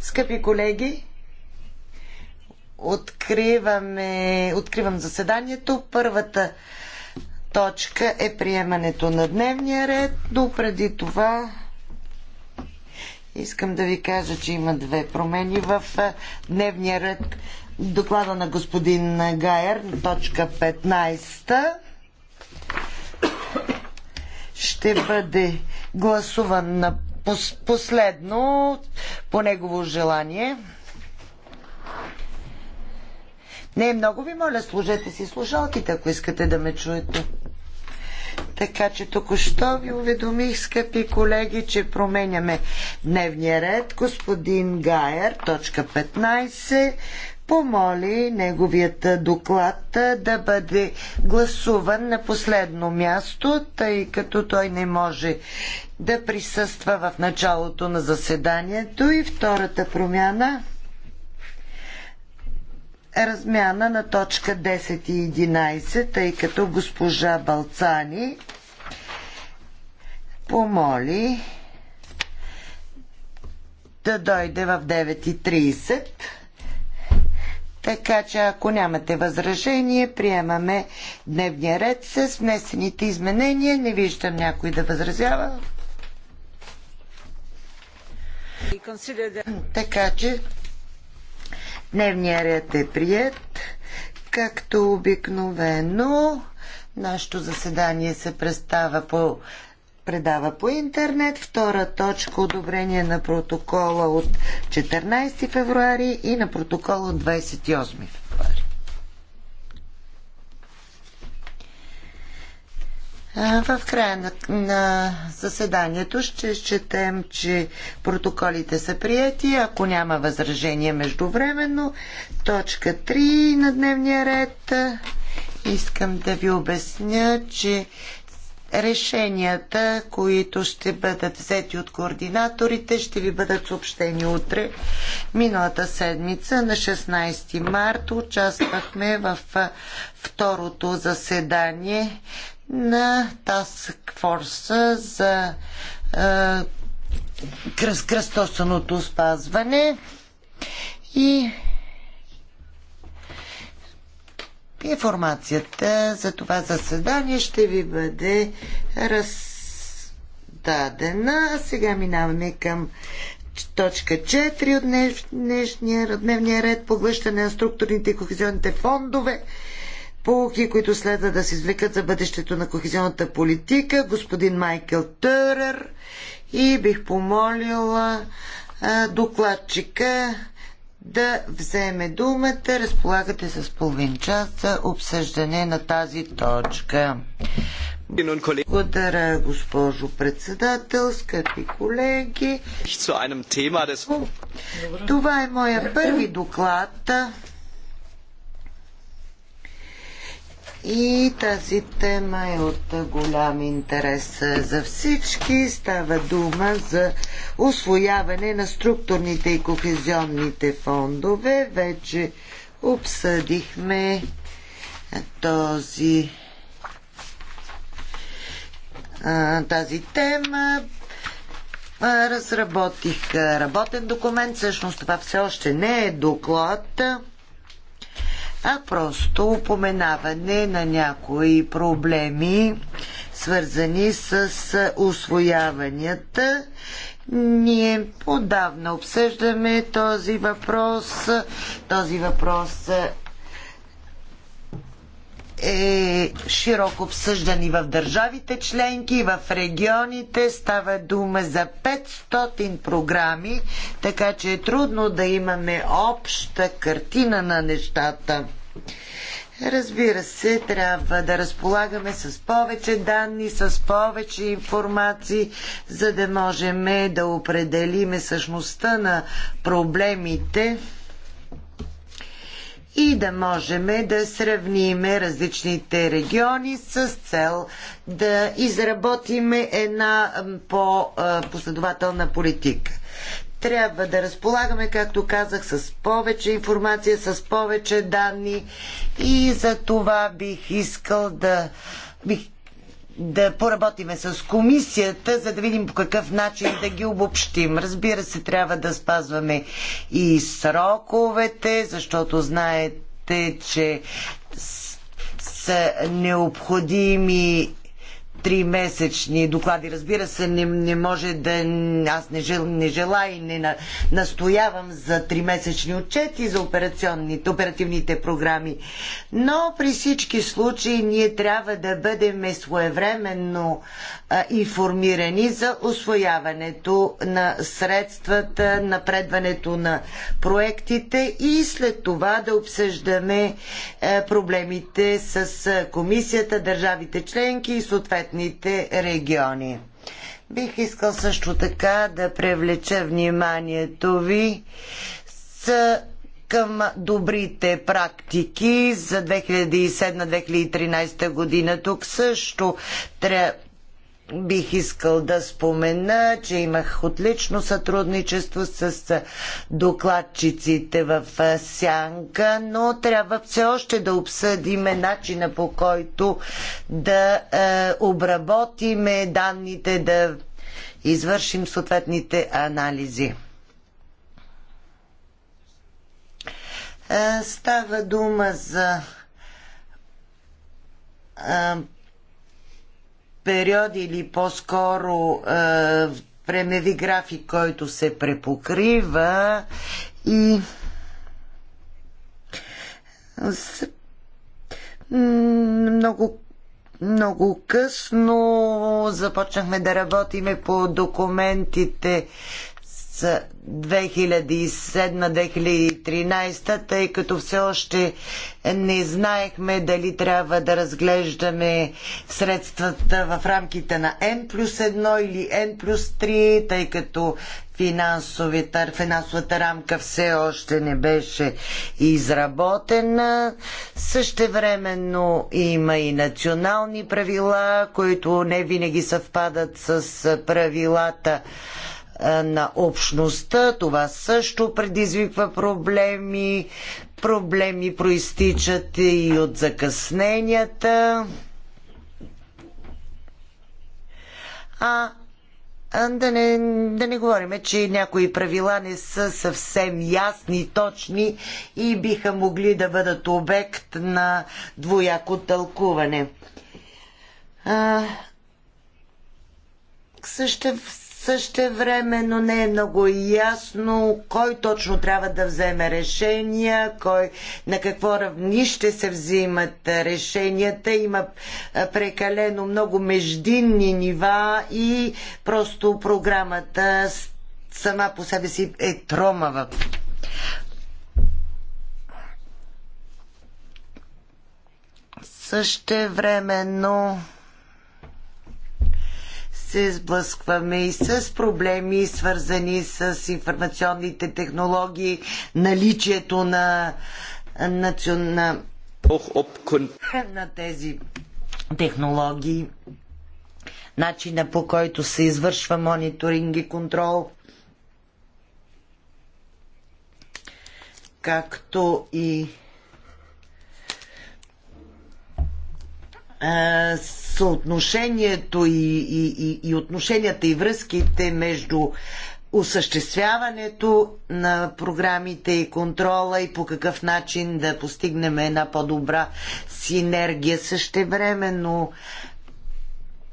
Скъпи колеги, откриваме, откривам заседанието. Първата точка е приемането на дневния ред, но преди това искам да ви кажа, че има две промени в дневния ред. Доклада на господин Гайер, точка 15 ще бъде гласуван последно по негово желание. Не, много ви моля, служете си слушалките, ако искате да ме чуете. Така че току-що ви уведомих, скъпи колеги, че променяме дневния ред. Господин Гайер, точка 15, помоли неговият доклад да бъде гласуван на последно място, тъй като той не може да присъства в началото на заседанието. И втората промяна е размяна на точка 10 и 11, тъй като госпожа Балцани помоли да дойде в 9.30. Така че ако нямате възражение, приемаме дневния ред с внесените изменения. Не виждам някой да възразява. Така че дневния ред е прият. Както обикновено, нашето заседание се представа по предава по интернет. Втора точка одобрение на протокола от 14 февруари и на протокола от 28 февруари. В края на, на заседанието ще четем, че протоколите са прияти. Ако няма възражение междувременно, точка 3 на дневния ред. Искам да ви обясня, че Решенията, които ще бъдат взети от координаторите, ще ви бъдат съобщени утре. Миналата седмица, на 16 марта, участвахме в второто заседание на Task Force за е, кръстосаното спазване и Информацията за това заседание ще ви бъде раздадена. А сега минаваме към точка 4 от днешния, дневния ред поглъщане на структурните и кохезионните фондове. Полуки, които следва да се извлекат за бъдещето на кохезионната политика, господин Майкъл Търър и бих помолила докладчика да вземе думата. Разполагате с половин час за обсъждане на тази точка. Благодаря, госпожо председател, скъпи колеги. Това е моя първи доклад И тази тема е от голям интерес за всички. Става дума за освояване на структурните и кохезионните фондове. Вече обсъдихме този тази тема. Разработих работен документ. Всъщност това все още не е доклад а просто упоменаване на някои проблеми, свързани с освояванията. Ние отдавна обсъждаме този въпрос. Този въпрос е широко обсъждан и в държавите членки, и в регионите. Става дума за 500 програми, така че е трудно да имаме обща картина на нещата. Разбира се, трябва да разполагаме с повече данни, с повече информации, за да можем да определиме същността на проблемите и да можем да сравним различните региони с цел да изработим една по-последователна политика. Трябва да разполагаме, както казах, с повече информация, с повече данни и за това бих искал да бих да поработиме с комисията, за да видим по какъв начин да ги обобщим. Разбира се, трябва да спазваме и сроковете, защото знаете, че са необходими тримесечни доклади. Разбира се, не, не може да... Аз не, жел, не желая и не на, настоявам за тримесечни отчети за операционните, оперативните програми. Но при всички случаи ние трябва да бъдем своевременно а, информирани за освояването на средствата, напредването на проектите и след това да обсъждаме а, проблемите с комисията, държавите членки и съответно съответните региони. Бих искал също така да привлеча вниманието ви с към добрите практики за 2007-2013 година. Тук също бих искал да спомена, че имах отлично сътрудничество с докладчиците в Сянка, но трябва все още да обсъдим начина по който да е, обработиме данните, да извършим съответните анализи. Е, става дума за е, период или по-скоро е, времеви график, който се препокрива и много много късно започнахме да работиме по документите 2007-2013, тъй като все още не знаехме дали трябва да разглеждаме средствата в рамките на N плюс 1 или N плюс 3, тъй като финансовата рамка все още не беше изработена. Същевременно има и национални правила, които не винаги съвпадат с правилата е, на общността. Това също предизвиква проблеми. Проблеми проистичат и от закъсненията. А да не, да не говорим, че някои правила не са съвсем ясни, точни и биха могли да бъдат обект на двояко тълкуване. А, също, Същевременно не е много ясно кой точно трябва да вземе решения, кой, на какво равнище се взимат решенията. Има прекалено много междинни нива и просто програмата сама по себе си е тромава. Същевременно се сблъскваме и с проблеми, свързани с информационните технологии, наличието на, на, на тези технологии, начина по който се извършва мониторинг и контрол, както и а, с съотношението и, и, и, и отношенията и връзките между осъществяването на програмите и контрола и по какъв начин да постигнем една по-добра синергия. Същевременно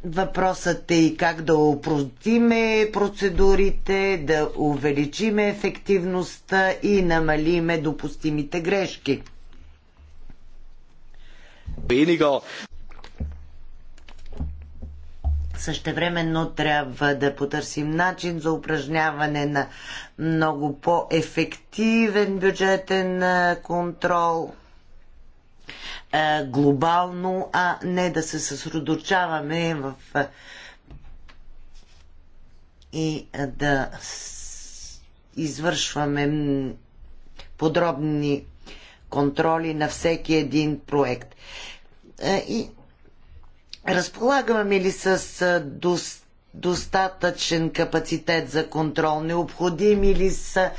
въпросът е и как да опростиме процедурите, да увеличиме ефективността и намалиме допустимите грешки. Weniger Същевременно трябва да потърсим начин за упражняване на много по-ефективен бюджетен контрол глобално, а не да се съсредоточаваме в и да извършваме подробни контроли на всеки един проект. И Разполагаме ли с достатъчен капацитет за контрол? Необходими ли са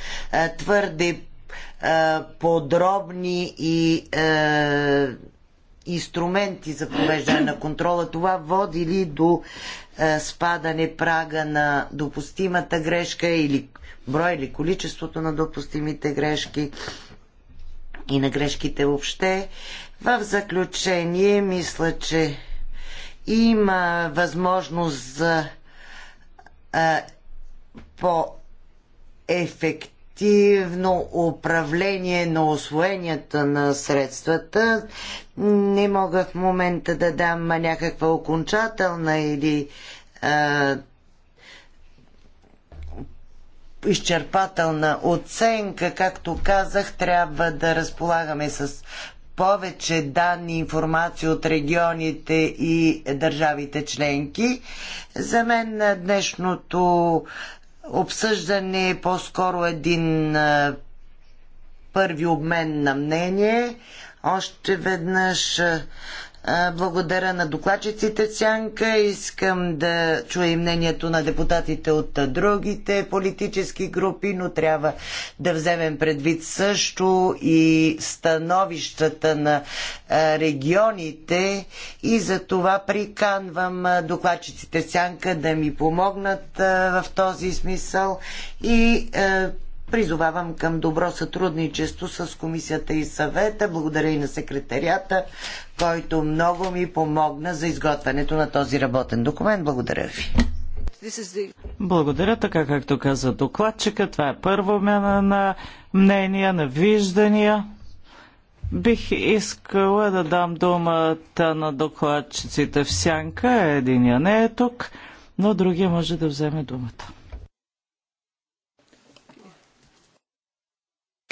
твърде подробни и инструменти за провеждане на контрола? Това води ли до спадане прага на допустимата грешка или брой или количеството на допустимите грешки и на грешките въобще? В заключение, мисля, че има възможност за по-ефективно управление на освоенията на средствата. Не мога в момента да дам някаква окончателна или а, изчерпателна оценка. Както казах, трябва да разполагаме с повече данни и информация от регионите и държавите членки. За мен днешното обсъждане е по-скоро един първи обмен на мнение. Още веднъж благодаря на докладчиците Сянка. Искам да чуя и мнението на депутатите от другите политически групи, но трябва да вземем предвид също и становищата на регионите и за това приканвам докладчиците Сянка да ми помогнат в този смисъл и Призовавам към добро сътрудничество с комисията и съвета. Благодаря и на секретарията, който много ми помогна за изготвянето на този работен документ. Благодаря ви. Благодаря, така както каза докладчика. Това е първо мена на мнения, на виждания. Бих искала да дам думата на докладчиците в сянка. Единия не е тук, но другия може да вземе думата.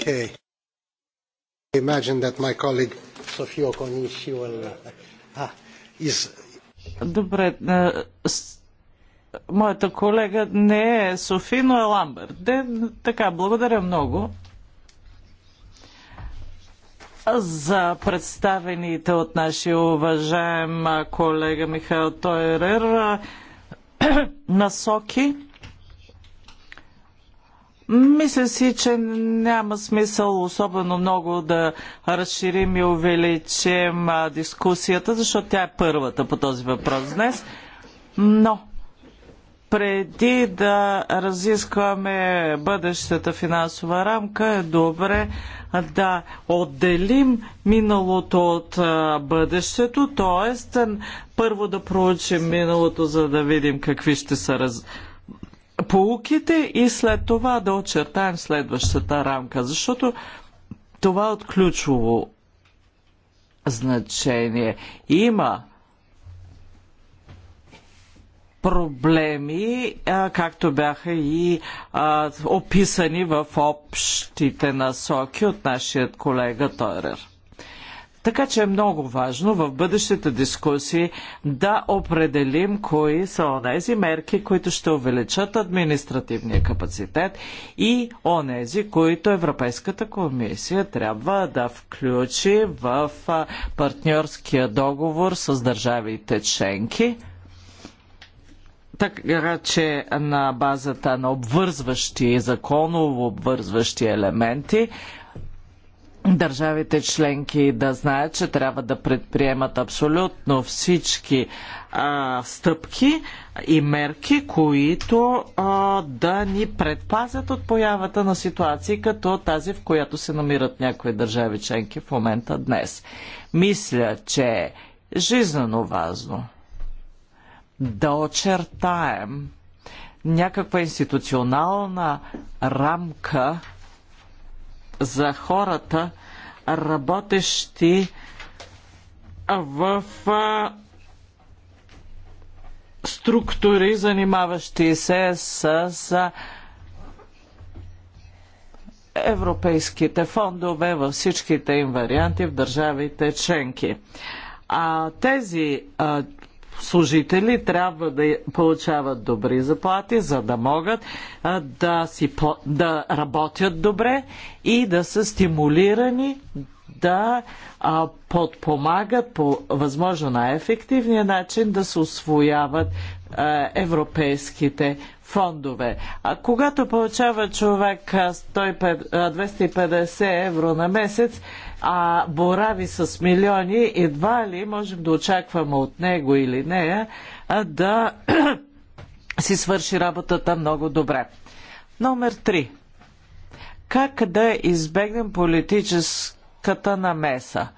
Okay. Imagine that my colleague Sofia Konishi will, uh, uh, is... Добре, е, моята колега не е Софи, но е Ламберт. Де, така, благодаря много за представените от нашия уважаем колега Михаил Тойрер е, насоки мисля си, че няма смисъл особено много да разширим и увеличим дискусията, защото тя е първата по този въпрос днес. Но преди да разискваме бъдещата финансова рамка, е добре да отделим миналото от бъдещето, т.е. първо да проучим миналото, за да видим какви ще са раз поуките и след това да очертаем следващата рамка, защото това е от ключово значение. Има проблеми, както бяха и а, описани в общите насоки от нашия колега Тойрер. Така че е много важно в бъдещите дискусии да определим кои са онези мерки, които ще увеличат административния капацитет и онези, които Европейската комисия трябва да включи в партньорския договор с държавите членки. Така че на базата на обвързващи, законово обвързващи елементи, държавите членки да знаят, че трябва да предприемат абсолютно всички а, стъпки и мерки, които а, да ни предпазят от появата на ситуации като тази, в която се намират някои държави членки в момента днес. Мисля, че е важно да очертаем някаква институционална рамка, за хората, работещи в структури, занимаващи се с европейските фондове във всичките им варианти в държавите членки. А тези а, служители трябва да получават добри заплати, за да могат да, си, да работят добре и да са стимулирани да а, подпомагат по възможно най-ефективния начин да се освояват а, европейските фондове. А когато получава човек 250 евро на месец, а, борави с милиони, едва ли можем да очакваме от него или нея а, да си свърши работата много добре. Номер 3. Как да избегнем политическата намеса?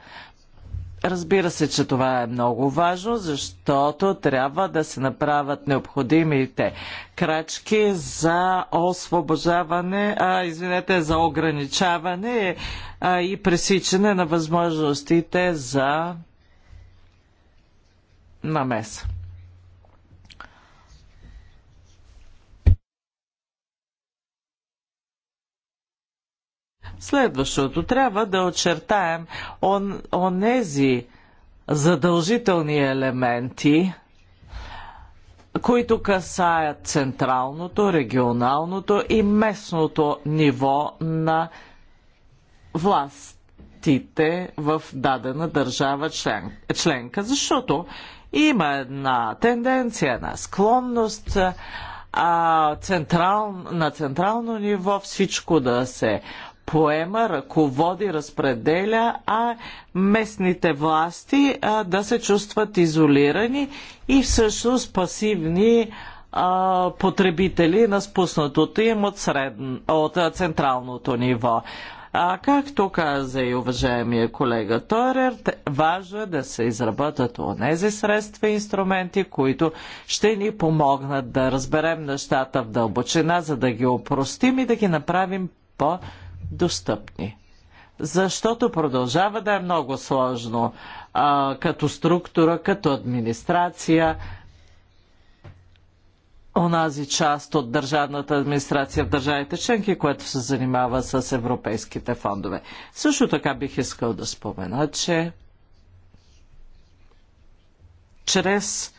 Разбира се, че това е много важно, защото трябва да се направят необходимите крачки за освобождаване, а, извинете, за ограничаване а, и пресичане на възможностите за намеса. Следващото трябва да очертаем он, онези задължителни елементи, които касаят централното, регионалното и местното ниво на властите в дадена държава член, членка, защото има една тенденция, на склонност а, централ, на централно ниво всичко да се поема, ръководи, разпределя, а местните власти а, да се чувстват изолирани и всъщност пасивни а, потребители на спуснатото им от, средн, от а, централното ниво. А както каза и уважаемия колега Торер, важно е да се изработят онези средства и инструменти, които ще ни помогнат да разберем нещата в дълбочина, за да ги опростим и да ги направим по- достъпни. Защото продължава да е много сложно а, като структура, като администрация, онази част от държавната администрация в държавите членки, което се занимава с европейските фондове. Също така бих искал да спомена, че чрез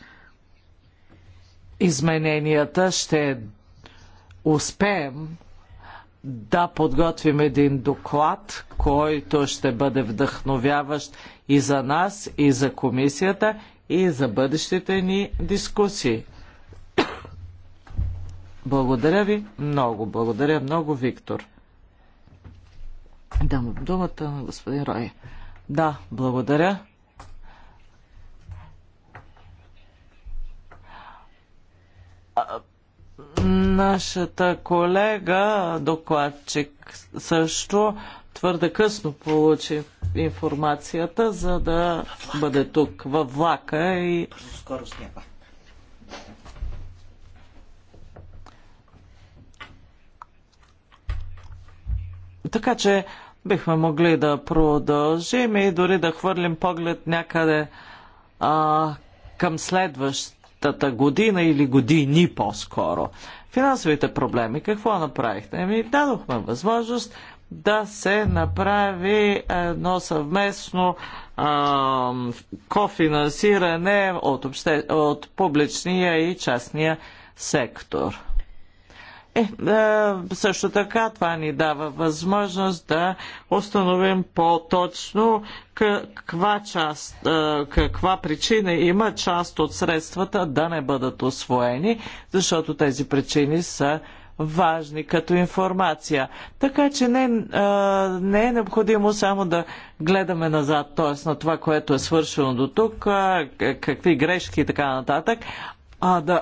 измененията ще успеем да подготвим един доклад, който ще бъде вдъхновяващ и за нас, и за комисията, и за бъдещите ни дискусии. Благодаря ви много. Благодаря много, Виктор. Дам думата на господин Рой. Да, благодаря. А, Нашата колега, докладчик, също твърде късно получи информацията, за да бъде тук във влака и... Е. Така че бихме могли да продължим и дори да хвърлим поглед някъде а, към следващ следващата година или години по-скоро. Финансовите проблеми, какво направихте? Ми дадохме възможност да се направи едно съвместно кофинансиране от, обще, от публичния и частния сектор. Е, е, също така това ни дава възможност да установим по-точно каква, част, е, каква причина има част от средствата да не бъдат освоени, защото тези причини са важни като информация. Така че не, е, не е необходимо само да гледаме назад, т.е. на това, което е свършено до тук, какви грешки и така нататък, а да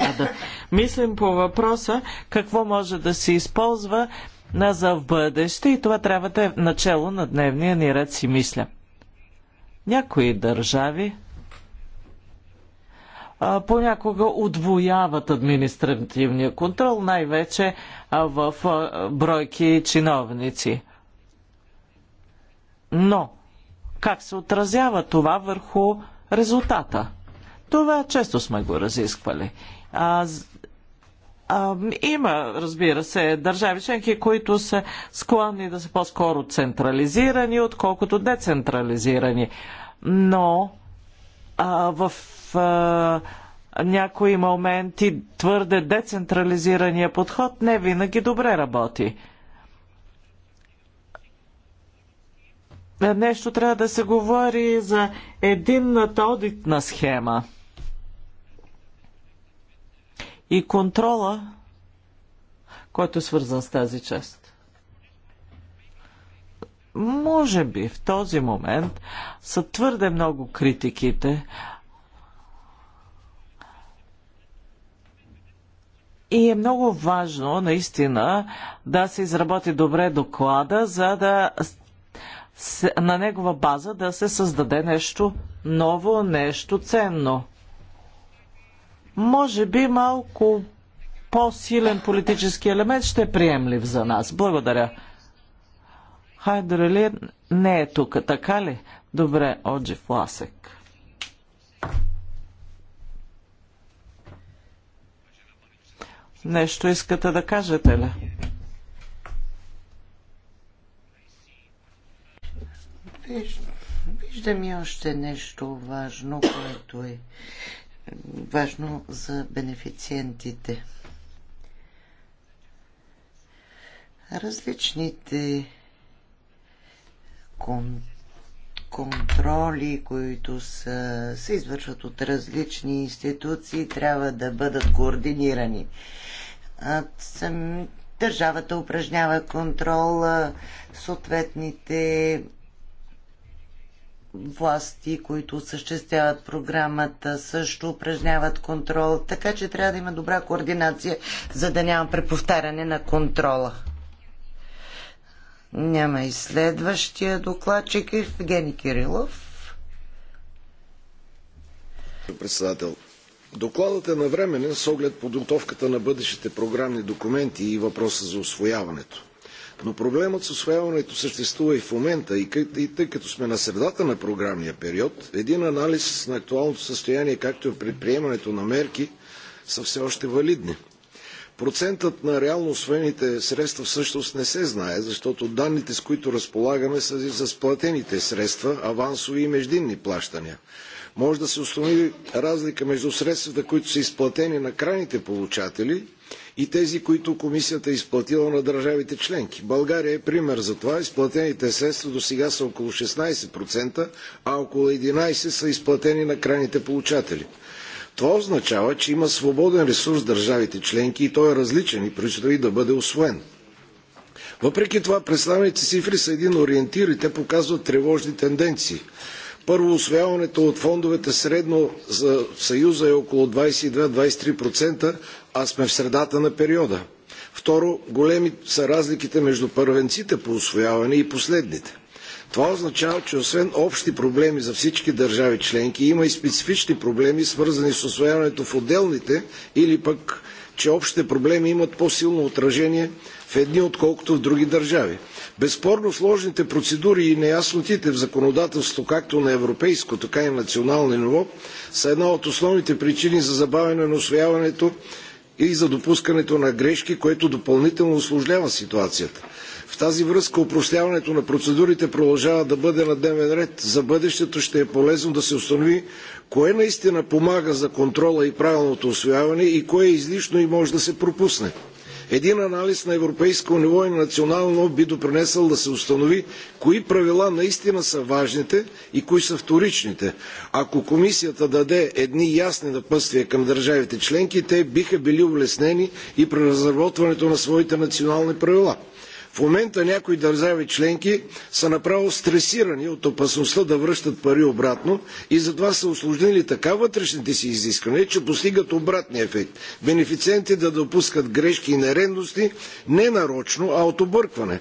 отпада. Мислим по въпроса какво може да се използва на за в бъдеще и това трябва да е начало на дневния ни ред си мисля. Някои държави понякога отвояват административния контрол, най-вече в бройки чиновници. Но как се отразява това върху резултата? Това често сме го разисквали. А, а, има, разбира се, държави членки, които са склонни да са по-скоро централизирани, отколкото децентрализирани. Но а, в а, някои моменти твърде децентрализирания подход не винаги добре работи. Нещо трябва да се говори за единната одитна схема и контрола, който е свързан с тази част. Може би в този момент са твърде много критиките, И е много важно, наистина, да се изработи добре доклада, за да на негова база да се създаде нещо ново, нещо ценно може би малко по-силен политически елемент ще е приемлив за нас. Благодаря. Хайдрали не е тук, така ли? Добре, Оджи Ласек. Нещо искате да кажете ли? Виждам и още нещо важно, което е важно за бенефициентите. Различните кон, контроли, които са, се извършват от различни институции, трябва да бъдат координирани. Държавата упражнява контрол, съответните власти, които осъществяват програмата, също упражняват контрол, така че трябва да има добра координация, за да няма преповтаряне на контрола. Няма и следващия докладчик Евгений Кирилов. Председател, докладът е навременен с оглед подготовката на бъдещите програмни документи и въпроса за освояването. Но проблемът с освояването съществува и в момента и тъй като сме на средата на програмния период, един анализ на актуалното състояние, както и предприемането на мерки, са все още валидни. Процентът на реално освоените средства всъщност не се знае, защото данните, с които разполагаме, са за сплатените средства, авансови и междинни плащания. Може да се установи разлика между средствата, които са изплатени на крайните получатели и тези, които комисията е изплатила на държавите членки. България е пример за това. Изплатените средства до сега са около 16%, а около 11% са изплатени на крайните получатели. Това означава, че има свободен ресурс държавите членки и той е различен и предстои да бъде освоен. Въпреки това, представените цифри са един ориентир и те показват тревожни тенденции – първо, освояването от фондовете средно за Съюза е около 22-23%, а сме в средата на периода. Второ, големи са разликите между първенците по освояване и последните. Това означава, че освен общи проблеми за всички държави членки, има и специфични проблеми, свързани с освояването в отделните или пък че общите проблеми имат по-силно отражение в едни, отколкото в други държави. Безспорно сложните процедури и неяснотите в законодателството както на европейско, така и на национално ниво са една от основните причини за забавяне на освояването и за допускането на грешки, което допълнително осложнява ситуацията. В тази връзка опростяването на процедурите продължава да бъде на дневен ред. За бъдещето ще е полезно да се установи Кое наистина помага за контрола и правилното освояване и кое е излишно и може да се пропусне? Един анализ на европейско ниво и национално би допринесъл да се установи кои правила наистина са важните и кои са вторичните. Ако комисията даде едни ясни напътствия към държавите членки, те биха били улеснени и при разработването на своите национални правила. В момента някои държави членки са направо стресирани от опасността да връщат пари обратно и затова са осложнили така вътрешните си изисквания, че постигат обратния ефект. Бенефициентите да допускат грешки и нередности не нарочно, а от объркване.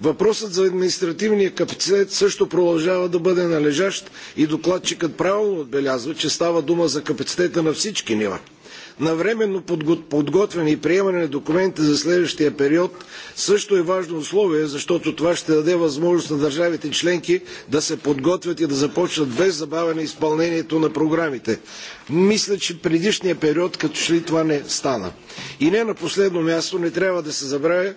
Въпросът за административния капацитет също продължава да бъде належащ и докладчикът правилно отбелязва, че става дума за капацитета на всички нива навременно подготвяне и приемане на документите за следващия период също е важно условие, защото това ще даде възможност на държавите членки да се подготвят и да започнат без забавяне изпълнението на програмите. Мисля, че предишния период като че ли това не стана. И не на последно място не трябва да се забравя,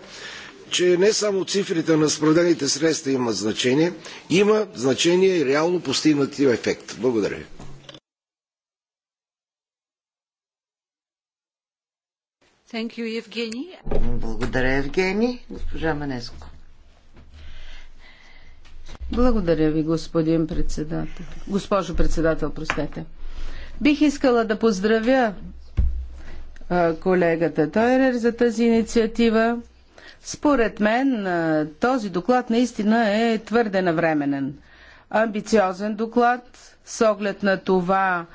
че не само цифрите на разпределените средства имат значение, има значение и реално постигнатия ефект. Благодаря. Thank you, Евгений. Благодаря, Евгений. Госпожа Манеско. Благодаря ви, господин председател. Госпожо председател, простете. Бих искала да поздравя колегата Тойрер за тази инициатива. Според мен този доклад наистина е твърде навременен. Амбициозен доклад с оглед на това,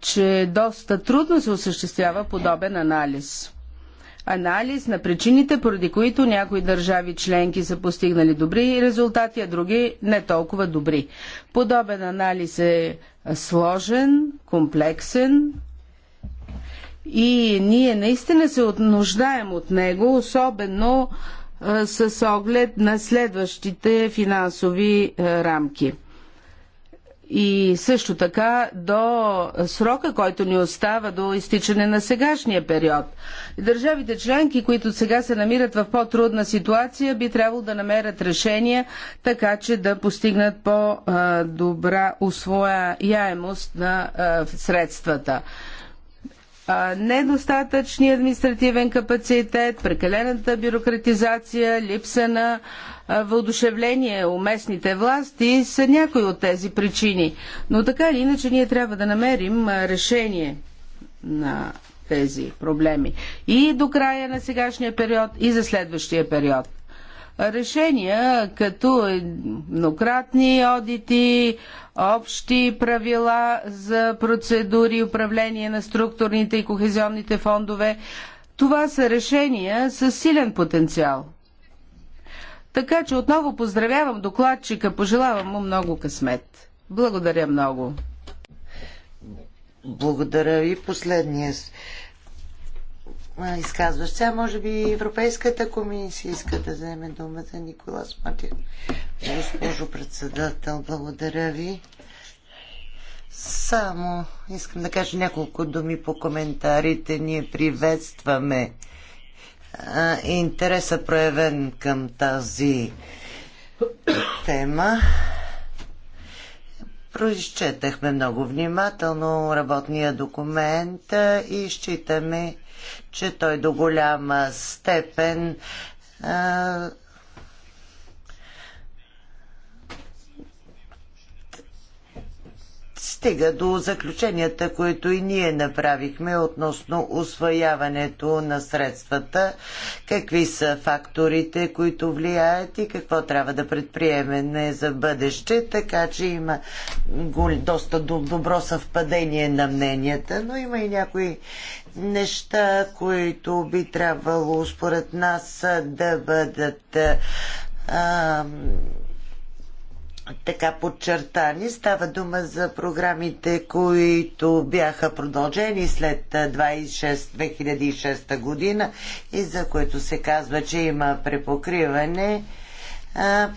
че доста трудно се осъществява подобен анализ анализ на причините, поради които някои държави членки са постигнали добри резултати, а други не толкова добри. Подобен анализ е сложен, комплексен, и ние наистина се нуждаем от него, особено с оглед на следващите финансови рамки и също така до срока, който ни остава до изтичане на сегашния период. Държавите членки, които сега се намират в по-трудна ситуация, би трябвало да намерят решения, така че да постигнат по-добра усвояемост на средствата недостатъчния административен капацитет, прекалената бюрократизация, липса на въодушевление у местните власти са някои от тези причини. Но така или иначе ние трябва да намерим решение на тези проблеми. И до края на сегашния период, и за следващия период решения, като еднократни одити, общи правила за процедури управление на структурните и кохезионните фондове. Това са решения с силен потенциал. Така че отново поздравявам докладчика, пожелавам му много късмет. Благодаря много. Благодаря и последния изказващ. Сега може би Европейската комисия иска да вземе думата Николас Мартин. Госпожо председател, благодаря ви. Само искам да кажа няколко думи по коментарите. Ние приветстваме а, интереса проявен към тази тема. Произчетахме много внимателно работния документ и считаме, че той до голяма степен а, стига до заключенията, които и ние направихме относно усвояването на средствата, какви са факторите, които влияят и какво трябва да предприемем за бъдеще, така че има доста добро съвпадение на мненията, но има и някои неща, които би трябвало според нас да бъдат а, така подчертани. Става дума за програмите, които бяха продължени след 26, 2006 година и за които се казва, че има препокриване.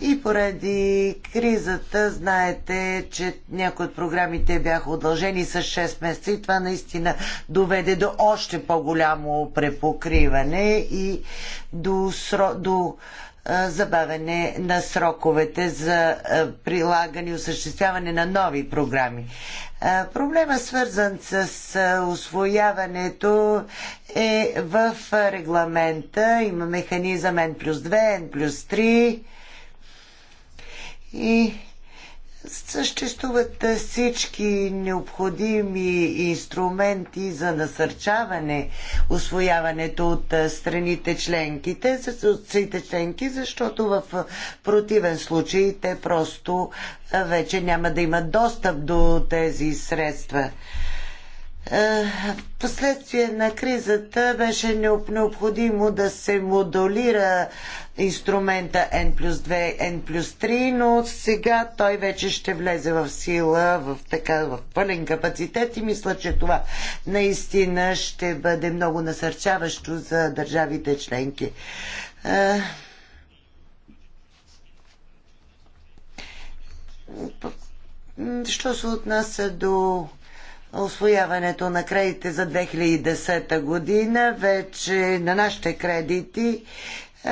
И поради кризата, знаете, че някои от програмите бяха удължени с 6 месеца и това наистина доведе до още по-голямо препокриване и до, сро... до забавяне на сроковете за прилагане и осъществяване на нови програми. Проблема свързан с освояването е в регламента. Има механизъм N плюс 2, N плюс 3 и Съществуват всички необходими инструменти за насърчаване освояването от страните членките, от членки, защото в противен случай те просто вече няма да имат достъп до тези средства. последствие на кризата беше необходимо да се модулира инструмента N плюс 2, N плюс 3, но сега той вече ще влезе в сила в, така, в пълен капацитет и мисля, че това наистина ще бъде много насърчаващо за държавите членки. Що се отнася до освояването на кредите за 2010 година, вече на нашите кредити е,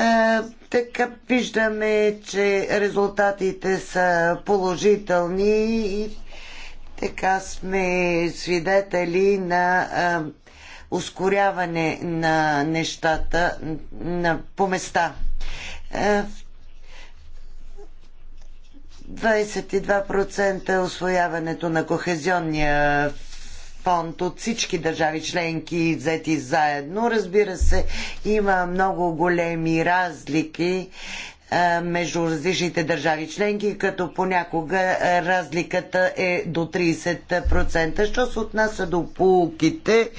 така виждаме, че резултатите са положителни и така сме свидетели на е, ускоряване на нещата на, по места. 22% е, е освояването на кохезионния фонд от всички държави членки взети заедно. Разбира се, има много големи разлики е, между различните държави членки, като понякога е, разликата е до 30%. Що се отнася до полуките,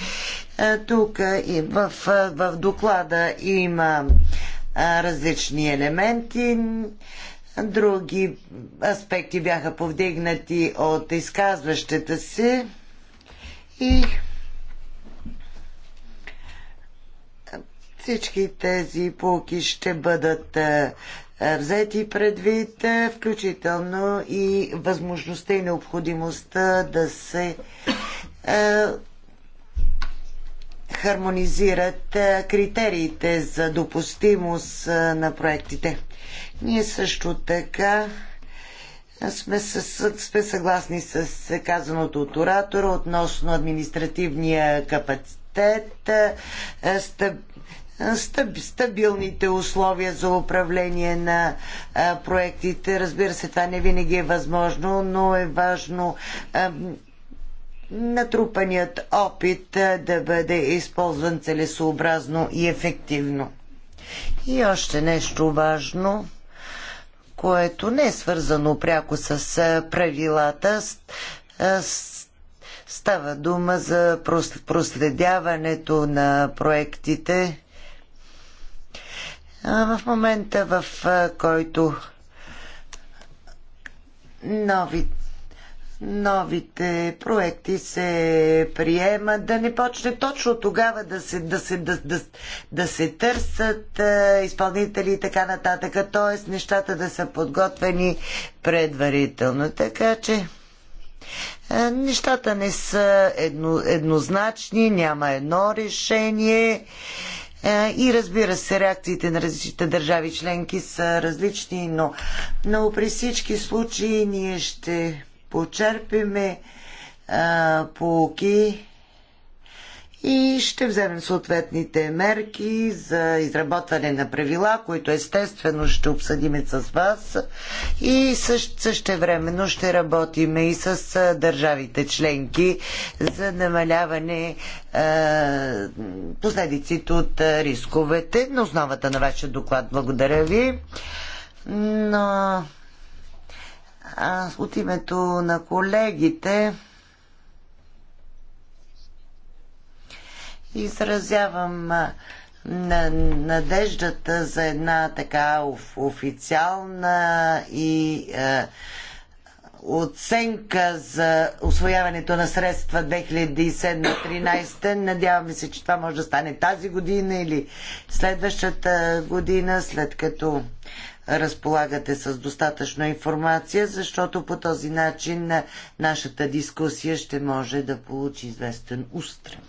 е, тук и в, в доклада има различни елементи. Други аспекти бяха повдигнати от изказващите се. И всички тези полки ще бъдат е, е, взети предвид, е, включително и възможността и необходимостта да се хармонизират критериите за допустимост на проектите. Ние също така сме, сме съгласни с казаното от оратора относно административния капацитет, е, стабилните условия за управление на а, е, проектите. Разбира се, това не винаги е възможно, но е важно а, е, натрупаният опит да бъде използван целесообразно и ефективно. И още нещо важно – което не е свързано пряко с правилата. Става дума за проследяването на проектите. В момента, в който новите новите проекти се приемат, да не почне точно тогава да се, да се, да, да, да се търсят е, изпълнители и така нататък, т.е. нещата да са подготвени предварително. Така че е, нещата не са едно, еднозначни, няма едно решение. Е, и разбира се, реакциите на различните държави членки са различни, но, но при всички случаи ние ще почерпиме полуки полки и ще вземем съответните мерки за изработване на правила, които естествено ще обсъдим с вас и също, времено ще работим и с държавите членки за намаляване е, последиците от рисковете на основата на вашия доклад. Благодаря ви. Но а, от името на колегите изразявам надеждата за една така официална и оценка за освояването на средства 2007-2013. Надяваме се, че това може да стане тази година или следващата година, след като разполагате с достатъчно информация, защото по този начин нашата дискусия ще може да получи известен устрем.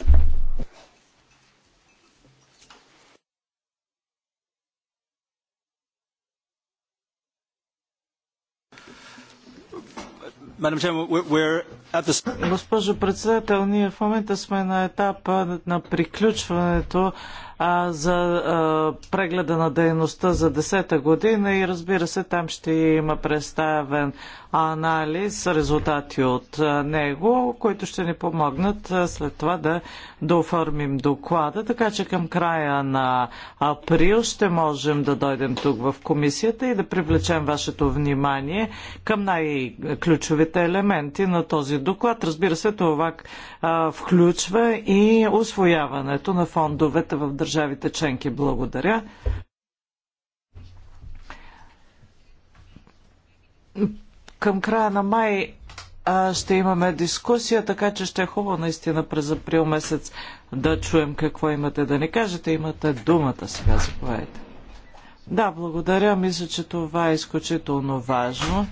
Госпожо председател, ние в момента сме на етапа на приключването а, за а, прегледа на дейността за 10-та година и разбира се, там ще има представен анализ, резултати от него, които ще ни помогнат след това да доформим доклада, така че към края на април ще можем да дойдем тук в комисията и да привлечем вашето внимание към най-ключовите ключовите елементи на този доклад. Разбира се, това а, включва и освояването на фондовете в държавите членки. Благодаря. Към края на май а, ще имаме дискусия, така че ще е хубаво наистина през април месец да чуем какво имате да ни кажете. Имате думата сега, заповядайте. Да, благодаря. Мисля, че това е изключително важно.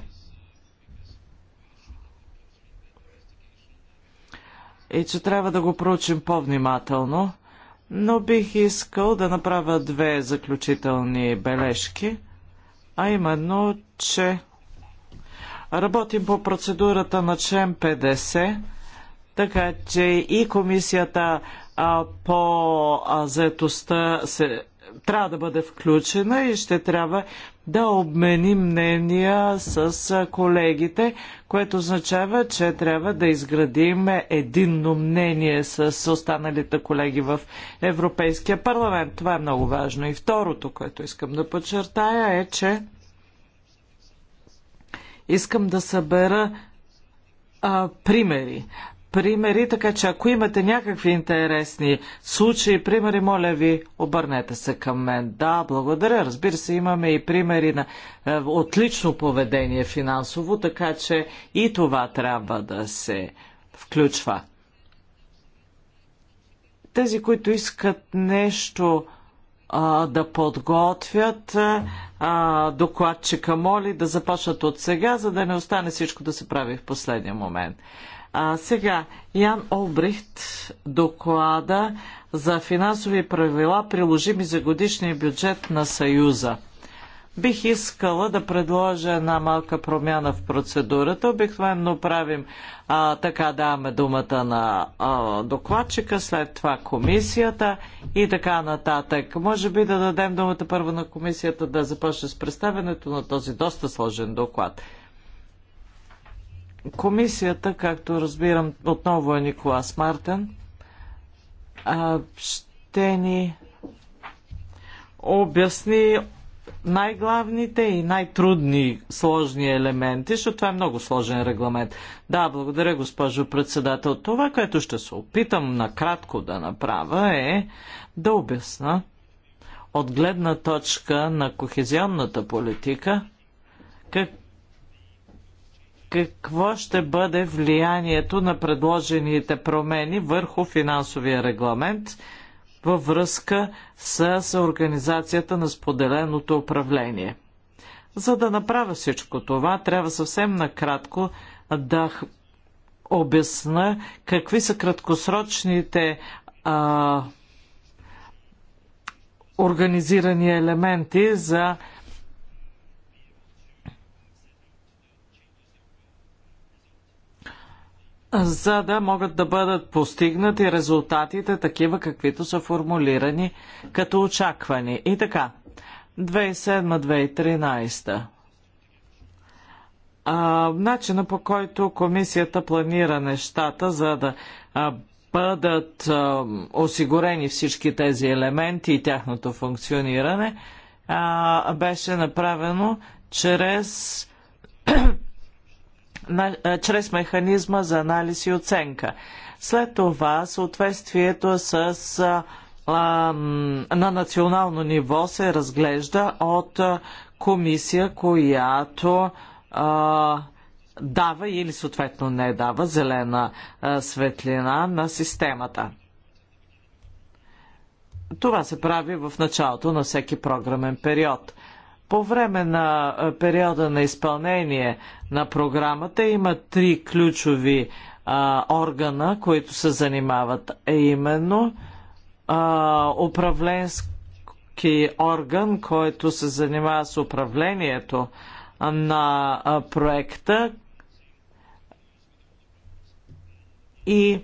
и че трябва да го проучим по-внимателно, но бих искал да направя две заключителни бележки, а именно, че работим по процедурата на член 50, така че и комисията а, по заетостта се трябва да бъде включена и ще трябва да обменим мнения с колегите, което означава, че трябва да изградим единно мнение с останалите колеги в Европейския парламент. Това е много важно. И второто, което искам да подчертая е, че искам да събера а, примери примери, така че ако имате някакви интересни случаи, примери, моля ви, обърнете се към мен. Да, благодаря. Разбира се, имаме и примери на е, отлично поведение финансово, така че и това трябва да се включва. Тези, които искат нещо а, да подготвят е, а, докладчика, моли да започнат от сега, за да не остане всичко да се прави в последния момент. А, сега, Ян Олбрихт, доклада за финансови правила, приложими за годишния бюджет на Съюза. Бих искала да предложа една малка промяна в процедурата. Обикновено правим а, така, даваме думата на а, докладчика, след това комисията и така нататък. Може би да дадем думата първо на комисията да започне с представянето на този доста сложен доклад. Комисията, както разбирам, отново е Николас Мартен, ще ни обясни най-главните и най-трудни сложни елементи, защото това е много сложен регламент. Да, благодаря, госпожо председател. Това, което ще се опитам накратко да направя е да обясна от гледна точка на кохезионната политика, как, какво ще бъде влиянието на предложените промени върху финансовия регламент във връзка с организацията на споделеното управление. За да направя всичко това, трябва съвсем накратко да обясна какви са краткосрочните а, организирани елементи за за да могат да бъдат постигнати резултатите такива, каквито са формулирани като очаквани. И така, 2007-2013. начина по който комисията планира нещата, за да а, бъдат а, осигурени всички тези елементи и тяхното функциониране, а, беше направено чрез на, е, чрез механизма за анализ и оценка. След това съответствието с а, на национално ниво се разглежда от комисия, която а, дава или съответно не дава зелена а, светлина на системата. Това се прави в началото на всеки програмен период – по време на периода на изпълнение на програмата има три ключови а, органа, които се занимават, е именно а, управленски орган, който се занимава с управлението на а, проекта и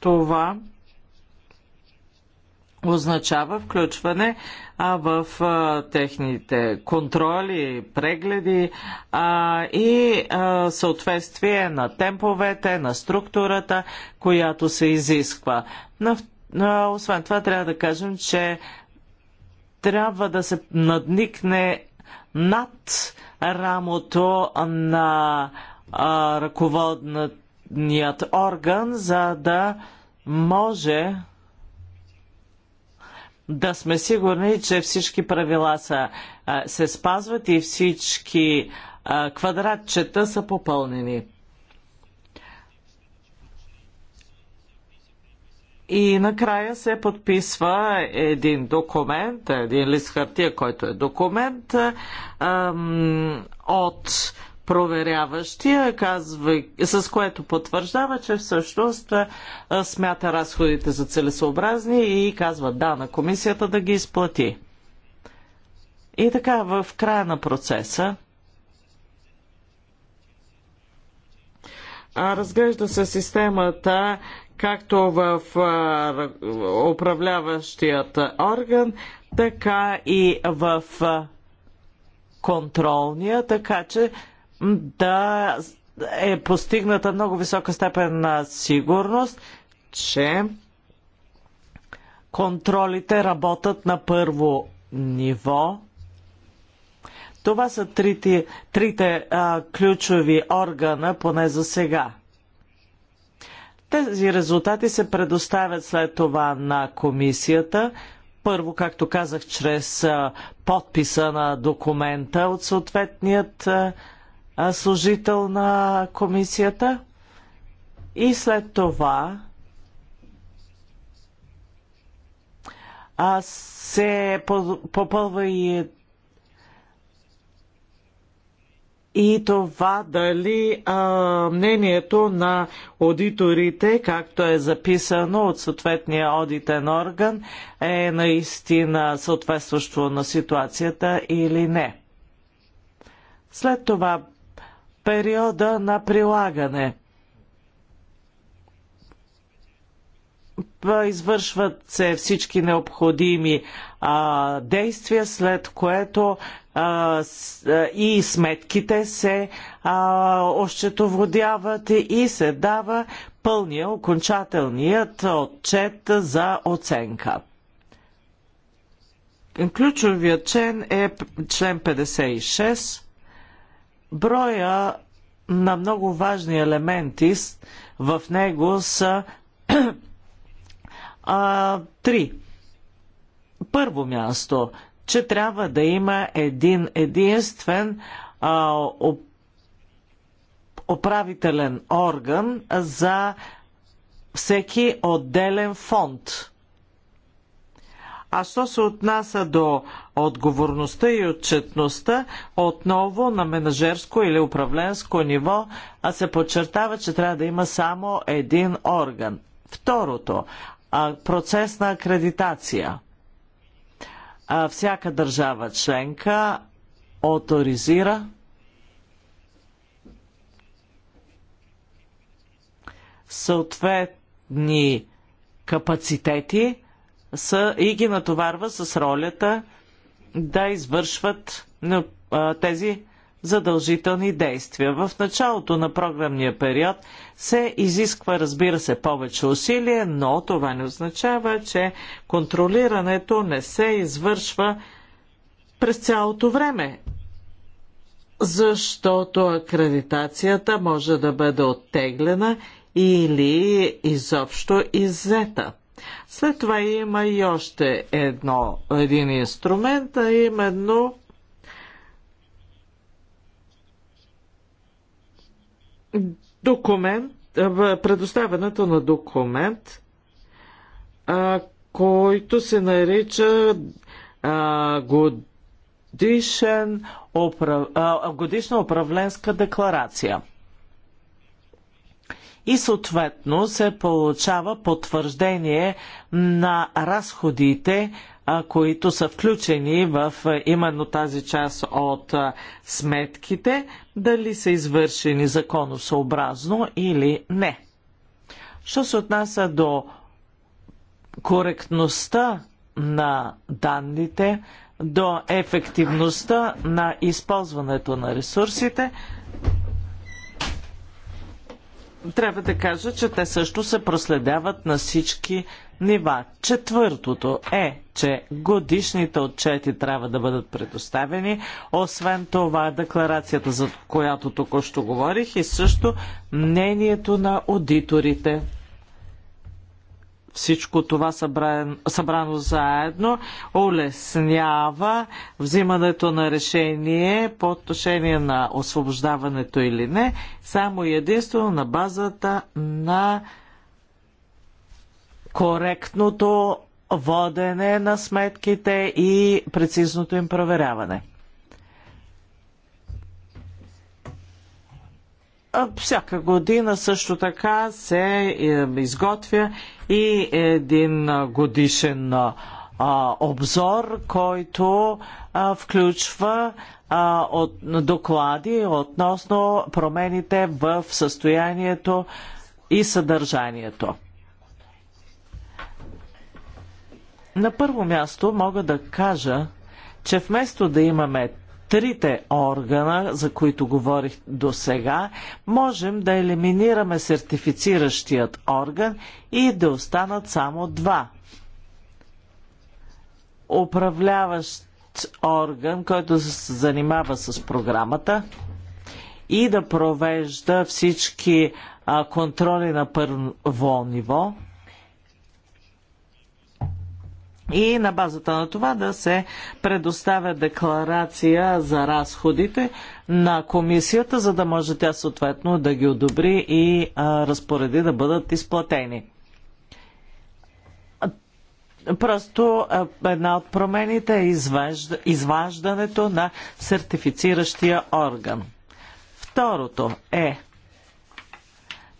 това означава включване а, в а, техните контроли, прегледи а, и а, съответствие на темповете, на структурата, която се изисква. На, а, освен това, трябва да кажем, че трябва да се надникне над рамото на а, ръководният орган, за да може да сме сигурни, че всички правила са, се спазват и всички квадратчета са попълнени. И накрая се подписва един документ, един лист хартия, който е документ ам, от проверяващия, казва, с което потвърждава, че всъщност е, е, смята разходите за целесообразни и казва да на комисията да ги изплати. И така, в края на процеса разглежда се системата както в управляващият орган, така и в контролния, така че да е постигната много висока степен на сигурност, че контролите работят на първо ниво. Това са трите, трите а, ключови органа, поне за сега. Тези резултати се предоставят след това на комисията. Първо, както казах, чрез а, подписа на документа от съответният а, служител на комисията и след това се попълва и и това дали а, мнението на аудиторите, както е записано от съответния одитен орган, е наистина съответстващо на ситуацията или не. След това периода на прилагане. Извършват се всички необходими а, действия, след което а, с, и сметките се а, ощетоводяват и се дава пълния окончателният отчет за оценка. Ключовият член е член 56 броя на много важни елементи в него са а, три. Първо място, че трябва да има един единствен а, управителен орган за всеки отделен фонд. А що се отнася до отговорността и отчетността отново на менеджерско или управленско ниво, а се подчертава, че трябва да има само един орган. Второто процес на акредитация. Всяка държава членка авторизира съответни капацитети и ги натоварва с ролята да извършват тези задължителни действия. В началото на програмния период се изисква, разбира се, повече усилие, но това не означава, че контролирането не се извършва през цялото време. Защото акредитацията може да бъде оттеглена или изобщо иззета. След това има и още едно, един инструмент, а именно документ, предоставянето на документ, а, който се нарича а, годишен, годишна управленска декларация и съответно се получава потвърждение на разходите, които са включени в именно тази част от сметките, дали са извършени законосъобразно или не. Що се отнася до коректността на данните, до ефективността на използването на ресурсите, трябва да кажа, че те също се проследяват на всички нива. Четвъртото е, че годишните отчети трябва да бъдат предоставени. Освен това, декларацията, за която току-що говорих, и също мнението на аудиторите всичко това събрано, събрано заедно улеснява взимането на решение по отношение на освобождаването или не, само и единствено на базата на коректното водене на сметките и прецизното им проверяване. Всяка година също така се е, изготвя и един годишен обзор, който включва от доклади относно промените в състоянието и съдържанието. На първо място мога да кажа, че вместо да имаме трите органа, за които говорих до сега, можем да елиминираме сертифициращият орган и да останат само два. Управляващ орган, който се занимава с програмата и да провежда всички контроли на първо ниво – и на базата на това да се предоставя декларация за разходите на комисията, за да може тя съответно да ги одобри и а, разпореди да бъдат изплатени. Просто една от промените е изваждането на сертифициращия орган. Второто е,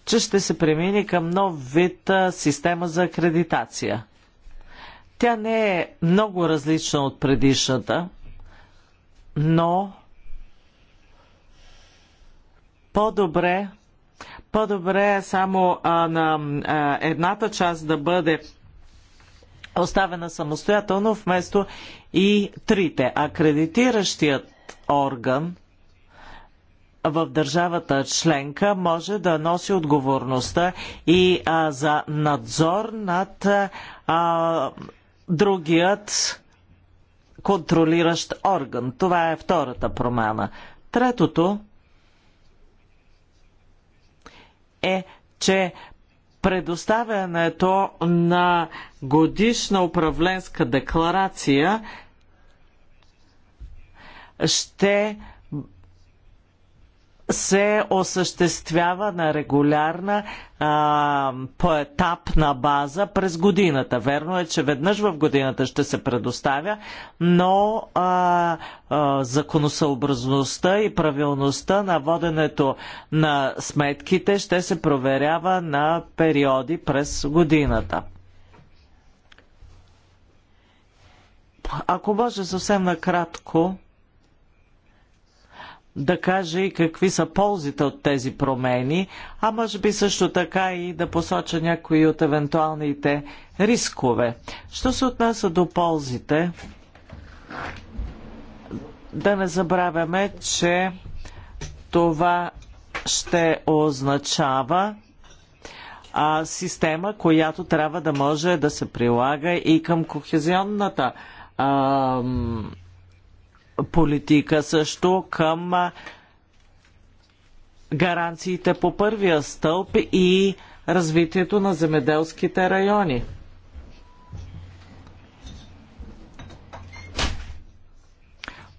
че ще се премини към нов вид система за акредитация – тя не е много различна от предишната, но по-добре по-добре е само а, на а, едната част да бъде оставена самостоятелно, вместо и трите. Акредитиращият орган в държавата членка може да носи отговорността и а, за надзор над а, другият контролиращ орган. Това е втората промяна. Третото е, че предоставянето на годишна управленска декларация ще се осъществява на регулярна а, поетапна база през годината. Верно е, че веднъж в годината ще се предоставя, но а, а, законосъобразността и правилността на воденето на сметките ще се проверява на периоди през годината. Ако може съвсем накратко да каже и какви са ползите от тези промени, а може би също така и да посоча някои от евентуалните рискове. Що се отнася до ползите, да не забравяме, че това ще означава а, система, която трябва да може да се прилага и към кохезионната а, политика също към гаранциите по първия стълб и развитието на земеделските райони.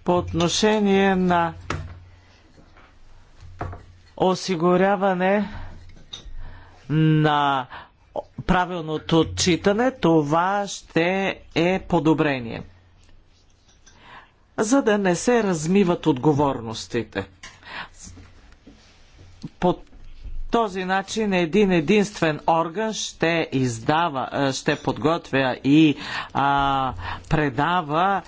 По отношение на осигуряване на правилното отчитане, това ще е подобрение за да не се размиват отговорностите. По този начин един единствен орган ще издава, ще подготвя и а, предава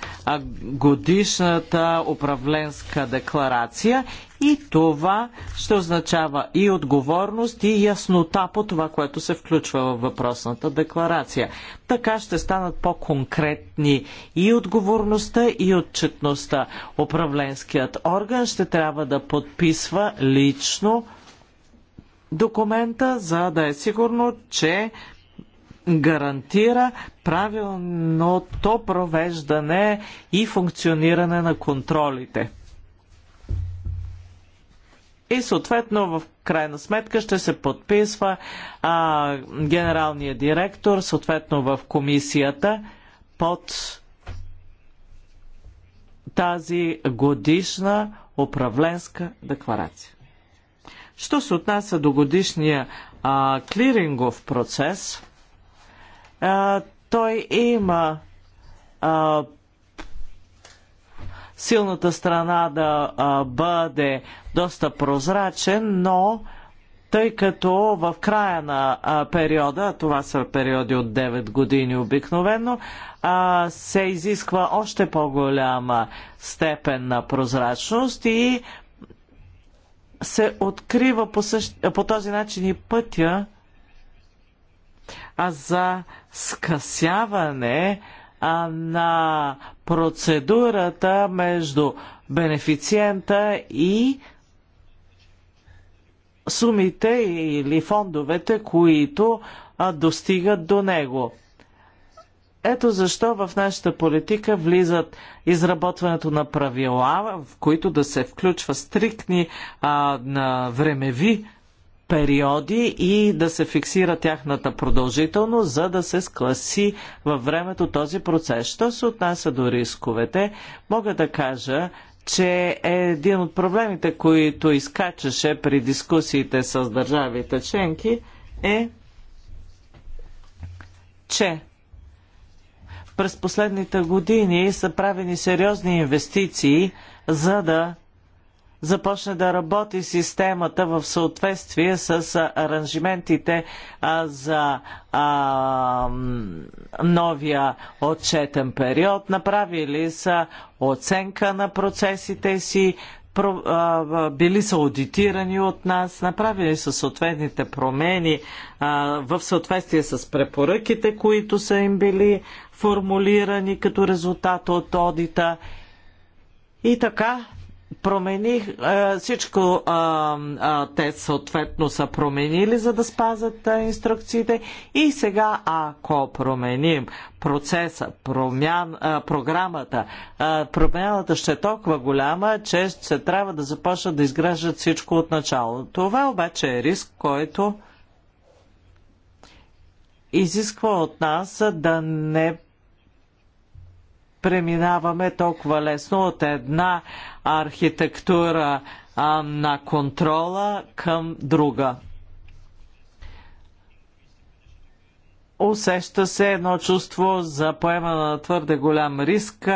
годишната управленска декларация и това ще означава и отговорност, и яснота по това, което се включва във въпросната декларация. Така ще станат по-конкретни и отговорността, и отчетността. Управленският орган ще трябва да подписва лично документа, за да е сигурно, че гарантира правилното провеждане и функциониране на контролите и съответно в крайна сметка ще се подписва а, генералния директор, съответно в комисията под тази годишна управленска декларация. Що се отнася до годишния а, клирингов процес, а, той има а, силната страна да а, бъде доста прозрачен, но тъй като в края на а, периода, това са периоди от 9 години обикновено, а, се изисква още по-голяма степен на прозрачност и се открива по, същ... по този начин и пътя а за скъсяване на процедурата между бенефициента и сумите или фондовете, които достигат до него. Ето защо в нашата политика влизат изработването на правила, в които да се включва стрикни а, на времеви периоди и да се фиксира тяхната продължителност, за да се скласи във времето този процес. Що се отнася до рисковете, мога да кажа, че е един от проблемите, които изкачаше при дискусиите с държавите членки, е, че през последните години са правени сериозни инвестиции, за да започне да работи системата в съответствие с аранжиментите за новия отчетен период. Направили са оценка на процесите си, били са аудитирани от нас, направили са съответните промени в съответствие с препоръките, които са им били формулирани като резултат от одита. И така, промених всичко, те съответно са променили, за да спазат инструкциите. И сега, ако променим процеса, промян, програмата, промяната ще е толкова голяма, че се трябва да започнат да изграждат всичко от начало. Това обаче е риск, който изисква от нас да не преминаваме толкова лесно от една архитектура а, на контрола към друга. Усеща се едно чувство за поемане на твърде голям риск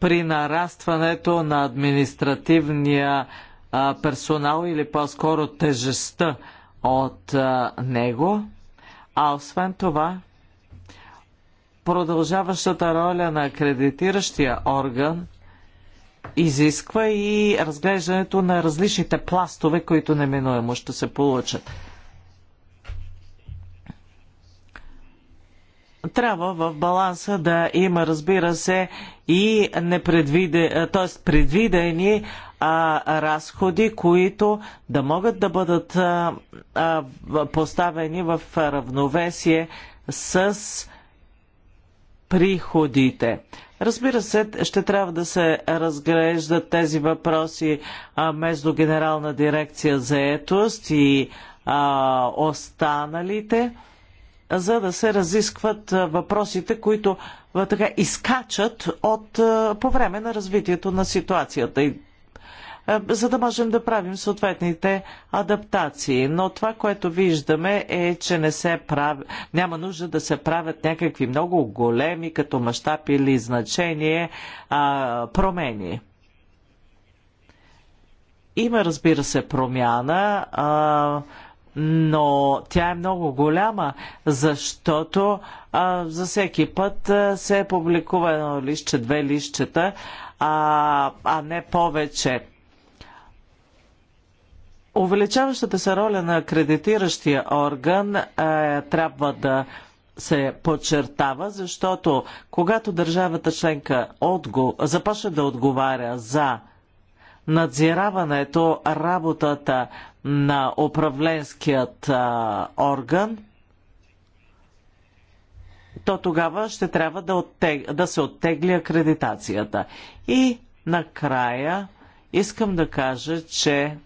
при нарастването на административния а, персонал или по-скоро тежестта от а, него. А освен това, продължаващата роля на кредитиращия орган изисква и разглеждането на различните пластове, които неминуемо ще се получат. трябва в баланса да има, разбира се, и непредвиде, т.е. предвидени а, разходи, които да могат да бъдат а, а, поставени в равновесие с приходите. Разбира се, ще трябва да се разглеждат тези въпроси а, между Генерална дирекция за етост и а, останалите, за да се разискват въпросите, които а, така изкачат от, а, по време на развитието на ситуацията и е, за да можем да правим съответните адаптации. Но това, което виждаме е, че не се прави, няма нужда да се правят някакви много големи като мащаб или значение а, промени. Има, разбира се, промяна, а, но тя е много голяма, защото а, за всеки път а, се публикува едно листче, две лищета, а, а не повече. Увеличаващата се роля на кредитиращия орган е, трябва да се подчертава, защото когато държавата членка отго... започне да отговаря за надзираването работата на управленският а, е, орган, то тогава ще трябва да, оттег... да се оттегли акредитацията. И накрая искам да кажа, че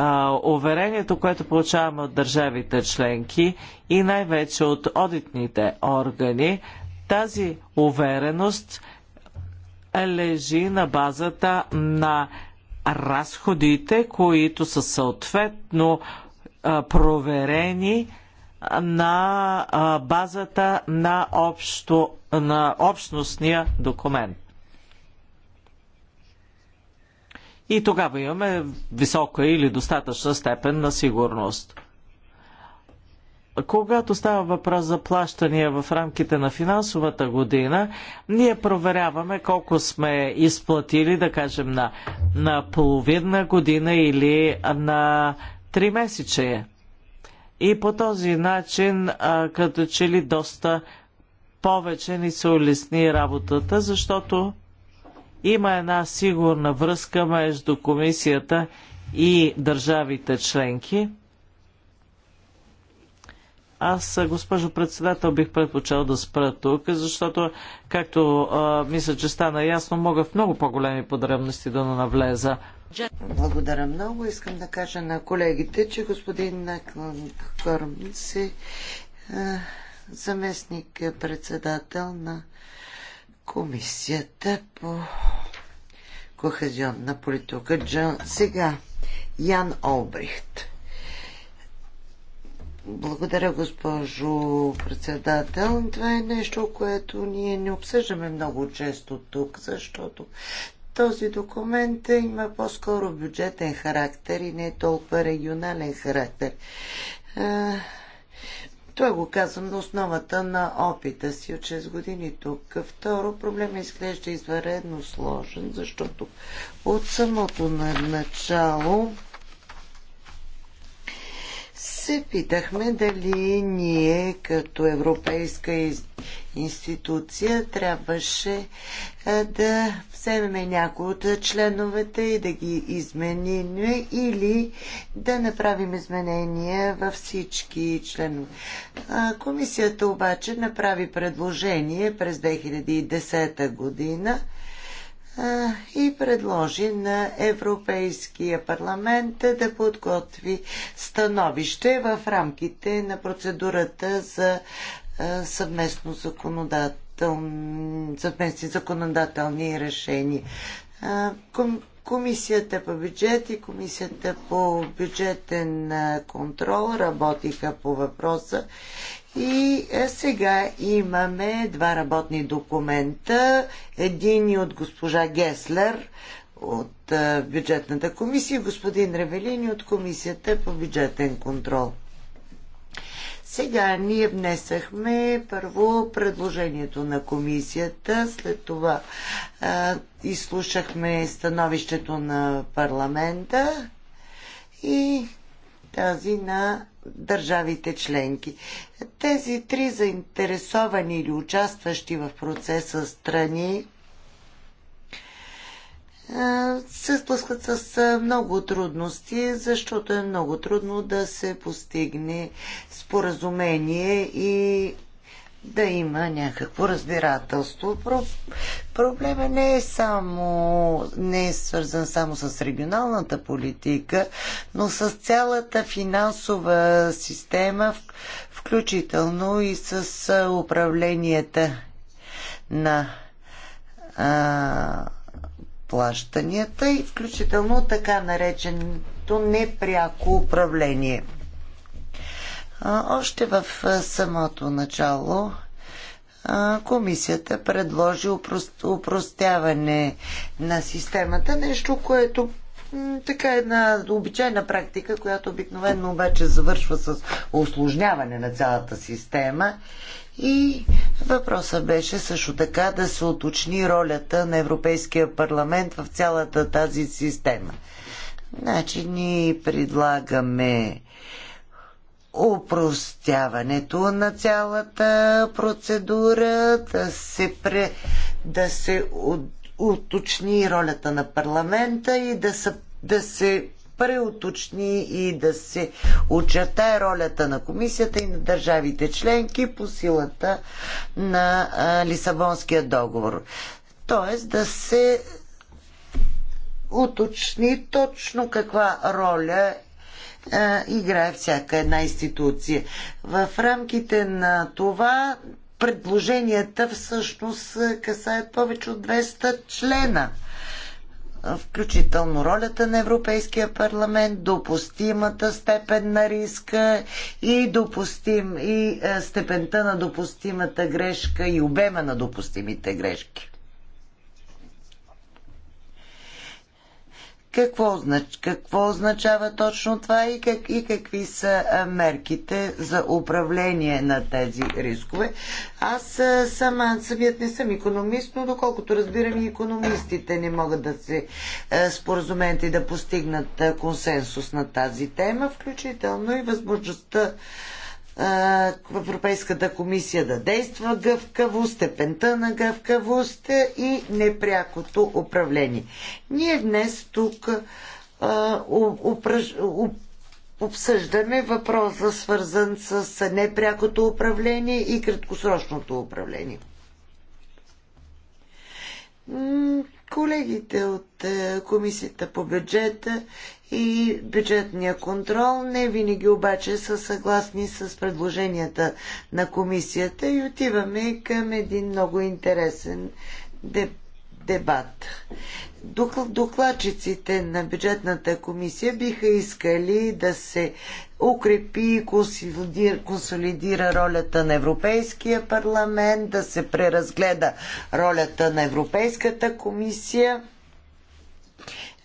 а, уверението, което получаваме от държавите членки и най-вече от одитните органи, тази увереност лежи на базата на разходите, които са съответно проверени на базата на, общо, на общностния документ. И тогава имаме висока или достатъчна степен на сигурност. Когато става въпрос за плащания в рамките на финансовата година, ние проверяваме колко сме изплатили, да кажем, на, на половина година или на три месече. И по този начин, а, като че ли доста повече ни се улесни работата, защото има една сигурна връзка между комисията и държавите членки. Аз, госпожо председател, бих предпочел да спра тук, защото, както а, мисля, че стана ясно, мога в много по-големи подробности да навлеза. Благодаря много. Искам да кажа на колегите, че господин Наклан е заместник председател на Комисията по кохезионна политика. Джан. Сега, Ян Олбрихт. Благодаря, госпожо председател. Това е нещо, което ние не обсъждаме много често тук, защото този документ има по-скоро бюджетен характер и не е толкова регионален характер. Това го казвам на основата на опита си от 6 години тук. Второ, проблема изглежда извънредно сложен, защото от самото начало се питахме дали ние като европейска институция трябваше да вземем някои от членовете и да ги изменим или да направим изменения във всички членове. Комисията обаче направи предложение през 2010 година и предложи на Европейския парламент да подготви становище в рамките на процедурата за съвместно законодател... съвместни законодателни решения. Комисията по бюджет и Комисията по бюджетен контрол работиха по въпроса и е, сега имаме два работни документа. Един е от госпожа Геслер от е, бюджетната комисия и господин Ревелини от комисията по бюджетен контрол. Сега ние внесахме първо предложението на комисията, след това а, изслушахме становището на парламента и тази на държавите членки. Тези три заинтересовани или участващи в процеса страни се сблъскват с много трудности, защото е много трудно да се постигне споразумение и да има някакво разбирателство. Про... Проблема не е само, не е свързан само с регионалната политика, но с цялата финансова система, включително и с управленията на а, плащанията и включително така нареченото непряко управление. Още в самото начало комисията предложи упростяване на системата, нещо, което така една обичайна практика, която обикновено обаче завършва с осложняване на цялата система. И въпросът беше също така да се уточни ролята на Европейския парламент в цялата тази система. Значи ние предлагаме упростяването на цялата процедура, да се, пре, да се от, уточни ролята на парламента и да, са, да се преуточни и да се очертае ролята на комисията и на държавите членки по силата на а, Лисабонския договор. Тоест да се уточни точно каква роля играе всяка една институция. В рамките на това предложенията всъщност касаят повече от 200 члена включително ролята на Европейския парламент, допустимата степен на риска и, допустим, и степента на допустимата грешка и обема на допустимите грешки. Какво, какво означава точно това и, как, и какви са мерките за управление на тези рискове? Аз сама, самият не съм економист, но доколкото разбирам и економистите не могат да се споразумеят и да постигнат консенсус на тази тема, включително и възможността Европейската комисия да действа гъвкаво, степента на гъвкавост и непрякото управление. Ние днес тук обсъждаме въпроса, свързан с непрякото управление и краткосрочното управление Колегите от е, Комисията по бюджета и бюджетния контрол не винаги обаче са съгласни с предложенията на комисията и отиваме към един много интересен дебат. Докладчиците на бюджетната комисия биха искали да се укрепи и консолидира ролята на Европейския парламент, да се преразгледа ролята на Европейската комисия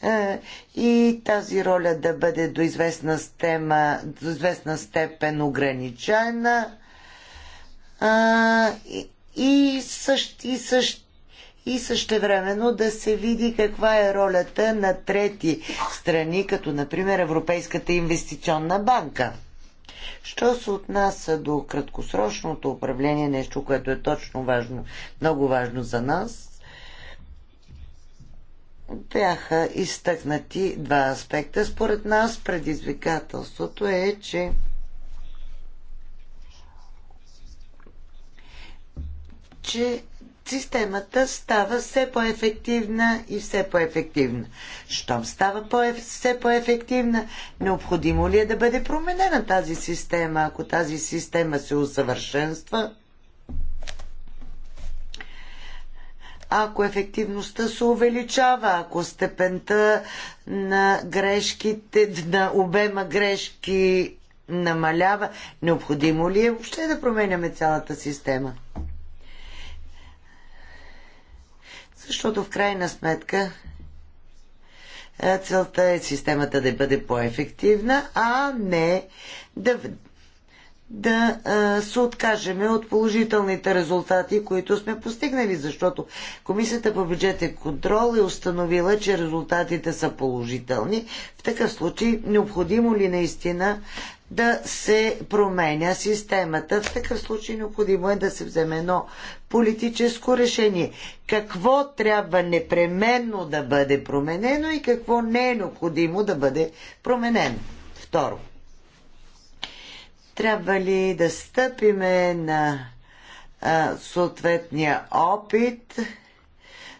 е, и тази роля да бъде до известна, стема, до известна степен ограничена е, и, също, същи и същевременно да се види каква е ролята на трети страни, като например Европейската инвестиционна банка. Що се отнася до краткосрочното управление, нещо, което е точно важно, много важно за нас, бяха изтъкнати два аспекта. Според нас предизвикателството е, че че системата става все по-ефективна и все по-ефективна. Щом става по все по-ефективна, необходимо ли е да бъде променена тази система, ако тази система се усъвършенства? Ако ефективността се увеличава, ако степента на грешките, на обема грешки намалява, необходимо ли е въобще да променяме цялата система? Защото в крайна сметка е, целта е системата да бъде по-ефективна, а не да, да а, е, се откажеме от положителните резултати, които сме постигнали, защото Комисията по бюджетен контрол е установила, че резултатите са положителни. В такъв случай, необходимо ли наистина да се променя системата. В такъв случай необходимо е да се вземе едно политическо решение. Какво трябва непременно да бъде променено и какво не е необходимо да бъде променено. Второ. Трябва ли да стъпиме на а, съответния опит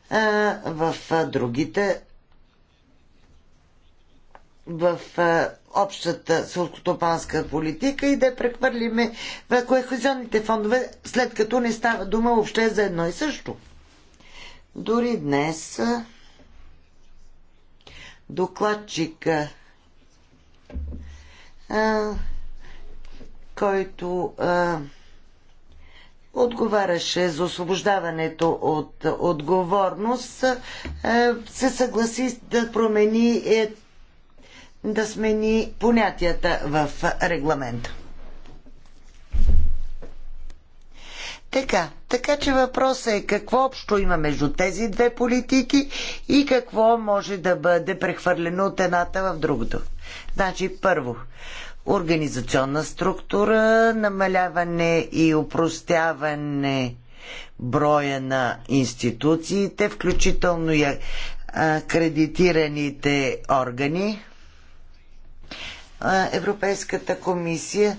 а, в а, другите в а, общата селскотопанска политика и да прехвърлиме в кохезионните фондове, след като не става дума въобще за едно и също. Дори днес докладчика, а, който а, отговаряше за освобождаването от отговорност, се съгласи да промени е, да смени понятията в регламента. Така, така че въпросът е какво общо има между тези две политики и какво може да бъде прехвърлено от едната в другото. Значи, първо, организационна структура, намаляване и упростяване броя на институциите, включително и акредитираните органи, Европейската комисия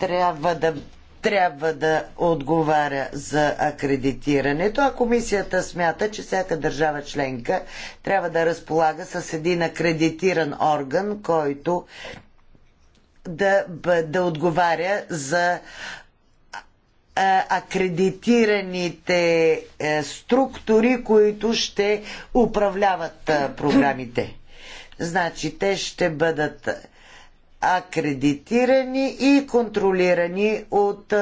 трябва да трябва да отговаря за акредитирането, а комисията смята, че всяка държава членка трябва да разполага с един акредитиран орган, който да, да отговаря за акредитираните е, структури, които ще управляват програмите. Значи, те ще бъдат акредитирани и контролирани от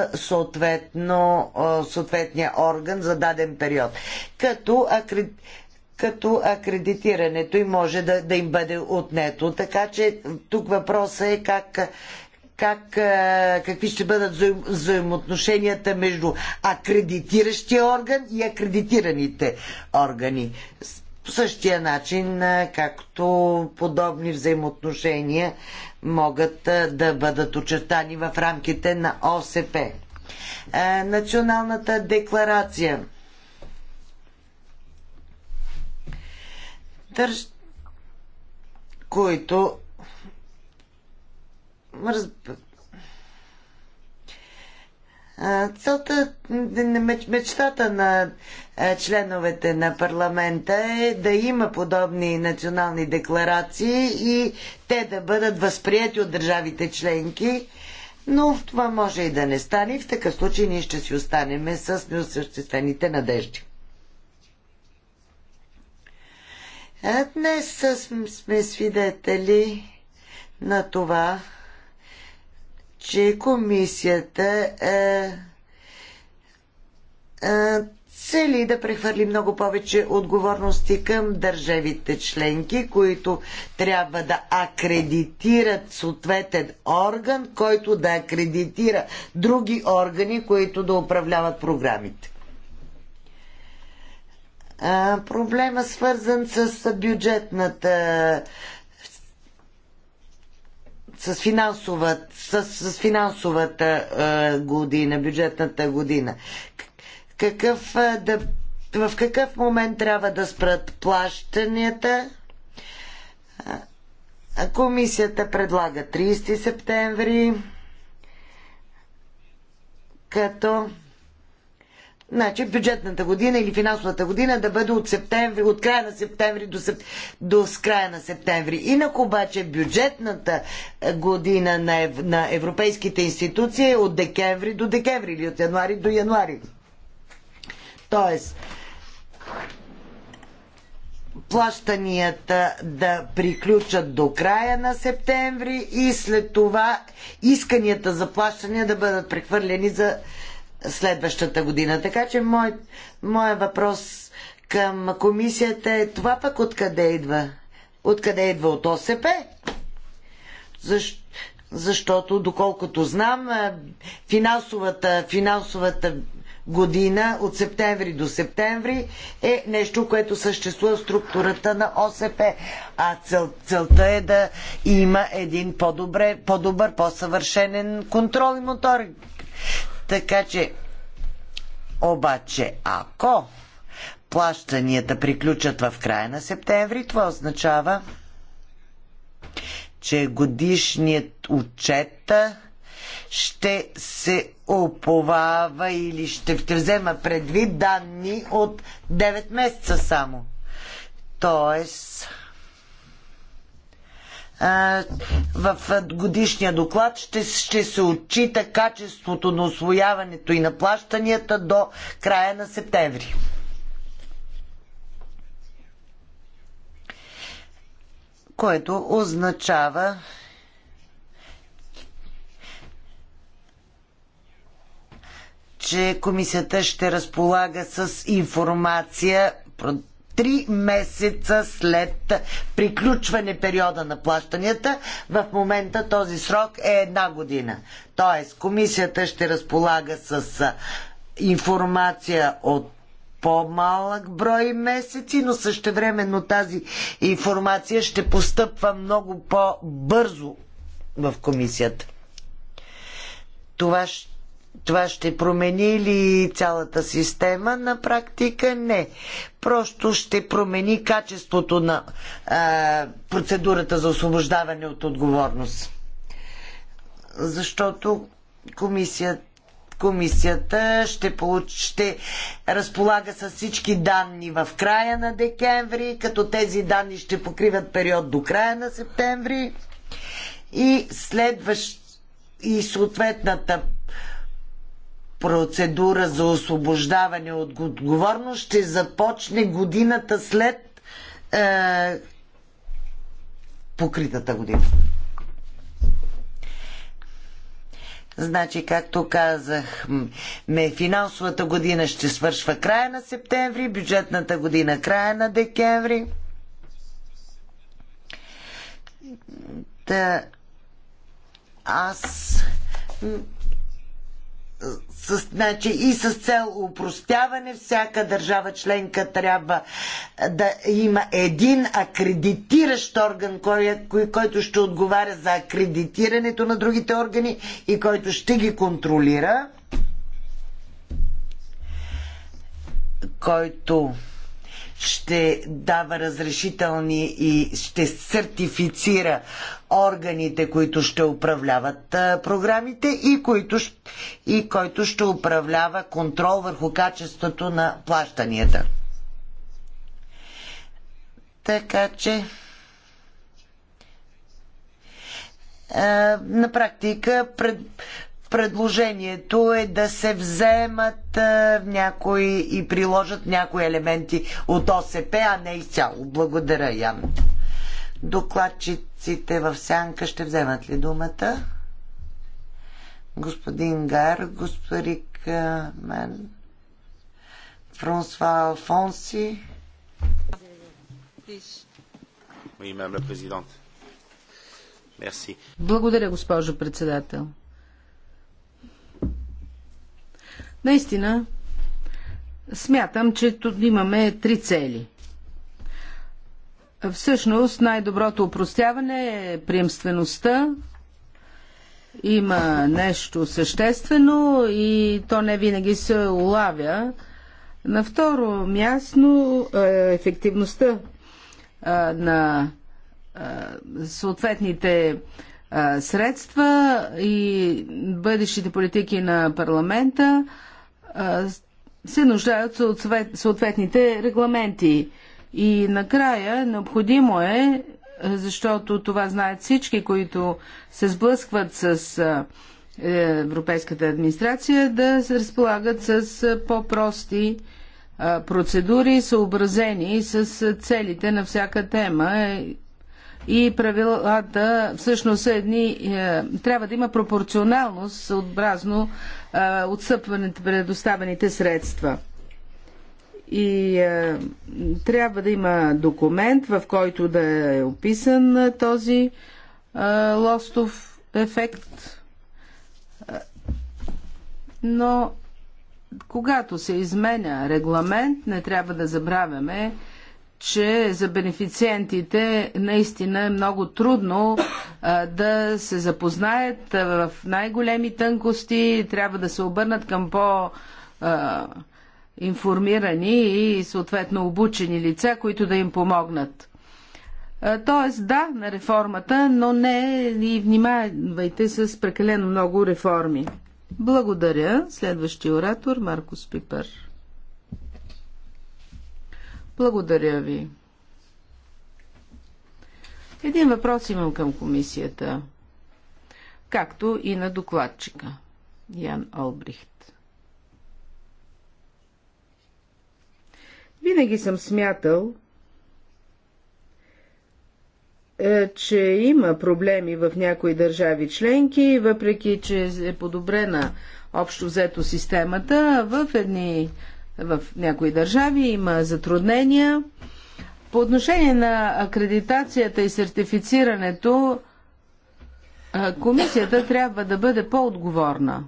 съответния орган за даден период. Като, акред, като акредитирането им може да, да им бъде отнето. Така че тук въпросът е как, как, какви ще бъдат взаимоотношенията между акредитиращия орган и акредитираните органи по същия начин, както подобни взаимоотношения могат да бъдат очертани в рамките на ОСП. Националната декларация. Търж... които Целта, мечтата на е, членовете на парламента е да има подобни национални декларации и те да бъдат възприяти от държавите членки, но това може и да не стане в такъв случай ние ще си останем с неосъществените надежди. Днес сме свидетели на това, че комисията е, е, цели да прехвърли много повече отговорности към държавите членки, които трябва да акредитират съответен орган, който да акредитира други органи, които да управляват програмите. А, проблема свързан с бюджетната с, финансовата, с, с финансовата а, година, бюджетната година. Какъв, а, да, в какъв момент трябва да спрат плащанията? А, комисията предлага 30 септември, като Значи бюджетната година или финансовата година да бъде от, септември, от края на септември до, сеп... до края на септември. Инак обаче бюджетната е, година на, ев... на европейските институции е от декември до декември или от януари до януари. Тоест, плащанията да приключат до края на септември и след това исканията за плащания да бъдат прехвърлени за следващата година. Така че мой, моя въпрос към комисията е това пък откъде идва? Откъде идва от ОСП? Защо? защото, доколкото знам, финансовата, финансовата година от септември до септември е нещо, което съществува в структурата на ОСП, а цел, целта е да има един по-добре, по-добър, по-съвършенен контрол и мотор. Така че, обаче, ако плащанията приключат в края на септември, това означава, че годишният отчет ще се оповава или ще взема предвид данни от 9 месеца само. Тоест, в годишния доклад ще, ще се отчита качеството на освояването и на плащанията до края на септември. Което означава, че комисията ще разполага с информация три месеца след приключване периода на плащанията. В момента този срок е една година. Тоест, комисията ще разполага с информация от по-малък брой месеци, но същевременно тази информация ще постъпва много по-бързо в комисията. Това ще това ще промени ли цялата система? На практика не. Просто ще промени качеството на а, процедурата за освобождаване от отговорност. Защото комисията комисията ще, получ... ще разполага с всички данни в края на декември, като тези данни ще покриват период до края на септември и следващ и съответната процедура за освобождаване от отговорност ще започне годината след е, покритата година. Значи, както казах, ме финансовата година ще свършва края на септември, бюджетната година края на декември. Та, аз с, значи, и с цел упростяване всяка държава членка трябва да има един акредитиращ орган, кой, е- кой, който ще отговаря за акредитирането на другите органи и който ще ги контролира. Който ще дава разрешителни и ще сертифицира органите, които ще управляват програмите и, които, и който ще управлява контрол върху качеството на плащанията. Така че на практика пред, Предложението е да се вземат е, някои и приложат някои елементи от ОСП, а не изцяло. Благодаря, Ян. Докладчиците в сянка ще вземат ли думата? Господин Гар, господин е, Мен, Франсуа Алфонси. Благодаря, госпожо председател. Наистина, смятам, че имаме три цели. Всъщност, най-доброто упростяване е приемствеността. Има нещо съществено и то не винаги се улавя. На второ място, е, ефективността е, на е, съответните средства и бъдещите политики на парламента – се нуждаят от съответните регламенти. И накрая необходимо е, защото това знаят всички, които се сблъскват с е, Европейската администрация, да се разполагат с по-прости процедури, съобразени с целите на всяка тема е, и правилата всъщност са едни, е, трябва да има пропорционалност съобразно е, отсъпването предоставените средства. И е, трябва да има документ, в който да е описан този е, лостов ефект. Но когато се изменя регламент, не трябва да забравяме, че за бенефициентите наистина е много трудно а, да се запознаят в най-големи тънкости, трябва да се обърнат към по- а, информирани и съответно обучени лица, които да им помогнат. А, тоест, да, на реформата, но не и внимавайте с прекалено много реформи. Благодаря. Следващия оратор Маркус Пипер. Благодаря ви. Един въпрос имам към комисията, както и на докладчика Ян Олбрихт. Винаги съм смятал, е, че има проблеми в някои държави членки, въпреки че е подобрена общо взето системата, в едни в някои държави има затруднения. По отношение на акредитацията и сертифицирането, комисията трябва да бъде по-отговорна.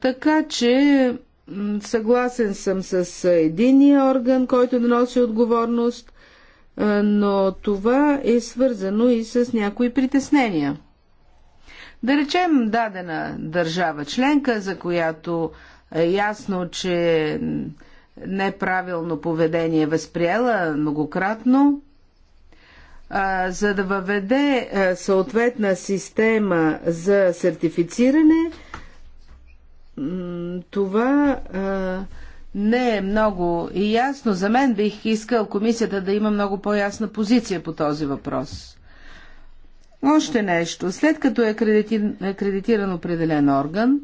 Така че съгласен съм с единия орган, който да носи отговорност, но това е свързано и с някои притеснения. Да речем дадена държава членка, за която е ясно, че неправилно поведение е възприела многократно, за да въведе съответна система за сертифициране, това не е много и ясно. За мен бих искал комисията да има много по-ясна позиция по този въпрос. Още нещо. След като е акредитиран определен орган,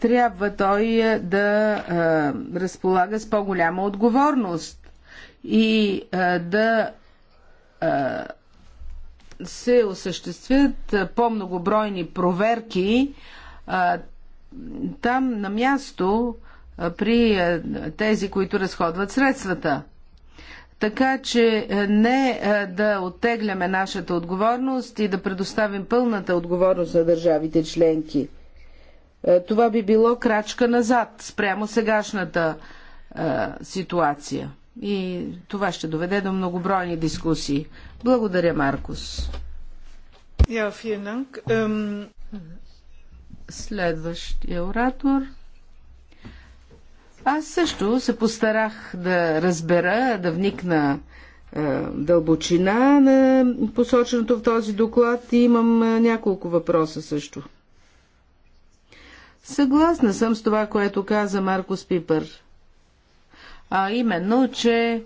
трябва той е, да а, е, разполага с по-голяма отговорност и а, е, да а, се осъществят по-многобройни проверки а, там на място а, при а, тези, които разходват средствата. Така че е, не е, да оттегляме нашата отговорност и да предоставим пълната отговорност на държавите членки. Е, това би било крачка назад спрямо сегашната ситуация. И това ще доведе до многобройни дискусии. Благодаря, Маркус. Следващия оратор. Аз също се постарах да разбера, да вникна е, дълбочина на посоченото в този доклад и имам е, няколко въпроса също. Съгласна съм с това, което каза Маркос Пипър. А именно, че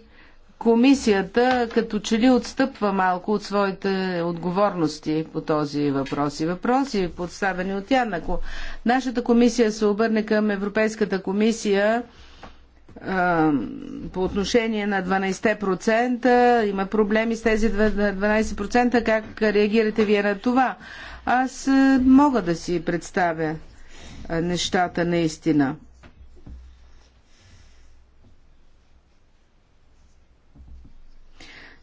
Комисията като че ли отстъпва малко от своите отговорности по този въпрос и въпроси, подставени от тя. Ако нашата комисия се обърне към Европейската комисия по отношение на 12%, има проблеми с тези 12%, как реагирате вие на това? Аз мога да си представя нещата наистина.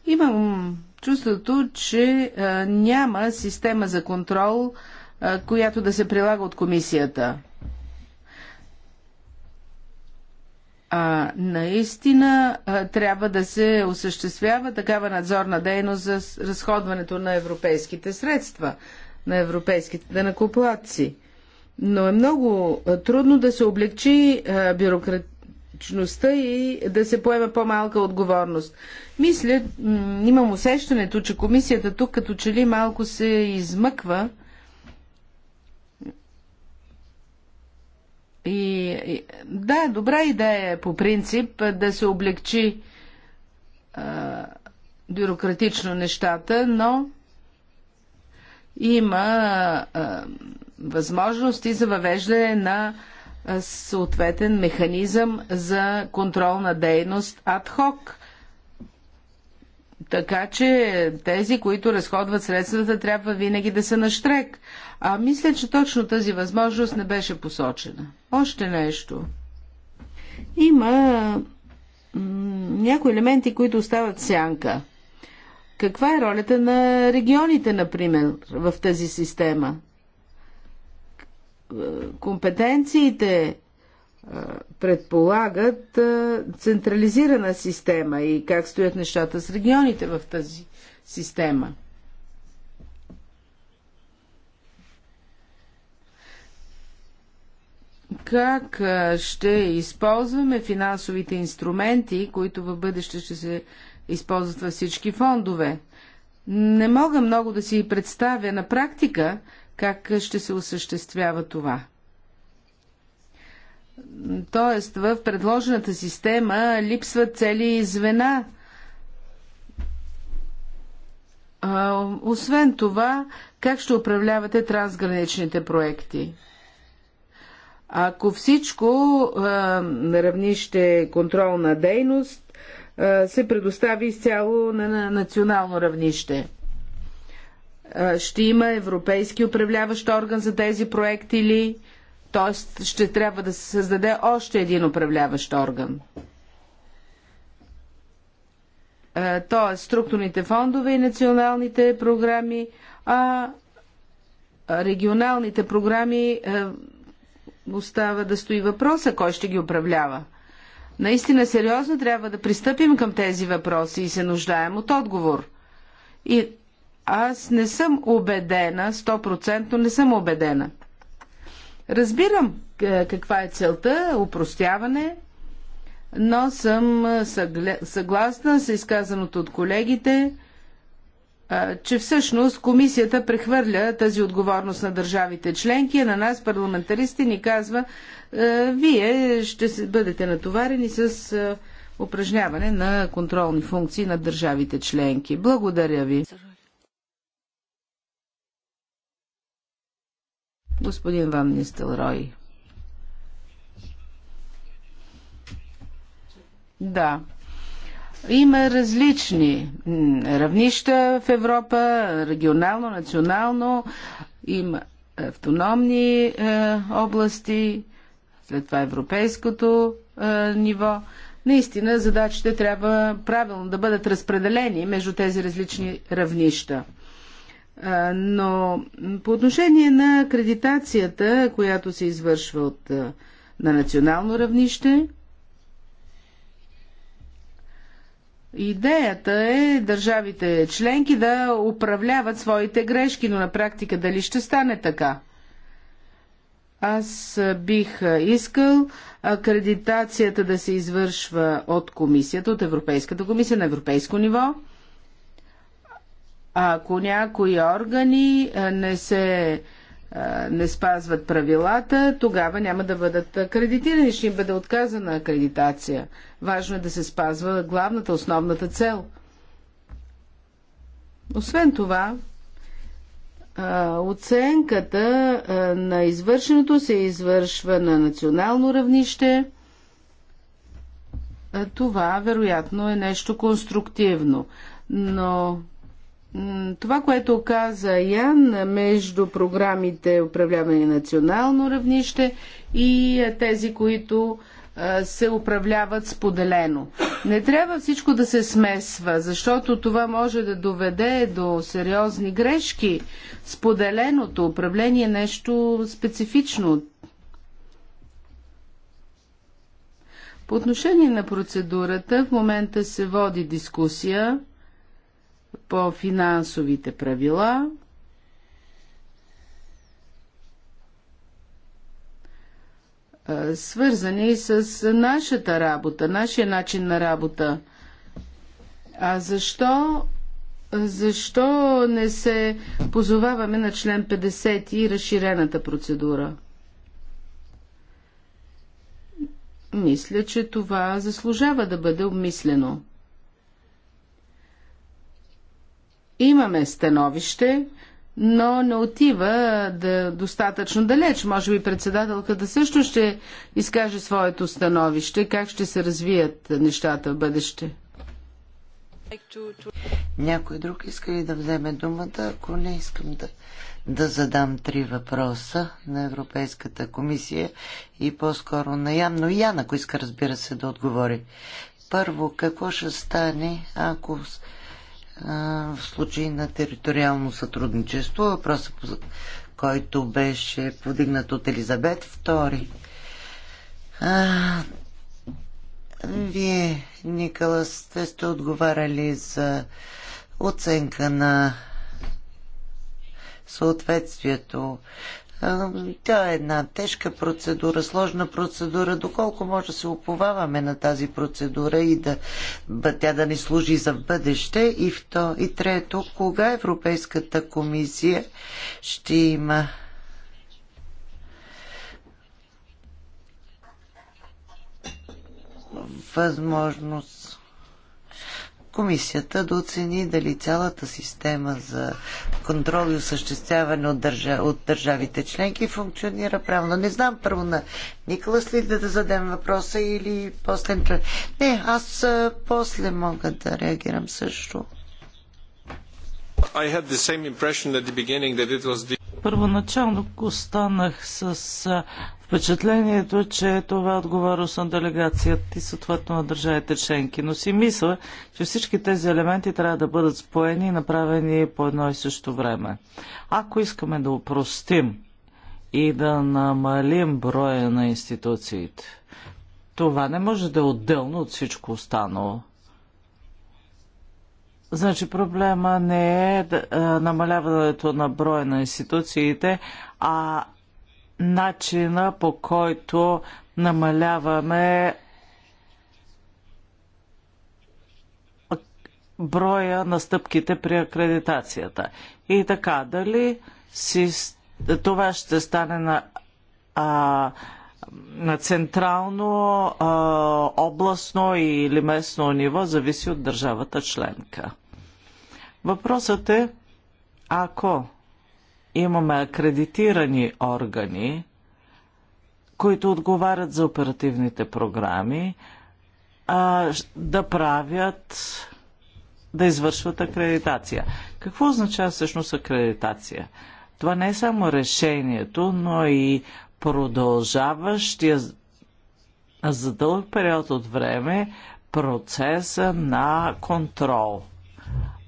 Имам чувството, че няма система за контрол, която да се прилага от комисията. А наистина трябва да се осъществява такава надзорна дейност за разходването на европейските средства, на европейските данакоплатци. Но е много трудно да се облегчи бюрократ прозрачността и да се поеме по-малка отговорност. Мисля, имам усещането, че комисията тук като че ли малко се измъква и да, добра идея е по принцип да се облегчи а, бюрократично нещата, но има а, възможности за въвеждане на а, съответен механизъм за контролна дейност адхок. Така че тези, които разходват средствата, трябва винаги да са на штрек. А мисля, че точно тази възможност не беше посочена. Още нещо. Има някои елементи, които остават сянка. Каква е ролята на регионите, например, в тази система? компетенциите е, предполагат е, централизирана система и как стоят нещата с регионите в тази система. Как е, ще използваме финансовите инструменти, които в бъдеще ще се използват във всички фондове? Не мога много да си представя на практика как ще се осъществява това. Тоест, в предложената система липсват цели звена. Освен това, как ще управлявате трансграничните проекти? Ако всичко на равнище контролна дейност се предостави изцяло на национално равнище ще има европейски управляващ орган за тези проекти или т.е. ще трябва да се създаде още един управляващ орган. Т.е. структурните фондове и националните програми, а регионалните програми остава да стои въпроса, кой ще ги управлява. Наистина сериозно трябва да пристъпим към тези въпроси и се нуждаем от отговор. И аз не съм убедена, 100% не съм убедена. Разбирам е, каква е целта, упростяване, но съм е, съгласна с изказаното от колегите, е, че всъщност комисията прехвърля тази отговорност на държавите членки, а на нас парламентаристи ни казва, вие ще бъдете натоварени с упражняване на контролни функции на държавите членки. Благодаря ви. Господин Ван Нистелрой. Да. Има различни равнища в Европа, регионално, национално. Има автономни е, области, след това европейското е, ниво. Наистина задачите трябва правилно да бъдат разпределени между тези различни равнища. Но по отношение на акредитацията, която се извършва от, на национално равнище, Идеята е държавите членки да управляват своите грешки, но на практика дали ще стане така? Аз бих искал акредитацията да се извършва от комисията, от Европейската комисия на европейско ниво – ако някои органи не се не спазват правилата, тогава няма да бъдат акредитирани, ще им бъде отказана акредитация. Важно е да се спазва главната, основната цел. Освен това, оценката на извършеното се извършва на национално равнище. Това, вероятно, е нещо конструктивно, но това, което каза Ян, между програмите управлявани на национално равнище и е, тези, които е, се управляват споделено. Не трябва всичко да се смесва, защото това може да доведе до сериозни грешки. Споделеното управление е нещо специфично. По отношение на процедурата, в момента се води дискусия по финансовите правила. свързани с нашата работа, нашия начин на работа. А защо, защо не се позоваваме на член 50 и разширената процедура? Мисля, че това заслужава да бъде обмислено. Имаме становище, но не отива да достатъчно далеч. Може би председателката също ще изкаже своето становище, как ще се развият нещата в бъдеще. Някой друг иска ли да вземе думата? Ако не, искам да, да задам три въпроса на Европейската комисия и по-скоро на Ян, но Ян, ако иска, разбира се, да отговори. Първо, какво ще стане, ако в случай на териториално сътрудничество. Въпросът, който беше повдигнат от Елизабет II. А, вие, Николас, сте, сте отговаряли за оценка на съответствието тя е една тежка процедура, сложна процедура. Доколко може да се оповаваме на тази процедура и да тя да ни служи за бъдеще? И, вто, и трето, кога Европейската комисия ще има възможност комисията да оцени дали цялата система за контрол и осъществяване от, държа, от държавите членки функционира правилно. Не знам първо на Николас ли да, да въпроса или после... Не, аз после мога да реагирам също. Първоначално останах с впечатлението, че това е отговорност на делегацията и съответно на държавите членки. Но си мисля, че всички тези елементи трябва да бъдат споени и направени по едно и също време. Ако искаме да упростим и да намалим броя на институциите, това не може да е отделно от всичко останало. Значи проблема не е намаляването на броя на институциите, а начина по който намаляваме броя на стъпките при акредитацията. И така, дали си, това ще стане на а, на централно, а, областно или местно ниво зависи от държавата членка. Въпросът е, ако имаме акредитирани органи, които отговарят за оперативните програми, а, да правят, да извършват акредитация. Какво означава всъщност акредитация? Това не е само решението, но и продължаващия за дълъг период от време процеса на контрол.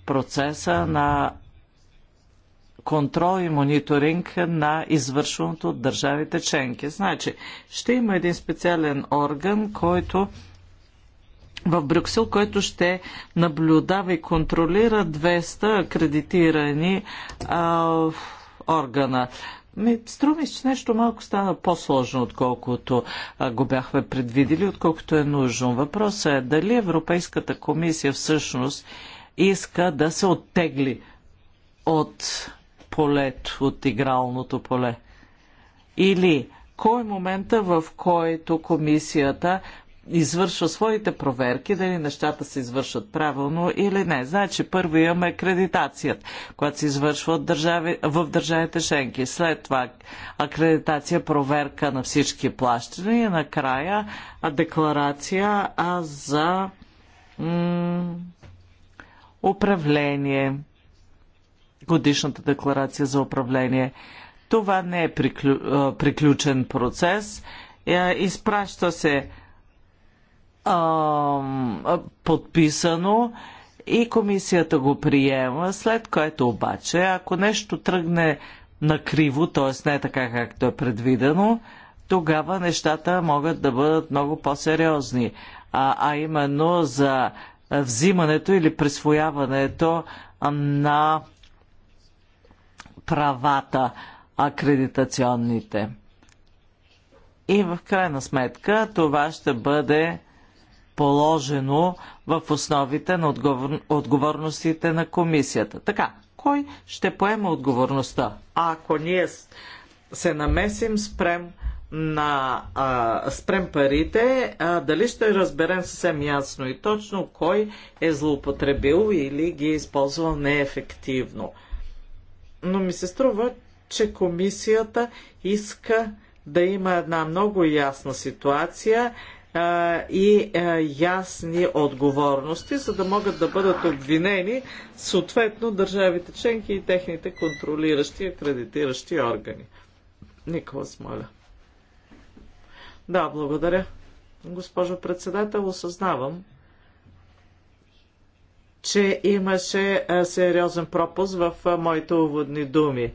Процеса на контрол и мониторинг на извършеното от държавите членки. Значи, ще има един специален орган, който в Брюксел, който ще наблюдава и контролира 200 акредитирани а, органа. Ми, струми се, че нещо малко стана по-сложно, отколкото а, го бяхме предвидели, отколкото е нужно. Въпросът е дали Европейската комисия всъщност иска да се оттегли от полето, от игралното поле. Или кой е момента, в който комисията извършва своите проверки, дали нещата се извършват правилно или не. Значи първо имаме акредитацията, която се извършва от държави, в държавите Шенки. След това акредитация, проверка на всички плащания и накрая декларация а за управление. Годишната декларация за управление. Това не е приклю... приключен процес. Е, изпраща се подписано и комисията го приема, след което обаче, ако нещо тръгне накриво, т.е. не е така както е предвидено, тогава нещата могат да бъдат много по-сериозни, а, а именно за взимането или присвояването на правата акредитационните. И в крайна сметка това ще бъде положено в основите на отговор... отговорностите на комисията. Така, кой ще поема отговорността? А ако ние се намесим спрем на а, спрем парите, а, дали ще разберем съвсем ясно и точно кой е злоупотребил или ги е използвал неефективно. Но ми се струва, че комисията иска да има една много ясна ситуация и ясни отговорности, за да могат да бъдат обвинени съответно държавите членки и техните контролиращи и кредитиращи органи. Никола, моля. Да, благодаря. Госпожо председател, осъзнавам, че имаше сериозен пропуск в моите уводни думи.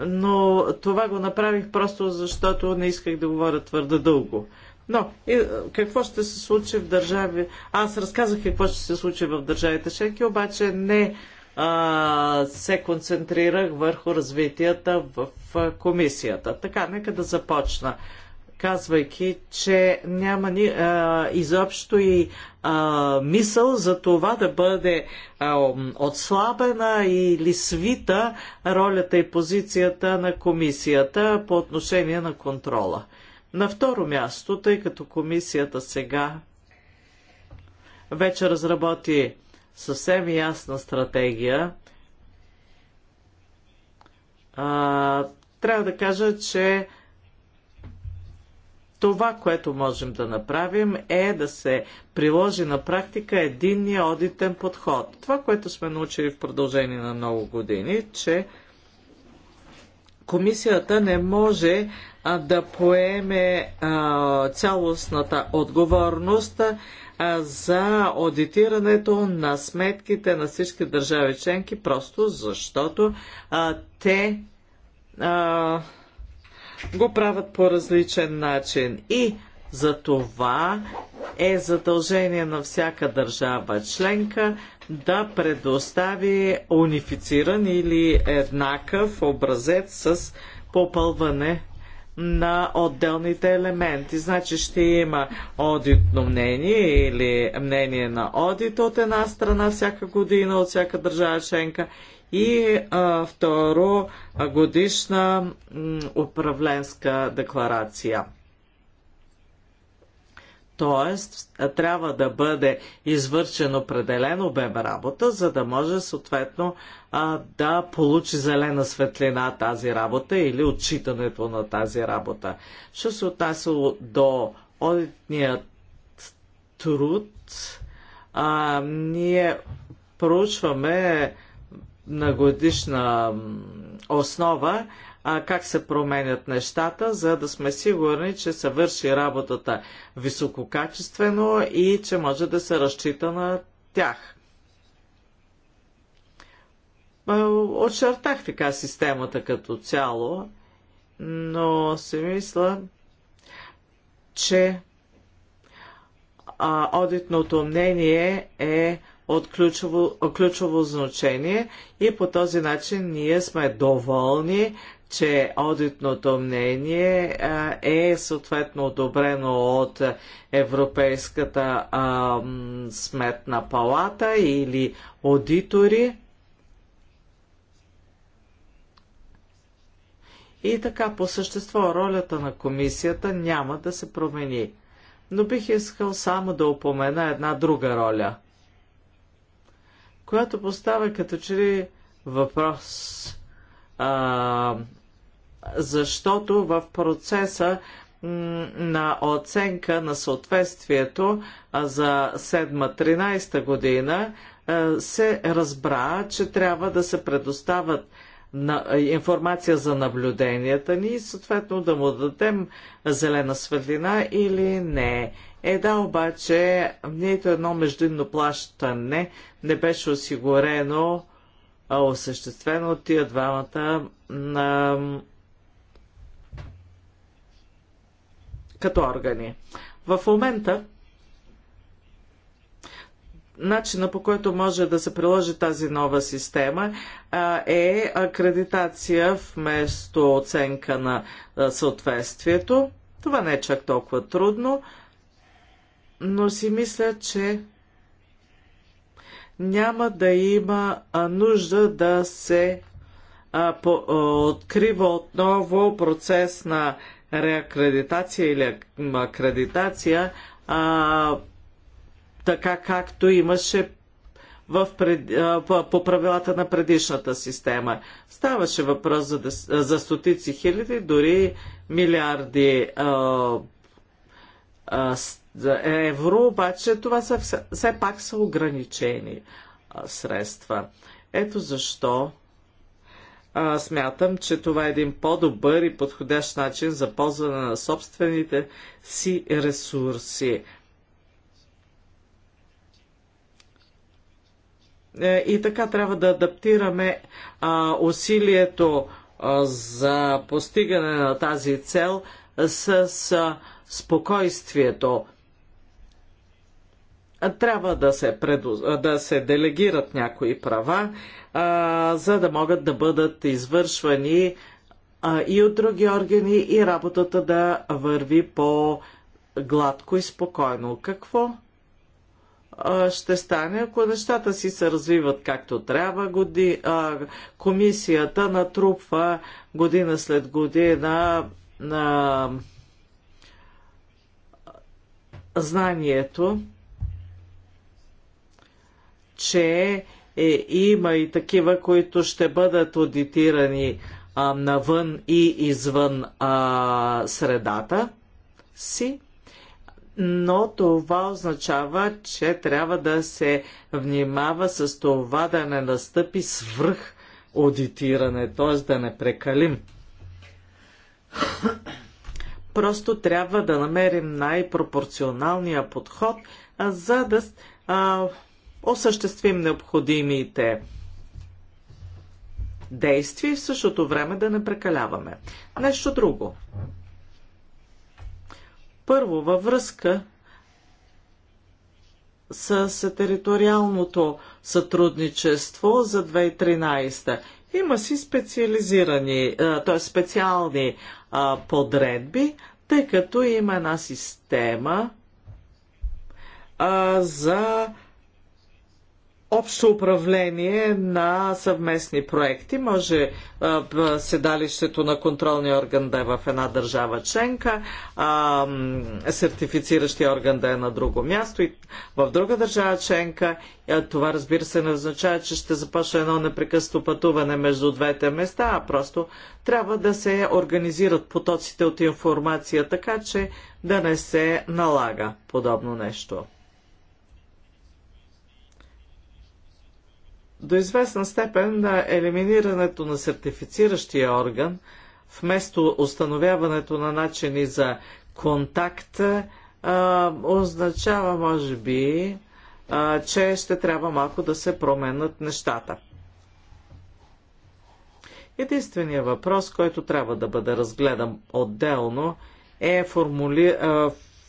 Но това го направих просто защото не исках да говоря твърде дълго. Но и, какво ще се случи в държави... Аз разказах какво ще се случи в държавите Шенки, обаче не а, се концентрирах върху развитията в, в комисията. Така, нека да започна казвайки, че няма ни, а, изобщо и а, мисъл за това да бъде а, отслабена или свита ролята и позицията на комисията по отношение на контрола. На второ място, тъй като комисията сега вече разработи съвсем ясна стратегия, а, трябва да кажа, че това, което можем да направим е да се приложи на практика единния одитен подход. Това, което сме научили в продължение на много години, че комисията не може а, да поеме а, цялостната отговорност а, за аудитирането на сметките на всички държави членки, просто защото а, те а, го правят по различен начин. И за това е задължение на всяка държава членка да предостави унифициран или еднакъв образец с попълване на отделните елементи. Значи ще има одитно мнение или мнение на одит от една страна всяка година от всяка държава членка и а, второ годишна м, управленска декларация. Т.е. трябва да бъде извършен определен обем работа, за да може съответно да получи зелена светлина тази работа или отчитането на тази работа. Що се отнася до одитният труд, а, ние проучваме на годишна основа а, как се променят нещата, за да сме сигурни, че се върши работата висококачествено и че може да се разчита на тях. Е, Очертах така системата като цяло, но си мисля, че а, одитното мнение е от ключово, ключово значение и по този начин ние сме доволни че одитното мнение е съответно одобрено от Европейската сметна палата или аудитори. И така по същество ролята на комисията няма да се промени. Но бих искал само да упомена една друга роля, която поставя като че ли въпрос а, защото в процеса на оценка на съответствието за 7-13 година се разбра, че трябва да се предоставят на, информация за наблюденията ни и съответно да му дадем зелена светлина или не. Е да, обаче нието едно междинно плащане не беше осигурено, осъществено от тия двамата на като органи. В момента начина по който може да се приложи тази нова система е акредитация вместо оценка на съответствието. Това не е чак толкова трудно, но си мисля, че няма да има нужда да се открива отново процес на реакредитация или акредитация, а, така както имаше в пред, а, по правилата на предишната система. Ставаше въпрос за, за стотици хиляди, дори милиарди а, а, евро, обаче това са, все пак са ограничени а, средства. Ето защо а, смятам, че това е един по-добър и подходящ начин за ползване на собствените си ресурси. Е, и така трябва да адаптираме а, усилието а, за постигане на тази цел с а, спокойствието трябва да се, предоз... да се делегират някои права, а, за да могат да бъдат извършвани а, и от други органи и работата да върви по гладко и спокойно. Какво а, ще стане, ако нещата си се развиват както трябва? Годи... А, комисията натрупва година след година на знанието че е, има и такива, които ще бъдат аудитирани а, навън и извън а, средата си, но това означава, че трябва да се внимава с това да не настъпи свръх аудитиране, т.е. да не прекалим. Просто трябва да намерим най-пропорционалния подход, за да а, осъществим необходимите действия и в същото време да не прекаляваме. Нещо друго. Първо, във връзка с териториалното сътрудничество за 2013. Има си специализирани, т.е. специални подредби, тъй като има една система за общо управление на съвместни проекти. Може седалището на контролния орган да е в една държава членка, а, сертифициращия орган да е на друго място и в друга държава членка. Това разбира се не означава, че ще започне едно непрекъсто пътуване между двете места, а просто трябва да се организират потоците от информация така, че да не се налага подобно нещо. До известна степен елиминирането на сертифициращия орган вместо установяването на начини за контакт а, означава, може би, а, че ще трябва малко да се променят нещата. Единственият въпрос, който трябва да бъде разгледан отделно, е формули...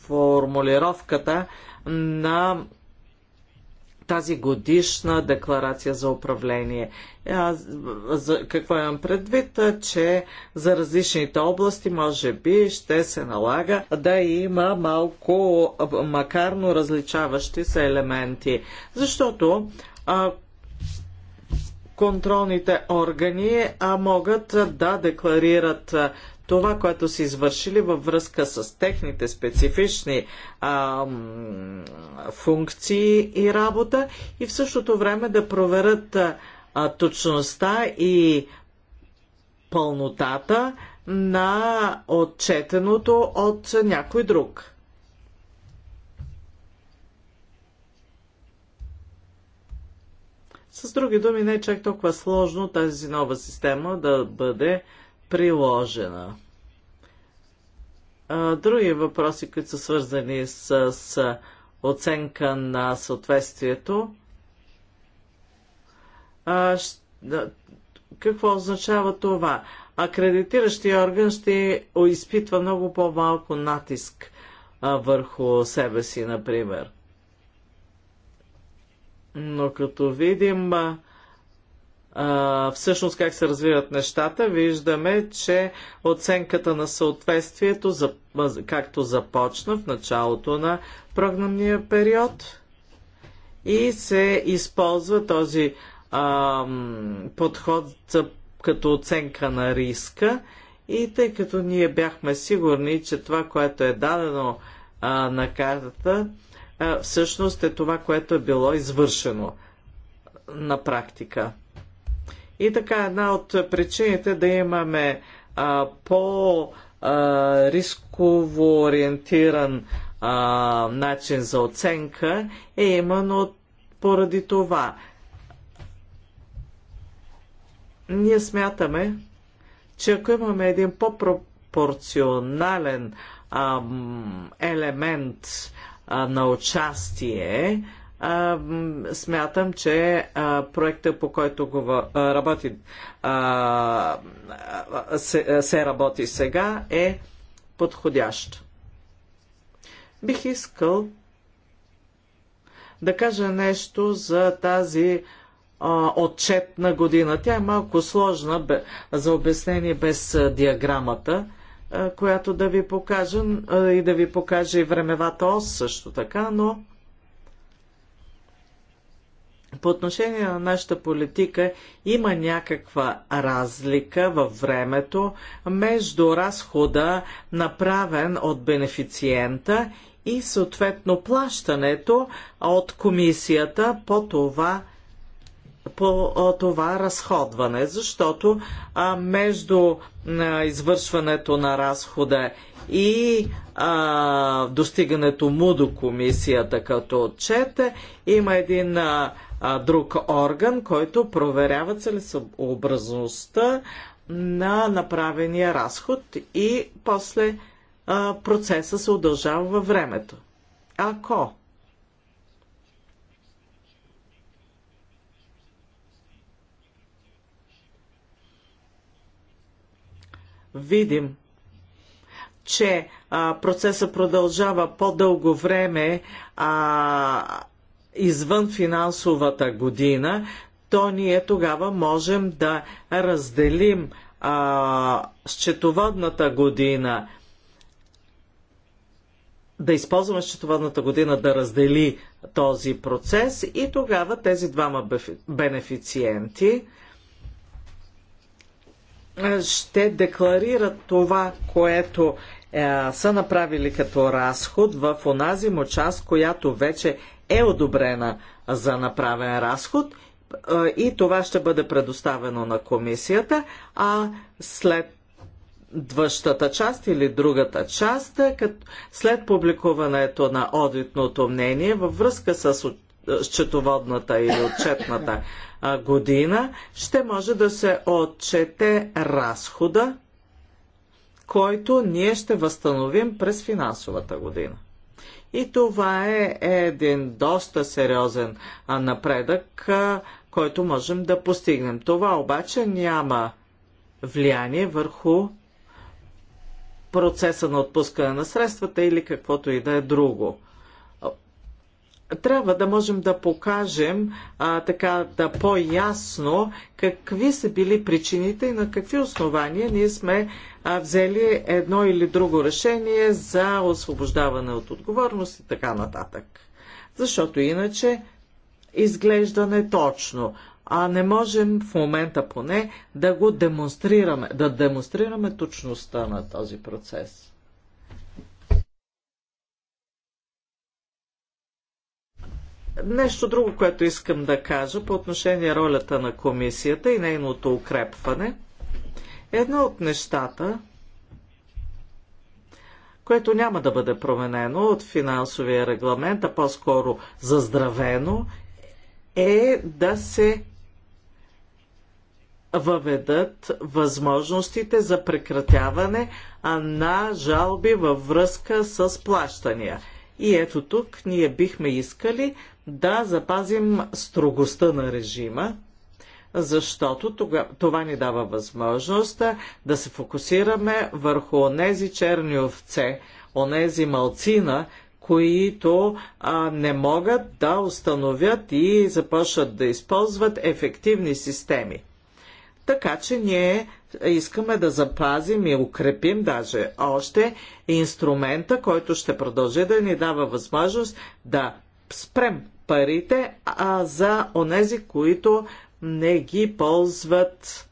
формулировката на тази годишна декларация за управление. какво имам предвид? Че за различните области може би ще се налага да има малко макарно различаващи се елементи. Защото а, контролните органи а, могат да декларират това, което са извършили във връзка с техните специфични а, функции и работа и в същото време да проверят а, точността и пълнотата на отчетеното от някой друг. С други думи, не е чак толкова сложно тази нова система да бъде приложена. Други въпроси, които са свързани с, с оценка на съответствието, какво означава това? Акредитиращия орган ще изпитва много по-малко натиск върху себе си, например. Но като видим всъщност как се развиват нещата, виждаме, че оценката на съответствието, за, както започна в началото на програмния период, и се използва този а, подход за, като оценка на риска. И тъй като ние бяхме сигурни, че това, което е дадено а, на картата, а, всъщност е това, което е било извършено на практика. И така, една от причините да имаме а, по а, рисково ориентиран а, начин за оценка е именно поради това. Ние смятаме, че ако имаме един по-пропорционален елемент а, на участие, а, смятам, че а, проекта, по който го, работи, а, се, се работи сега, е подходящ. Бих искал да кажа нещо за тази отчетна година. Тя е малко сложна за обяснение без диаграмата, която да ви покажа и да ви покаже и времевата ос също така, но по отношение на нашата политика има някаква разлика във времето между разхода, направен от бенефициента и съответно плащането от комисията по това, по това разходване, защото а, между а, извършването на разхода и а, достигането му до комисията като отчет има един а, а, друг орган, който проверява целесообразността на направения разход и после а, процеса се удължава във времето. Ако видим, че а, процеса продължава по-дълго време, а, извън финансовата година, то ние тогава можем да разделим а, счетоводната година, да използваме счетоводната година да раздели този процес и тогава тези двама бенефициенти ще декларират това, което е, са направили като разход в онази му част, която вече е одобрена за направен разход и това ще бъде предоставено на комисията, а след двъщата част или другата част, е като след публикуването на одитното мнение във връзка с счетоводната или отчетната година, ще може да се отчете разхода, който ние ще възстановим през финансовата година. И това е един доста сериозен напредък, който можем да постигнем. Това обаче няма влияние върху процеса на отпускане на средствата или каквото и да е друго трябва да можем да покажем а, така да по-ясно какви са били причините и на какви основания ние сме а, взели едно или друго решение за освобождаване от отговорност и така нататък. Защото иначе изглежда неточно, а не можем в момента поне да го демонстрираме, да демонстрираме точността на този процес. Нещо друго, което искам да кажа по отношение ролята на комисията и нейното укрепване. Едно от нещата, което няма да бъде променено от финансовия регламент, а по-скоро заздравено, е да се въведат възможностите за прекратяване на жалби във връзка с плащания. И ето тук ние бихме искали да запазим строгостта на режима, защото тога, това ни дава възможност да се фокусираме върху онези черни овце, онези малцина, които а, не могат да установят и започнат да използват ефективни системи. Така че ние искаме да запазим и укрепим даже още инструмента, който ще продължи да ни дава възможност да спрем парите, а за онези, които не ги ползват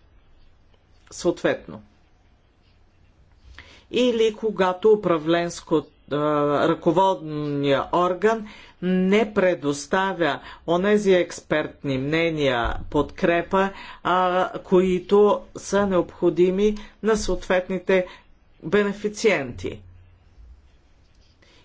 съответно. Или когато управленско е, ръководния орган не предоставя онези експертни мнения, подкрепа, а, които са необходими на съответните бенефициенти.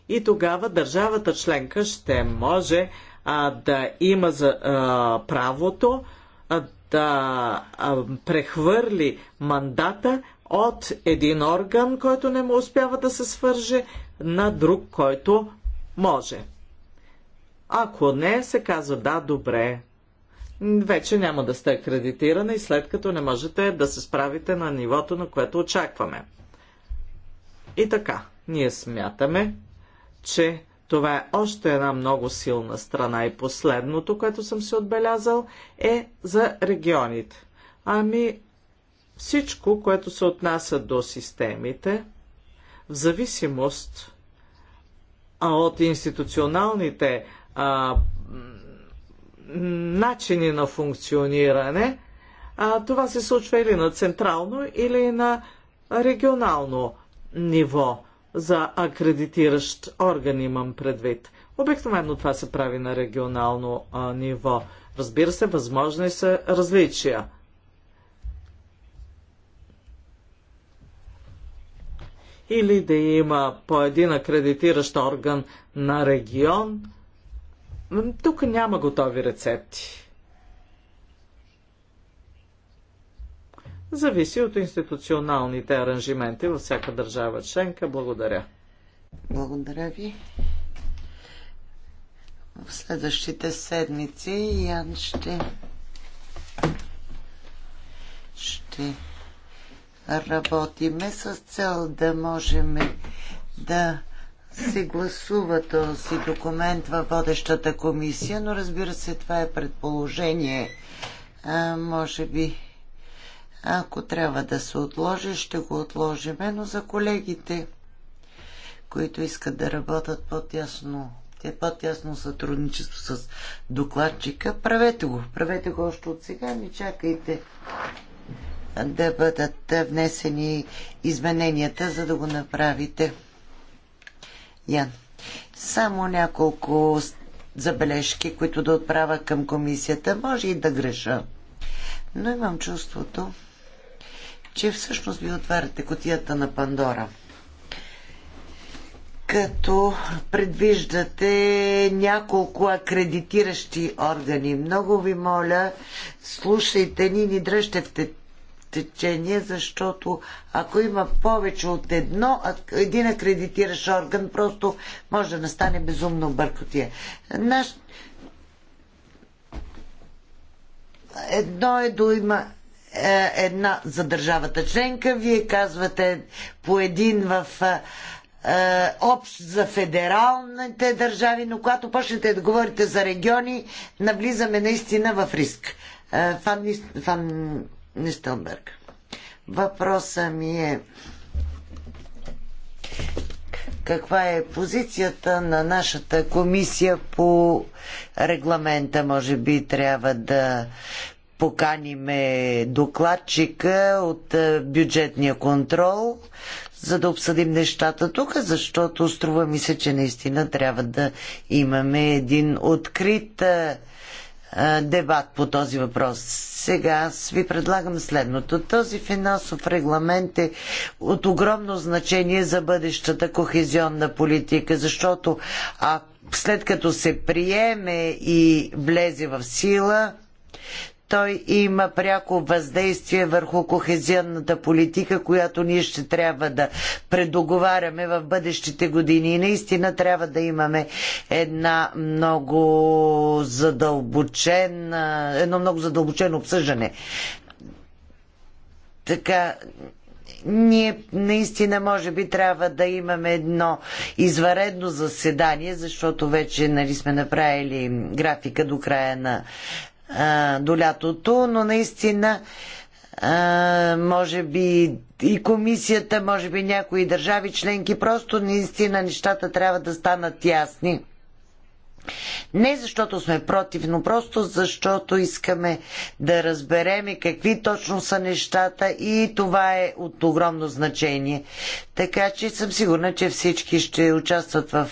И тогава държавата членка ще може а, да има за, а, правото а, да а, прехвърли мандата от един орган, който не му успява да се свърже, на друг, който може. Ако не, се казва да, добре. Вече няма да сте акредитирани и след като не можете да се справите на нивото, на което очакваме. И така, ние смятаме, че това е още една много силна страна. И последното, което съм се отбелязал, е за регионите. Ами, всичко, което се отнася до системите, в зависимост от институционалните а, начини на функциониране, а, това се случва или на централно, или на регионално ниво за акредитиращ орган имам предвид. Обикновено това се прави на регионално а, ниво. Разбира се, възможни са различия. Или да има по един акредитиращ орган на регион. Тук няма готови рецепти. зависи от институционалните аранжименти във всяка държава членка. Благодаря. Благодаря ви. В следващите седмици Ян ще ще работиме с цел да можем да се гласува този документ във водещата комисия, но разбира се, това е предположение. А, може би ако трябва да се отложи, ще го отложим, но за колегите, които искат да работят по-тясно, те по-тясно сътрудничество с докладчика, правете го. Правете го още от сега, не чакайте да бъдат внесени измененията, за да го направите. Ян. Само няколко забележки, които да отправя към комисията. Може и да греша. Но имам чувството, че всъщност ви отваряте котията на Пандора. Като предвиждате няколко акредитиращи органи. Много ви моля, слушайте ни, ни дръжте в течение, защото ако има повече от едно, един акредитиращ орган, просто може да настане безумно бъркотия. Наш... Едно е до има е, една за държавата членка, вие казвате по един в е, е, общ за федералните държави, но когато почнете да говорите за региони, навлизаме наистина в риск. Фан, Нистелберг. Въпросът ми е каква е позицията на нашата комисия по регламента. Може би трябва да поканиме докладчика от е, бюджетния контрол, за да обсъдим нещата тук, защото струва ми се, че наистина трябва да имаме един открит е, е, дебат по този въпрос. Сега аз ви предлагам следното. Този финансов регламент е от огромно значение за бъдещата кохезионна политика, защото а след като се приеме и влезе в сила, той има пряко въздействие върху кохезионната политика, която ние ще трябва да предоговаряме в бъдещите години. И наистина трябва да имаме една много задълбочена, едно много задълбочено обсъждане. Така, ние наистина може би трябва да имаме едно изваредно заседание, защото вече нали, сме направили графика до края на до лятото, но наистина а, може би и комисията, може би някои държави членки, просто наистина нещата трябва да станат ясни. Не защото сме против, но просто защото искаме да разбереме какви точно са нещата и това е от огромно значение. Така че съм сигурна, че всички ще участват в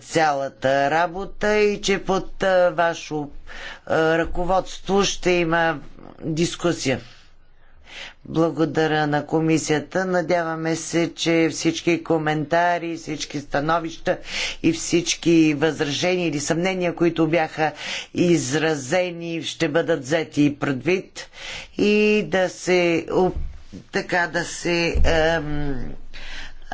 цялата работа и че под ваше ръководство ще има дискусия. Благодаря на комисията. Надяваме се, че всички коментари, всички становища и всички възражения или съмнения, които бяха изразени, ще бъдат взети и предвид и да се така да се ем,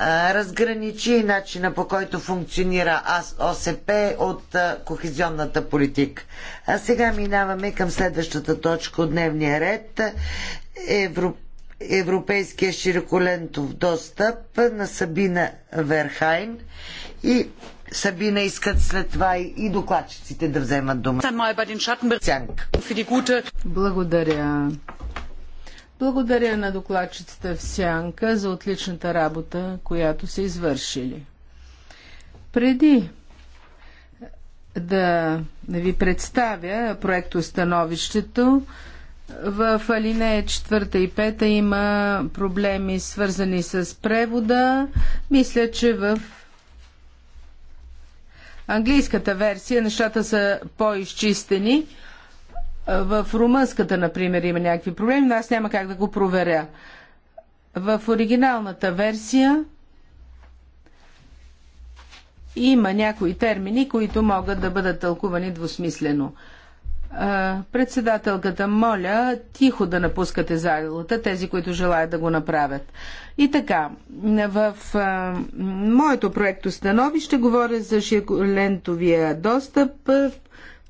разграничи начина по който функционира ОСП от кохезионната политика. А сега минаваме към следващата точка от дневния ред. Евро... Европейския широколентов достъп на Сабина Верхайн и Сабина искат след това и докладчиците да вземат дума. Благодаря благодаря на докладчицата в Сянка за отличната работа, която са извършили. Преди да ви представя проектостановището, в алинея 4 и 5 има проблеми свързани с превода. Мисля, че в английската версия нещата са по-изчистени. В румънската, например, има някакви проблеми, но аз няма как да го проверя. В оригиналната версия има някои термини, които могат да бъдат тълкувани двусмислено. Председателката моля тихо да напускате залата, тези, които желаят да го направят. И така, в моето проекто становище говоря за широколентовия достъп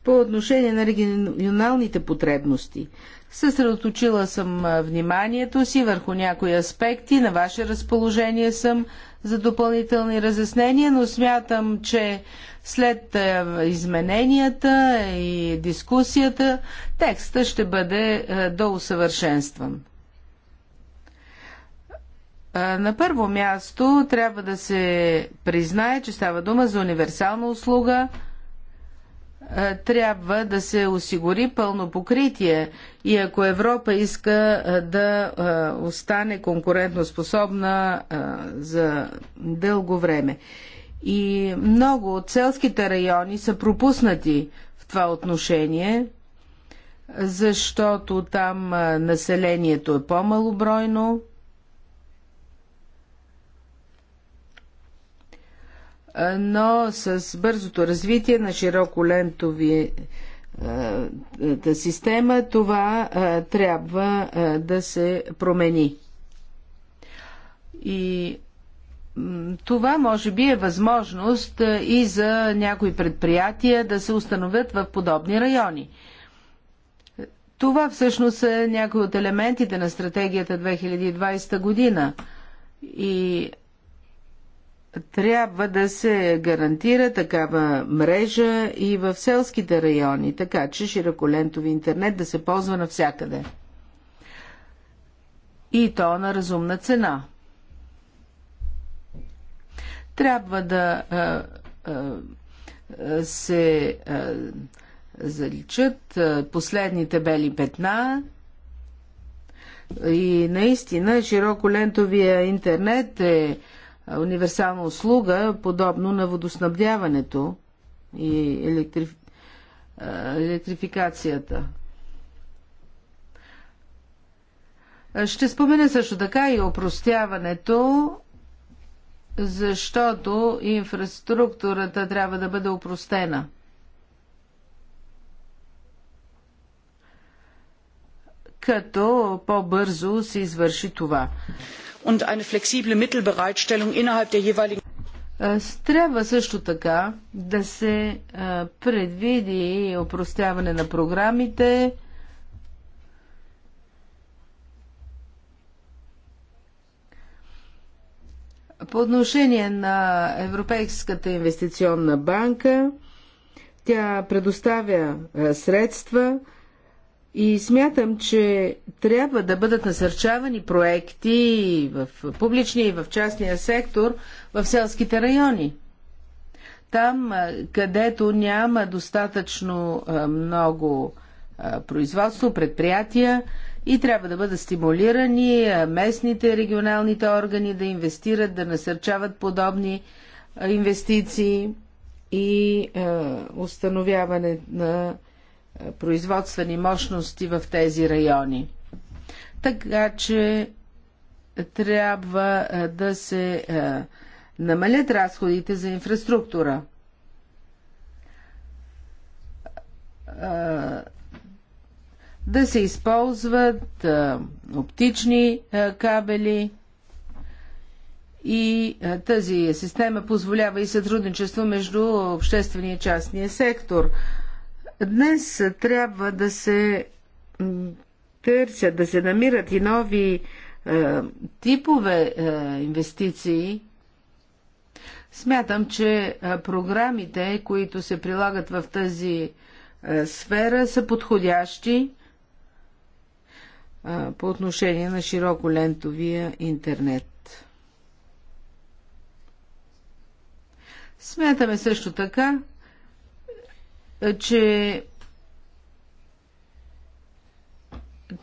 по отношение на регионалните потребности. Съсредоточила съм вниманието си върху някои аспекти, на ваше разположение съм за допълнителни разяснения, но смятам, че след измененията и дискусията текста ще бъде доусъвършенстван. На първо място трябва да се признае, че става дума за универсална услуга – е, трябва да се осигури пълно покритие и ако Европа иска е, да е, остане конкурентоспособна за дълго време. И много от селските райони са пропуснати в това отношение, защото там населението е по-малобройно, но с бързото развитие на широколентовата е, е, система, това е, трябва да се промени. И това може би е възможност и за някои предприятия да се установят в подобни райони. Това всъщност е някои от елементите на стратегията 2020 година. И трябва да се гарантира такава мрежа и в селските райони, така че широколентови интернет да се ползва навсякъде. И то на разумна цена. Трябва да а, а, се а, заличат последните бели петна и наистина широколентовия интернет е а, универсална услуга, подобно на водоснабдяването и електри... електрификацията. Ще спомена също така и опростяването, защото инфраструктурата трябва да бъде опростена. Като по-бързо се извърши това und eine flexible Mittelbereitstellung innerhalb der jeweiligen е, Трябва също така да се е, предвиди опростяване на програмите, По отношение на Европейската инвестиционна банка, тя предоставя е, средства и смятам, че трябва да бъдат насърчавани проекти в публичния и в частния сектор в селските райони. Там, където няма достатъчно много производство, предприятия и трябва да бъдат стимулирани местните и регионалните органи да инвестират, да насърчават подобни инвестиции и установяване на производствени мощности в тези райони. Така че трябва да се намалят разходите за инфраструктура. Да се използват оптични кабели и тази система позволява и сътрудничество между обществения и частния сектор – Днес трябва да се търсят, да се намират и нови е, типове е, инвестиции. Смятам, че е, програмите, които се прилагат в тази е, сфера, са подходящи е, по отношение на широко лентовия интернет. Смятаме също така, че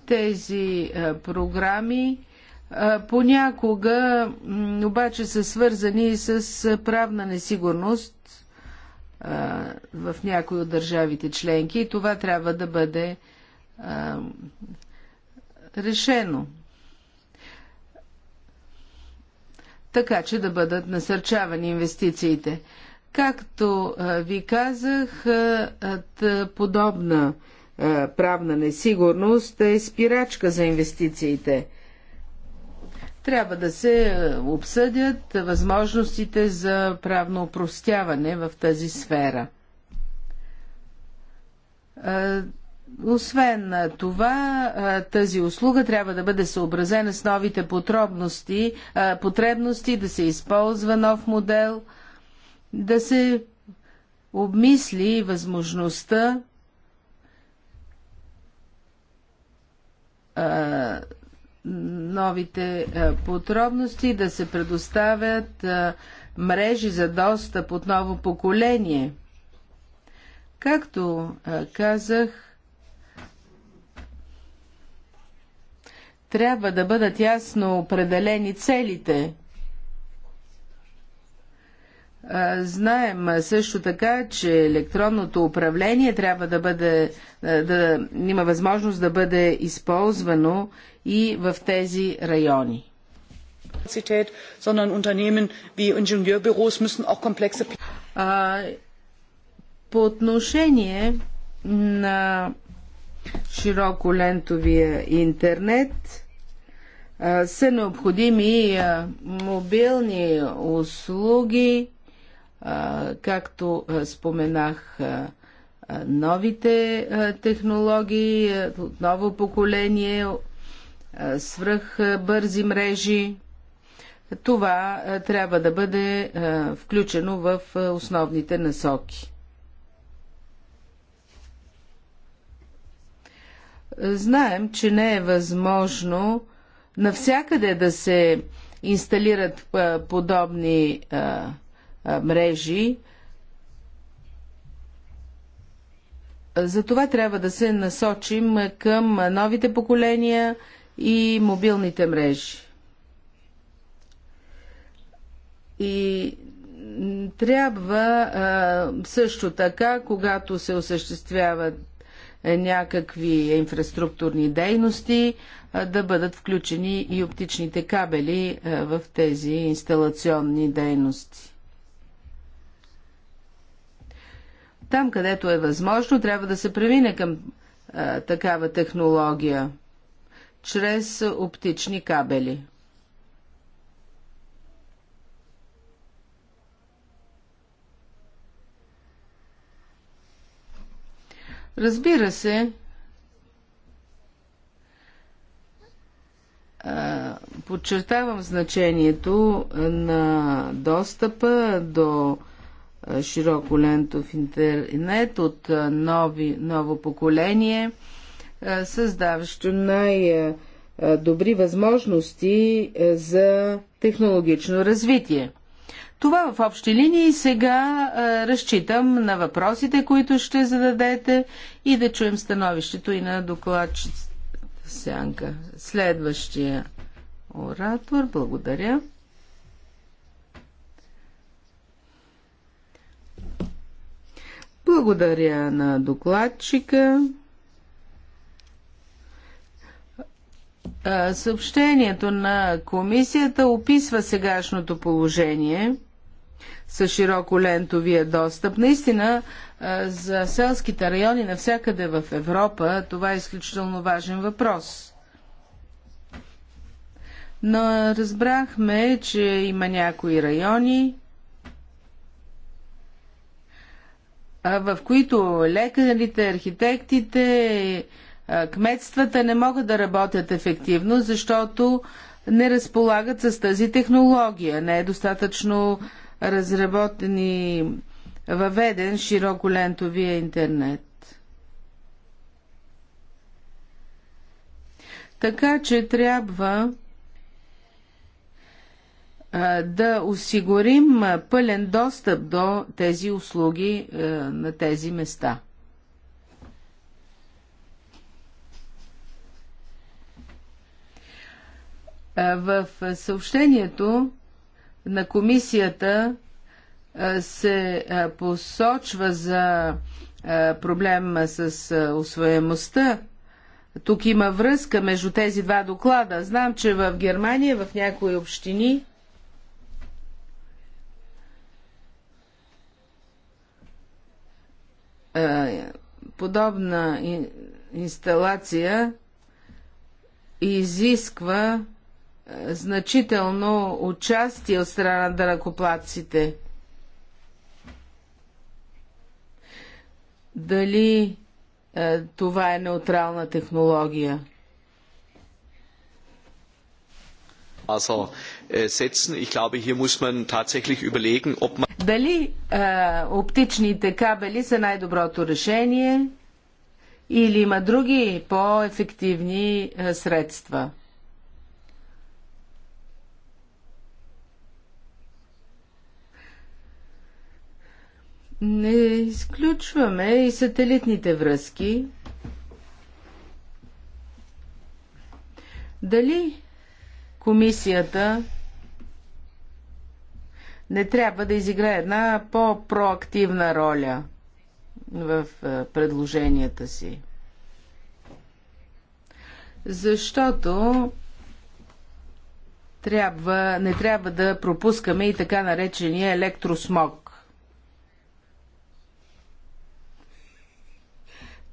тези програми понякога обаче са свързани с правна несигурност в някои от държавите членки и това трябва да бъде решено. Така че да бъдат насърчавани инвестициите. Както ви казах, подобна правна несигурност е спирачка за инвестициите. Трябва да се обсъдят възможностите за правно упростяване в тази сфера. Освен това, тази услуга трябва да бъде съобразена с новите потребности да се използва нов модел – да се обмисли възможността а, новите а, подробности да се предоставят а, мрежи за достъп от ново поколение. Както а, казах, трябва да бъдат ясно определени целите Знаем също така, че електронното управление трябва да бъде, да има възможност да бъде използвано и в тези райони. По отношение на широко лентовия интернет са необходими мобилни услуги, Както споменах, новите технологии, ново поколение, свръхбързи мрежи, това трябва да бъде включено в основните насоки. Знаем, че не е възможно навсякъде да се инсталират подобни мрежи. Затова трябва да се насочим към новите поколения и мобилните мрежи. И трябва също така, когато се осъществяват е, някакви инфраструктурни дейности, да бъдат включени и оптичните кабели в тези инсталационни дейности. Там, където е възможно, трябва да се премине към а, такава технология чрез оптични кабели. Разбира се, подчертавам значението на достъпа до е, широко лентов интернет от е, нови, ново поколение, е, създаващо най-добри възможности за технологично развитие. Това в общи линии сега разчитам на въпросите, които ще зададете и да чуем становището и на докладчицата Сянка. Следващия оратор, благодаря. Благодаря на докладчика. Съобщението на комисията описва сегашното положение с широко лентовия достъп. Наистина, за селските райони навсякъде в Европа това е изключително важен въпрос. Но разбрахме, че има някои райони, в които лекарите, архитектите, кметствата не могат да работят ефективно, защото не разполагат с тази технология. Не е достатъчно разработен и въведен широколентовия интернет. Така че трябва да осигурим пълен достъп до тези услуги на тези места. В съобщението на комисията се посочва за проблем с освоемостта. Тук има връзка между тези два доклада. Знам, че в Германия, в някои общини, Е, подобна инсталация изисква е, значително участие от страна на дънакоплатците. Дали е, това е неутрална технология? Äh, setzen. Ich glaube, hier muss man tatsächlich überlegen, ob man. Дали а, äh, оптичните кабели са най-доброто решение или има други по-ефективни э, средства? Не изключваме и сателитните връзки. Дали комисията не трябва да изиграе една по-проактивна роля в е, предложенията си. Защото трябва, не трябва да пропускаме и така наречения електросмог.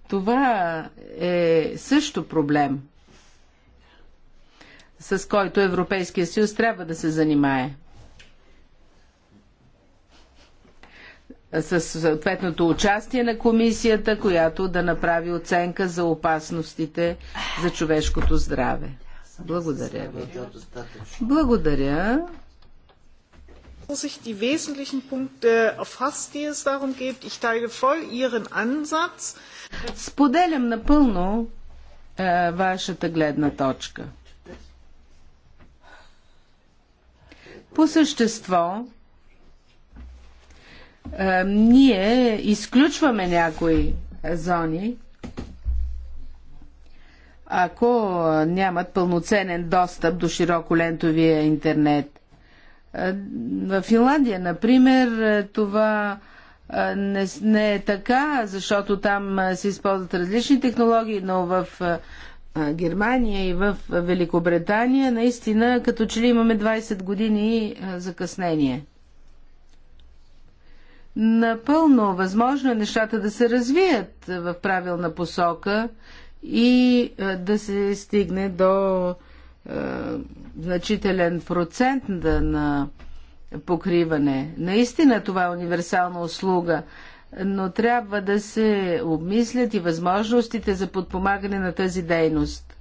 Това е също проблем с който Европейския съюз трябва да се занимае. С съответното участие на комисията, която да направи оценка за опасностите за човешкото здраве. Благодаря ви. Благодаря. ich die wesentlichen Punkte erfasst, äh, die es darum geht. Ich teile voll Ihren Ansatz. Споделям напълно е, вашата гледна точка. По същество, е, ние изключваме някои зони, ако нямат пълноценен достъп до широколентовия интернет. Е, в Финландия, например, е, това не, не е така, защото там се използват различни технологии, но в Германия и в Великобритания, наистина като че ли имаме 20 години закъснение. Напълно възможно е нещата да се развият в правилна посока и да се стигне до значителен процент на покриване. Наистина това е универсална услуга, но трябва да се обмислят и възможностите за подпомагане на тази дейност.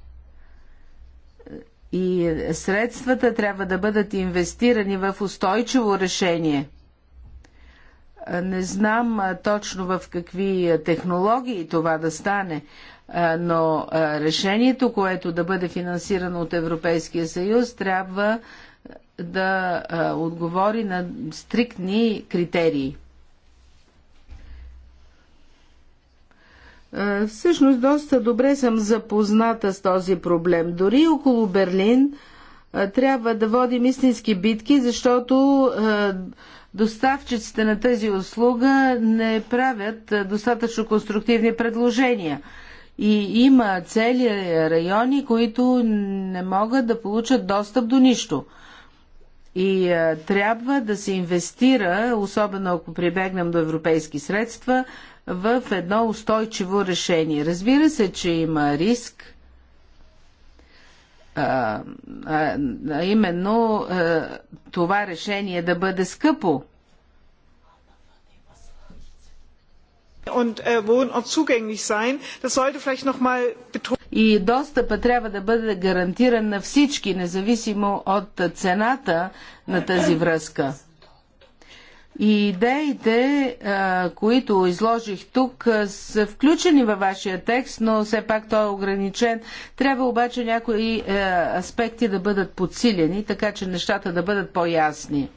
И средствата трябва да бъдат инвестирани в устойчиво решение. Не знам точно в какви технологии това да стане, но решението, което да бъде финансирано от Европейския съюз, трябва да отговори на стриктни критерии. Всъщност доста добре съм запозната с този проблем. Дори около Берлин трябва да водим истински битки, защото доставчиците на тази услуга не правят достатъчно конструктивни предложения. И има цели райони, които не могат да получат достъп до нищо. И а, трябва да се инвестира, особено ако прибегнем до европейски средства, в едно устойчиво решение. Разбира се, че има риск, а, а, а именно а, това решение да бъде скъпо. Äh, И достъпа трябва да бъде гарантиран на всички, независимо от цената на тази връзка. И идеите, които изложих тук, са включени във вашия текст, но все пак той е ограничен. Трябва обаче някои е, аспекти да бъдат подсилени, така че нещата да бъдат по-ясни.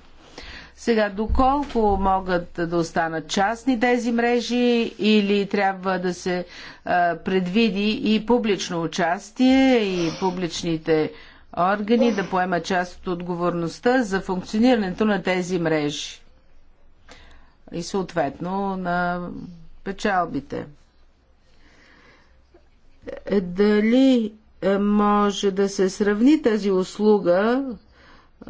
Сега, доколко могат да останат частни тези мрежи или трябва да се предвиди и публично участие и публичните органи да поемат част от отговорността за функционирането на тези мрежи? и съответно на печалбите. Е, дали е, може да се сравни тази услуга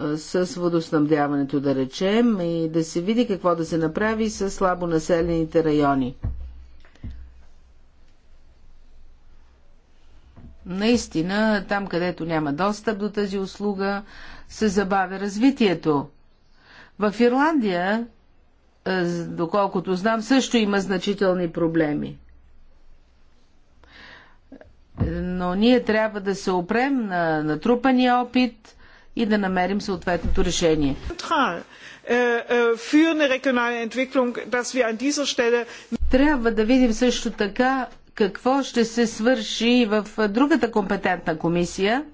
е, с водоснабдяването, да речем, и да се види какво да се направи с слабо населените райони. Наистина, там където няма достъп до тази услуга, се забавя развитието. В Ирландия е, доколкото знам, също има значителни проблеми. Е, но ние трябва да се опрем на натрупания опит и да намерим съответното решение. Е, трябва да видим също така какво ще се свърши в другата компетентна комисия,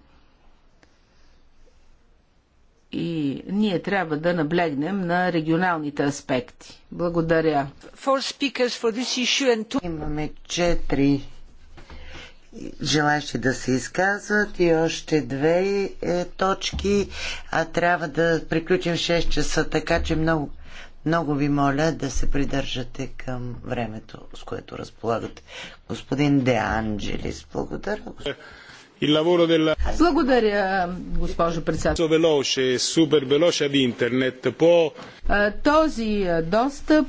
и ние трябва да наблегнем на регионалните аспекти. Благодаря. Имаме четири желащи да се изказват и още две е, точки, а трябва да приключим 6 часа, така че много, много ви моля да се придържате към времето, с което разполагате. Господин Де Анджелис, благодаря. Благодаря, госпожо председател. Този достъп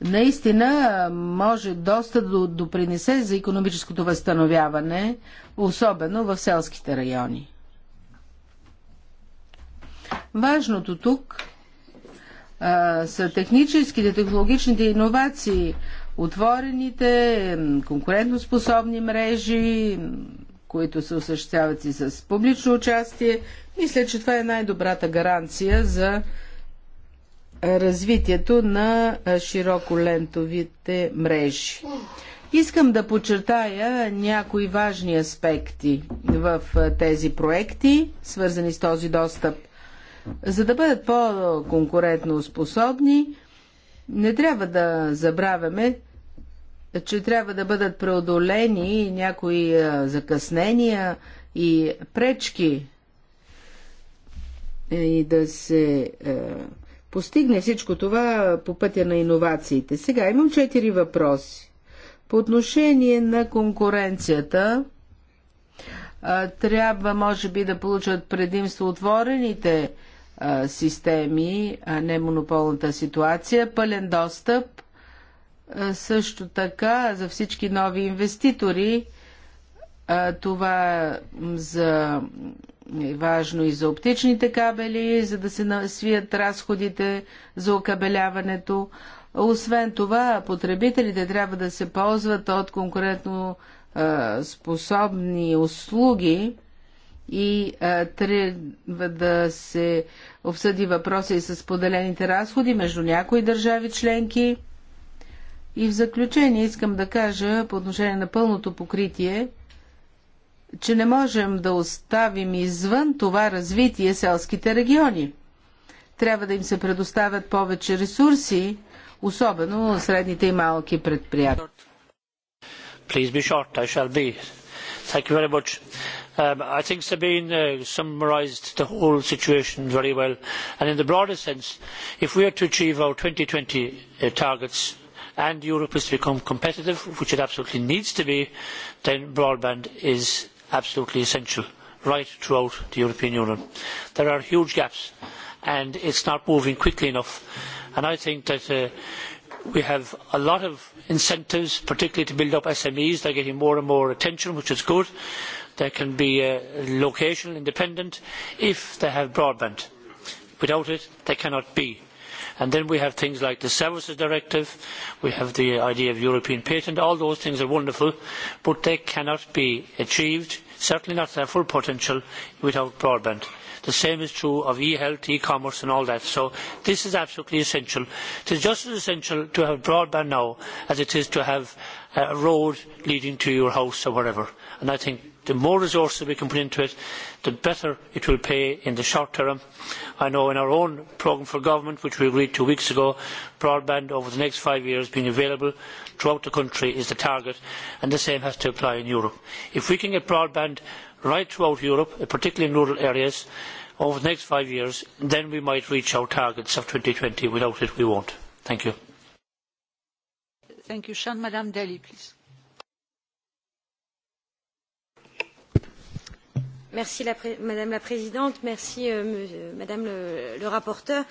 наистина може доста да допринесе за економическото възстановяване, особено в селските райони. Важното тук а, са техническите, технологичните иновации, отворените, конкурентоспособни мрежи, които се осъществяват и с публично участие. Мисля, че това е най-добрата гаранция за развитието на широколентовите мрежи. Искам да подчертая някои важни аспекти в тези проекти, свързани с този достъп. За да бъдат по-конкурентно способни, не трябва да забравяме, че трябва да бъдат преодолени някои закъснения и пречки е, и да се е, постигне всичко това по пътя на иновациите. Сега имам четири въпроси. По отношение на конкуренцията, трябва, може би, да получат предимство отворените системи, а не монополната ситуация, пълен достъп също така за всички нови инвеститори това за е важно и за оптичните кабели, за да се свият разходите за окабеляването. Освен това, потребителите трябва да се ползват от конкурентно способни услуги и трябва да се обсъди въпроса и с поделените разходи между някои държави членки. И в заключение искам да кажа по отношение на пълното покритие, че не можем да оставим извън това развитие селските региони. Трябва да им се предоставят повече ресурси, особено на средните и малки предприятия. Please be short, I shall be. Thank you very much. Um, I think Sabine uh, summarised the whole situation very well. And in the broader sense, if we are to achieve our 2020 uh, targets, and Europe is to become competitive, which it absolutely needs to be, then broadband is absolutely essential right throughout the European Union. There are huge gaps and it is not moving quickly enough. I think that we have a lot of incentives, particularly to build up SMEs. They are getting more and more attention, which is good. They can be location independent if they have broadband. Without it, they cannot be And then we have things like the Services Directive, we have the idea of European patent. All those things are wonderful, but they cannot be achieved, certainly not their full potential, without broadband. The same is true of e-health, e-commerce and all that. So this is absolutely essential. It is just as essential to have broadband now as it is to have a road leading to your house or wherever. And I think the more resources we can put into it, the better it will pay in the short term. I know in our own programme for government, which we agreed two weeks ago, broadband over the next five years being available throughout the country is the target, and the same has to apply in Europe. If we can get broadband right throughout Europe, particularly in rural areas, over the next five years, then we might reach our targets of twenty. Without it, we will Thank you. Thank you. madame la présidente merci madame la rapporteure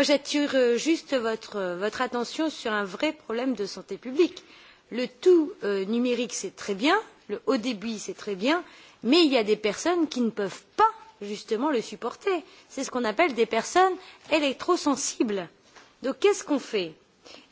j'attire juste votre attention sur un vrai problème de santé publique. le tout numérique c'est très bien le haut débit c'est très bien mais il y a des personnes qui ne peuvent pas justement le supporter. c'est ce qu'on appelle des personnes électrosensibles. donc qu'est ce qu'on fait?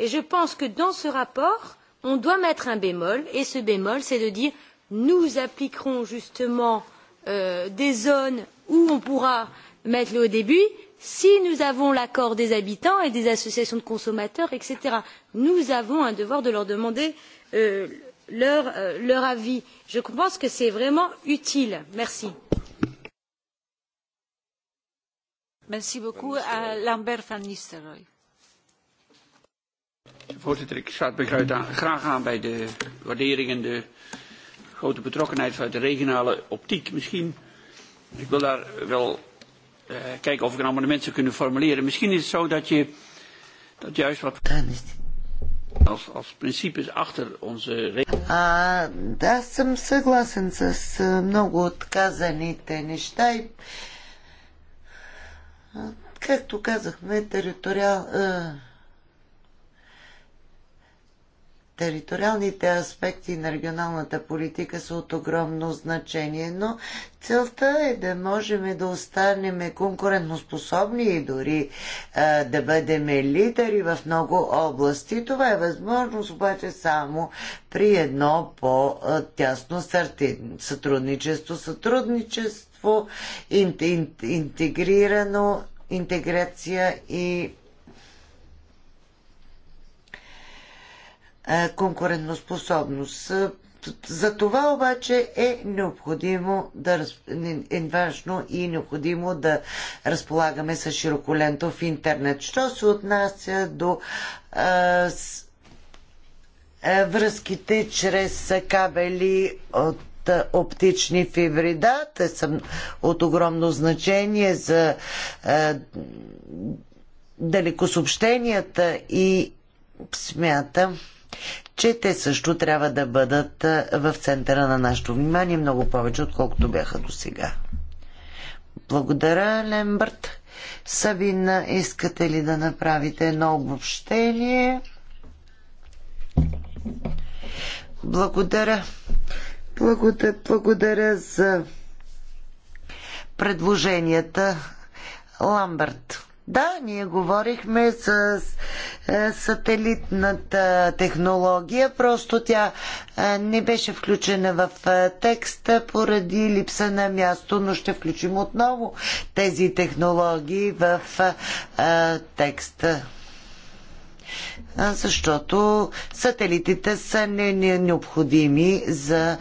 je pense que dans ce rapport on doit mettre un bémol et ce bémol c'est de dire nous appliquerons justement des zones où on pourra mettre le haut débit si nous avons l'accord des habitants et des associations de consommateurs etc. nous avons un devoir de leur demander leur avis. je pense que c'est vraiment utile. merci. Voorzitter, ik sluit me graag aan bij de waardering en de grote betrokkenheid vanuit de regionale optiek misschien. Ik wil daar wel kijken of ik een amendement zou kunnen formuleren. Misschien is het zo dat je dat juist wat als, als principes achter onze... както казахме, териториал, Териториалните аспекти на регионалната политика са от огромно значение, но целта е да можем да останем конкурентоспособни и дори а, да бъдем лидери в много области. Това е възможност обаче само при едно по-тясно сътрудничество. Сътрудничество, интегрирано интеграция и Е, конкурентоспособност. Е, за това обаче е необходимо да е, е важно и необходимо да разполагаме с широколентов интернет. Що се отнася до връзките чрез кабели от оптични фибри. Да, те са от огромно значение за а, далекосъобщенията и смятам, че те също трябва да бъдат в центъра на нашето внимание много повече, отколкото бяха до сега. Благодаря, Лембърт. Сабина, искате ли да направите едно обобщение? Благодаря. Благодаря, благодаря за предложенията. Ламбърт. Да, ние говорихме с е, сателитната технология, просто тя е, не беше включена в е, текста поради липса на място, но ще включим отново тези технологии в текста защото сателитите са не, не, необходими за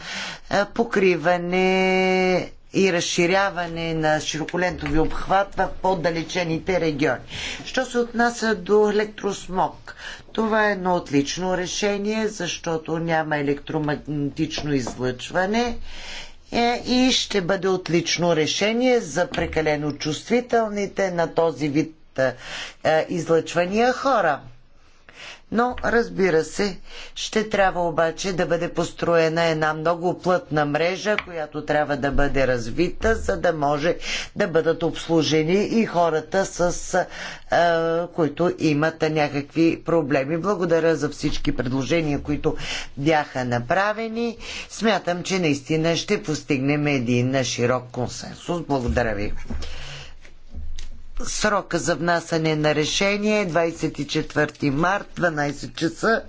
покриване и разширяване на широколентови обхват в по-далечените региони. Що се отнася до електросмог, това е едно отлично решение, защото няма електромагнетично излъчване е, и ще бъде отлично решение за прекалено чувствителните на този вид е, е излъчвания хора. Но, разбира се, ще трябва обаче да бъде построена една много плътна мрежа, която трябва да бъде развита, за да може да бъдат обслужени и хората, с, които имат някакви проблеми. Благодаря за всички предложения, които бяха направени. Смятам, че наистина ще постигнем един широк консенсус. Благодаря ви. Срока за внасяне на решение е 24 март, 12 часа.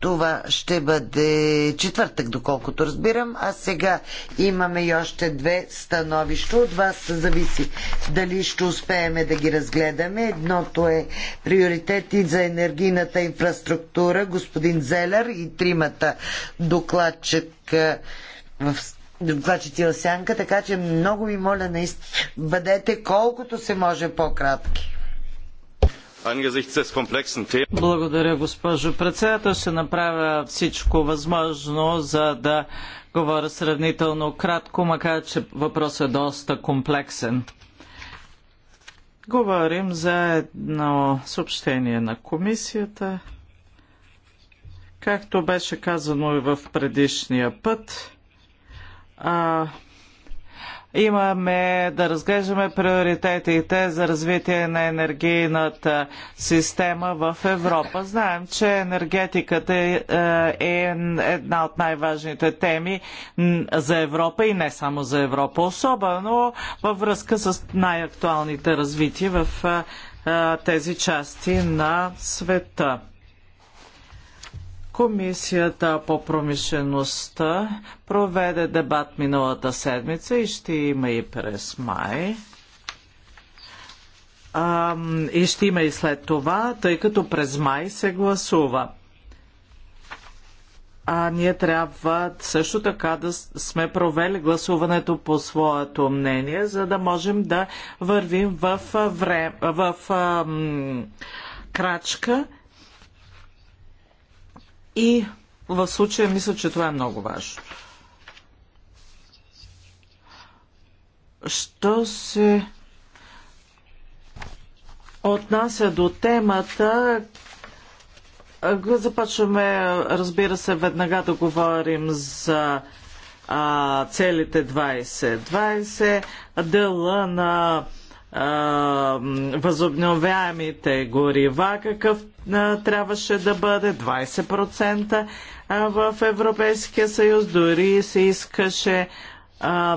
Това ще бъде четвъртък, доколкото разбирам. А сега имаме и още две становища. От вас зависи дали ще успеем да ги разгледаме. Едното е приоритети за енергийната инфраструктура, господин Зелер и тримата докладчик в докладчици в сянка, така че много ви моля, наистина, бъдете колкото се може по-кратки. Благодаря, госпожо председател. Ще направя всичко възможно, за да говоря сравнително кратко, макар че въпросът е доста комплексен. Говорим за едно съобщение на комисията. Както беше казано и в предишния път, а, имаме да разглеждаме приоритетите за развитие на енергийната система в Европа. Знаем, че енергетиката е, е една от най-важните теми за Европа и не само за Европа, особено във връзка с най-актуалните развития в тези части на света. Комисията по промишлеността проведе дебат миналата седмица и ще има и през май. А, и ще има и след това, тъй като през май се гласува. А ние трябва също така да сме провели гласуването по своето мнение, за да можем да вървим в, в, в в крачка и в случая мисля, че това е много важно. Що се отнася до темата, започваме, разбира се, веднага да говорим за а, целите 2020, 20, дела на а, възобновяемите горива, какъв трябваше да бъде 20% в Европейския съюз, дори се искаше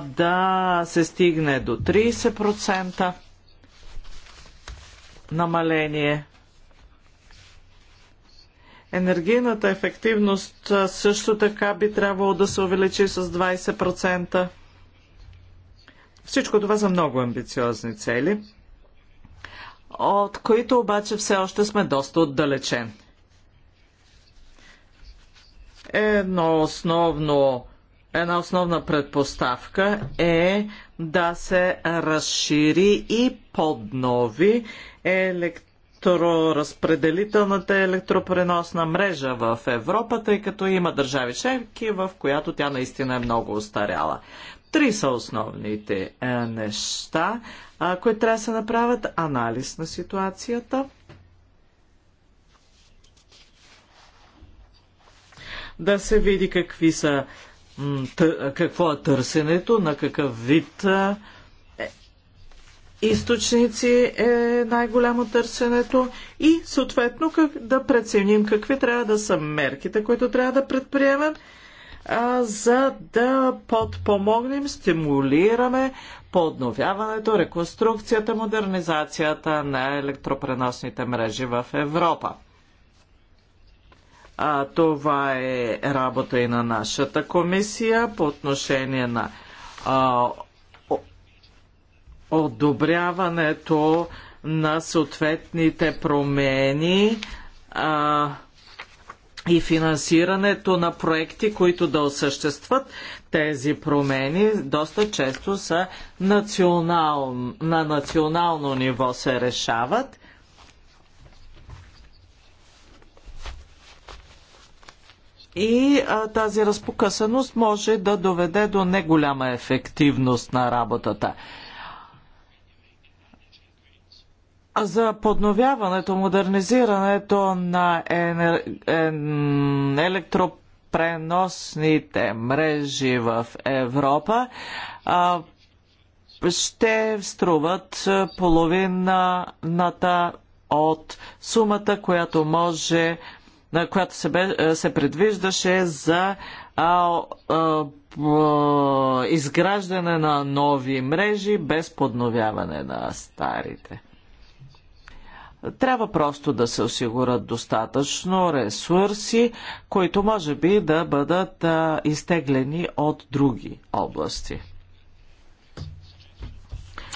да се стигне до 30% намаление. Енергийната ефективност също така би трябвало да се увеличи с 20%. Всичко това са много амбициозни цели от които обаче все още сме доста отдалечен. Едно основно, една основна предпоставка е да се разшири и поднови електроразпределителната електропреносна мрежа в Европа, тъй като има държави членки, в която тя наистина е много устаряла. Три са основните е, неща, които трябва да се направят. Анализ на ситуацията. Да се види какви са, какво е търсенето, на какъв вид е, източници е най-голямо търсенето и съответно как, да преценим какви трябва да са мерките, които трябва да предприемем а, за да подпомогнем, стимулираме подновяването, реконструкцията, модернизацията на електропреносните мрежи в Европа. А, това е работа и на нашата комисия по отношение на а, одобряването на съответните промени а, и финансирането на проекти, които да осъществат тези промени, доста често са национал, на национално ниво се решават. И а, тази разпокъсаност може да доведе до неголяма ефективност на работата. за подновяването, модернизирането на енер... електропреносните мрежи в Европа а, ще струват половината от сумата, която може на която се, бе, се предвиждаше за а, а, а, изграждане на нови мрежи без подновяване на старите. Трябва просто да се осигурят достатъчно ресурси, които може би да бъдат а, изтеглени от други области.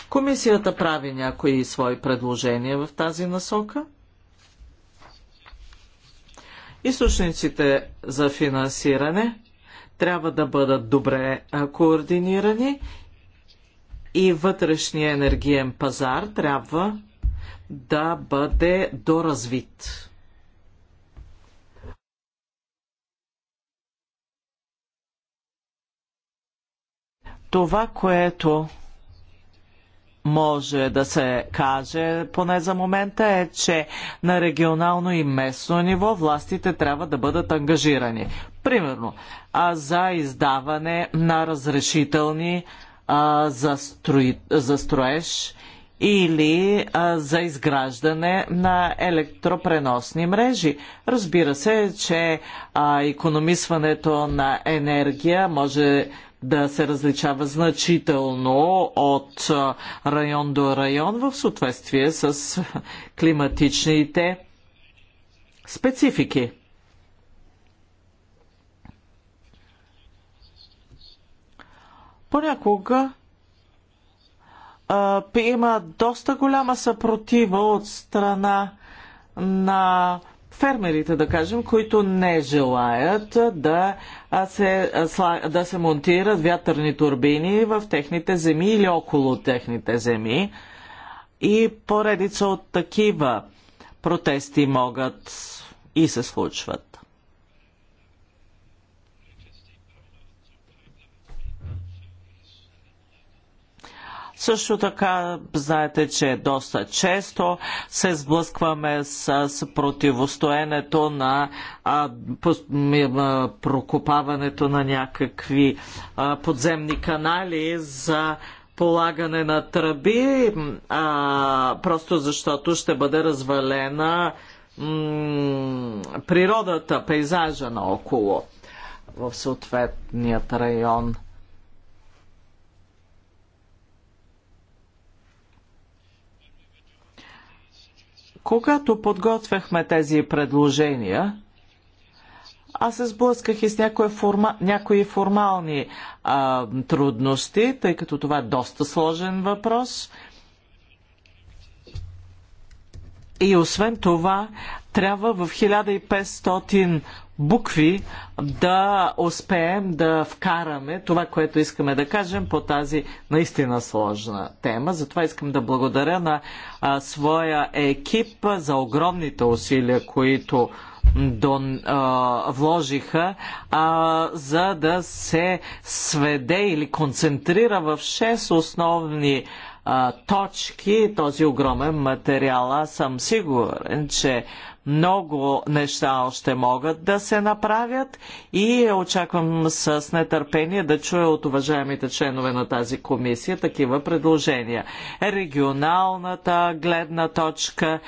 Комисията прави някои свои предложения в тази насока. Източниците за финансиране трябва да бъдат добре координирани и вътрешния енергиен пазар трябва да бъде доразвит. Това, което може да се каже, поне за момента, е, че на регионално и местно ниво властите трябва да бъдат ангажирани. Примерно, а за издаване на разрешителни а, за, строи, за строеж или а, за изграждане на електропреносни мрежи. Разбира се, че а, економисването на енергия може да се различава значително от район до район в съответствие с климатичните специфики. Понякога а, има доста голяма съпротива от страна на фермерите, да кажем, които не желаят да се, да се монтират вятърни турбини в техните земи или около техните земи. И поредица от такива протести могат и се случват. Също така, знаете, че доста често се сблъскваме с, противостоенето на а, прокопаването на някакви а, подземни канали за полагане на тръби, а, просто защото ще бъде развалена природата, пейзажа наоколо в съответният район. Когато подготвяхме тези предложения, аз се сблъсках и с някои, форма, някои формални а, трудности, тъй като това е доста сложен въпрос – И освен това, трябва в 1500 букви да успеем да вкараме това, което искаме да кажем по тази наистина сложна тема. Затова искам да благодаря на а, своя екип за огромните усилия, които дон, а, вложиха, а, за да се сведе или концентрира в 6 основни а, точки този огромен материал. Аз съм сигурен, че много неща още могат да се направят и очаквам с нетърпение да чуя от уважаемите членове на тази комисия такива предложения. Регионалната гледна точка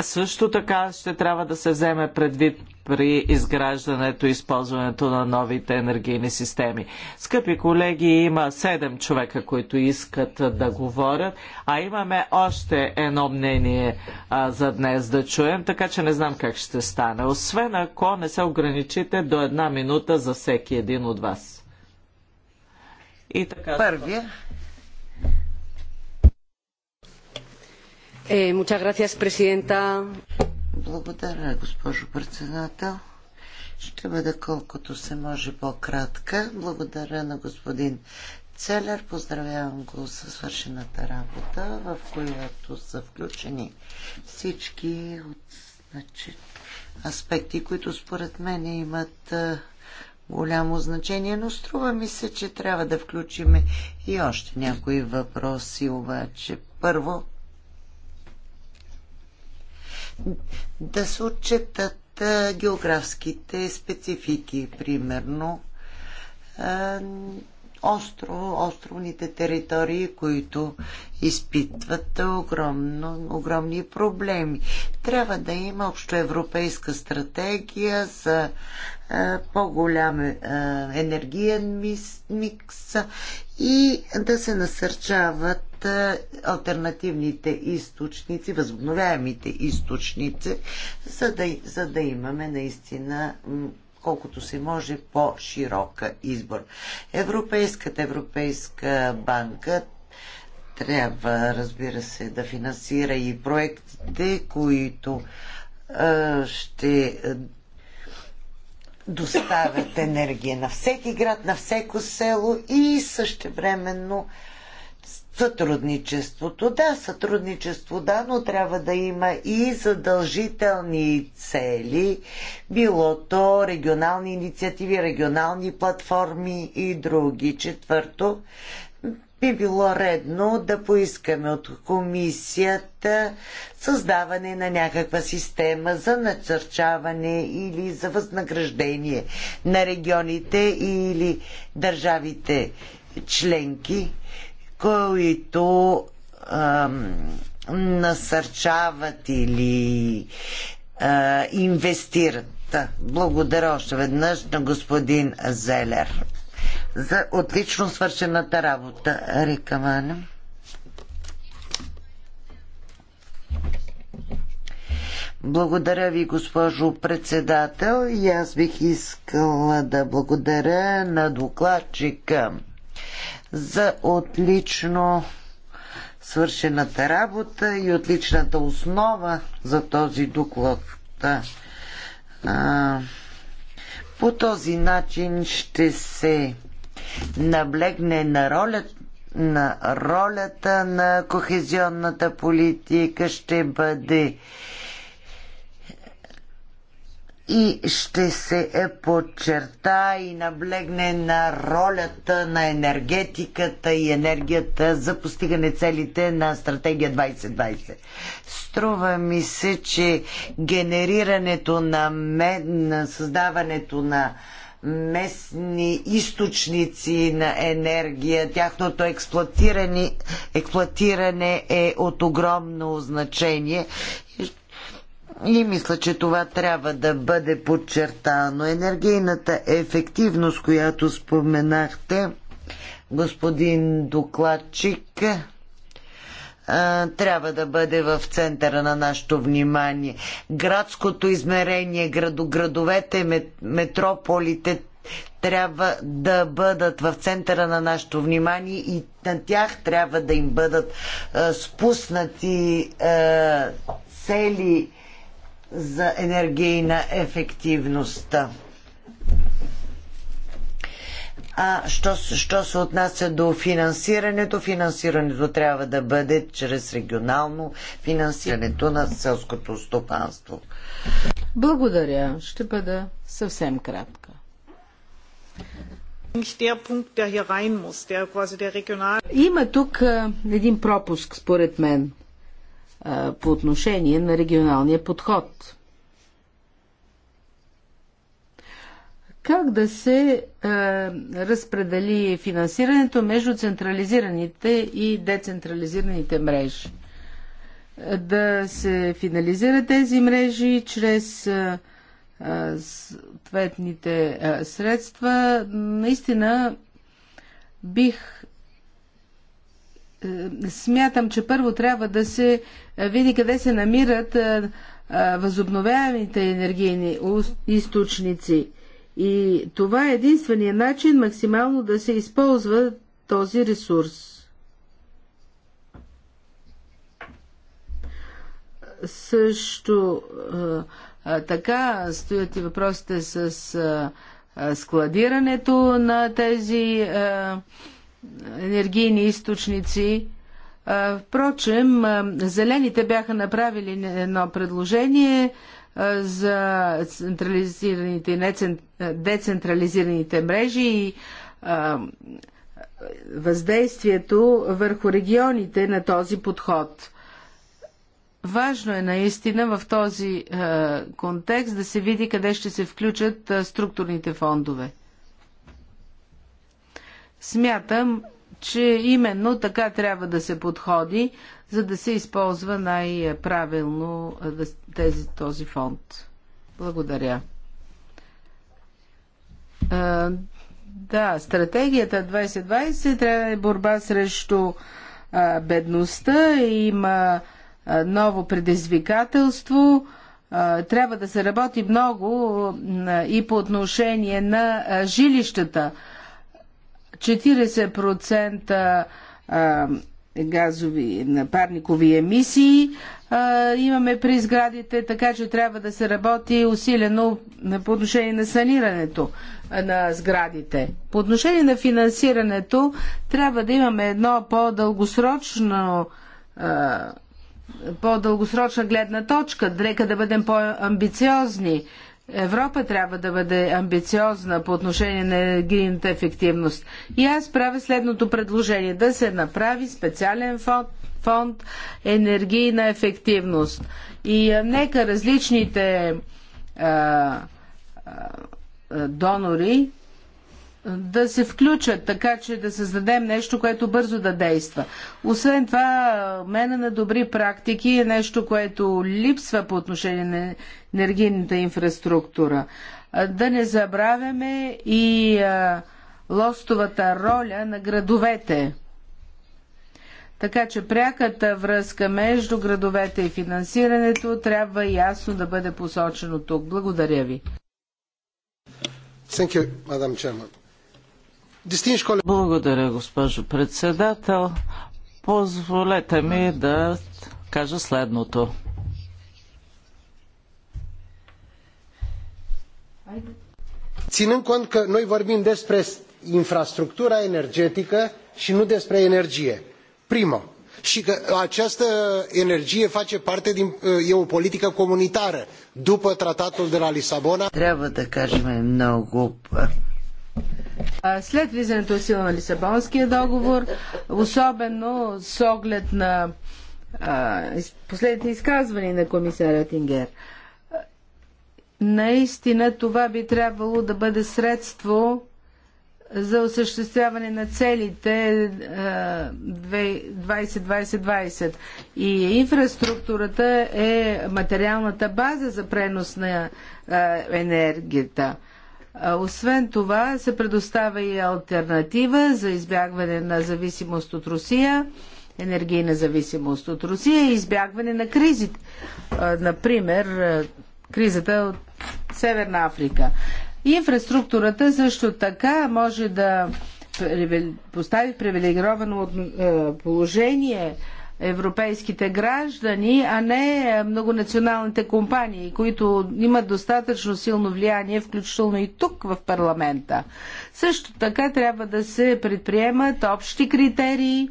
също така ще трябва да се вземе предвид при изграждането и използването на новите енергийни системи. Скъпи колеги, има 7 човека, които искат да говорят, а имаме още едно мнение а, за днес да чуем, така че не знам как ще стане. Освен ако не се ограничите до една минута за всеки един от вас. И така. Първия Eh, Благодаря, госпожо председател. Ще бъда колкото се може по-кратка. Благодаря на господин Целер. Поздравявам го за свършената работа, в която са включени всички от, значи, аспекти, които според мен имат голямо значение, но струва ми се, че трябва да включиме и още някои въпроси, обаче. Първо, да се отчетат географските специфики, примерно остро, островните територии, които изпитват огромно, огромни проблеми. Трябва да има общоевропейска стратегия за по-голям енергиен микс и да се насърчават е, альтернативните източници, възобновяемите източници, за да, за да имаме наистина колкото се може по-широка избор. Европейската Европейска банка трябва, разбира се, да финансира и проектите, които е, ще доставят енергия на всеки град, на всеко село и същевременно сътрудничеството. Да, сътрудничество, да, но трябва да има и задължителни цели, било то регионални инициативи, регионални платформи и други. Четвърто, би било редно да поискаме от комисията създаване на някаква система за насърчаване или за възнаграждение на регионите или държавите членки, които ам, насърчават или а, инвестират. Благодаря още веднъж на господин Зелер за отлично свършената работа, Рика Ваня. Благодаря ви, госпожо председател. И аз бих искала да благодаря на докладчика за отлично свършената работа и отличната основа за този доклад. А, по този начин ще се наблегне на ролята на ролята на кохезионната политика ще бъде и ще се е, подчерта и наблегне на ролята на енергетиката и енергията за постигане целите на стратегия 2020. Струва ми се, че генерирането на, мед, на създаването на местни източници на енергия, тяхното експлуатиране, експлуатиране е от огромно значение. И мисля, че това трябва да бъде подчертано. Енергийната ефективност, която споменахте, господин докладчик, трябва да бъде в центъра на нашето внимание. Градското измерение, градовете, метрополите трябва да бъдат в центъра на нашето внимание и на тях трябва да им бъдат спуснати цели за енергийна ефективността. А що, що се отнася до финансирането? Финансирането трябва да бъде чрез регионално финансирането на селското стопанство. Благодаря. Ще бъда съвсем кратка. Има тук един пропуск, според мен по отношение на регионалния подход. Как да се е, разпредели финансирането между централизираните и децентрализираните мрежи? Да се финализират тези мрежи чрез е, съответните средства. Наистина бих е, смятам, че първо трябва да се е, види къде се намират е, възобновяемите енергийни източници. И това е единствения начин максимално да се използва този ресурс. Също така стоят и въпросите с складирането на тези енергийни източници. Впрочем, зелените бяха направили едно предложение за централизираните и децентрализираните мрежи и въздействието върху регионите на този подход. Важно е наистина в този контекст да се види къде ще се включат структурните фондове. Смятам, че именно така трябва да се подходи, за да се използва най-правилно тези, този фонд. Благодаря. Да, стратегията 2020 трябва е борба срещу бедността. Има ново предизвикателство. Трябва да се работи много и по отношение на жилищата. 40% газови парникови емисии имаме при сградите, така че трябва да се работи усилено по отношение на санирането на сградите. По отношение на финансирането трябва да имаме едно по-дългосрочно по-дългосрочна гледна точка, дрека да бъдем по-амбициозни Европа трябва да бъде амбициозна по отношение на енергийната ефективност. И аз правя следното предложение да се направи специален фонд, фонд енергийна ефективност. И нека различните а, а, донори да се включат, така че да създадем нещо, което бързо да действа. Освен това, мена на добри практики е нещо, което липсва по отношение на енергийната инфраструктура. Да не забравяме и а, лостовата роля на градовете. Така че пряката връзка между градовете и финансирането трябва ясно да бъде посочено тук. Благодаря ви. Thank you, Madam Chairman. Благодаря, госпожо председател. Позволете ми да кажа следното. Ținând cont că noi vorbim despre infrastructura energetică și nu despre energie. Primă, și că această energie face parte din e o politică comunitară după tratatul de la Lisabona. Trebuie да кажем много след влизането в сила на Лисабонския договор, особено с оглед на последните изказвания на комисаря Тингер, наистина това би трябвало да бъде средство за осъществяване на целите 2020-2020. И инфраструктурата е материалната база за пренос на енергията. Освен това се предоставя и альтернатива за избягване на зависимост от Русия, енергийна зависимост от Русия и избягване на кризите. Например, кризата от Северна Африка. Инфраструктурата също така може да постави привилегировано е, положение европейските граждани, а не многонационалните компании, които имат достатъчно силно влияние, включително и тук в парламента. Също така трябва да се предприемат общи критерии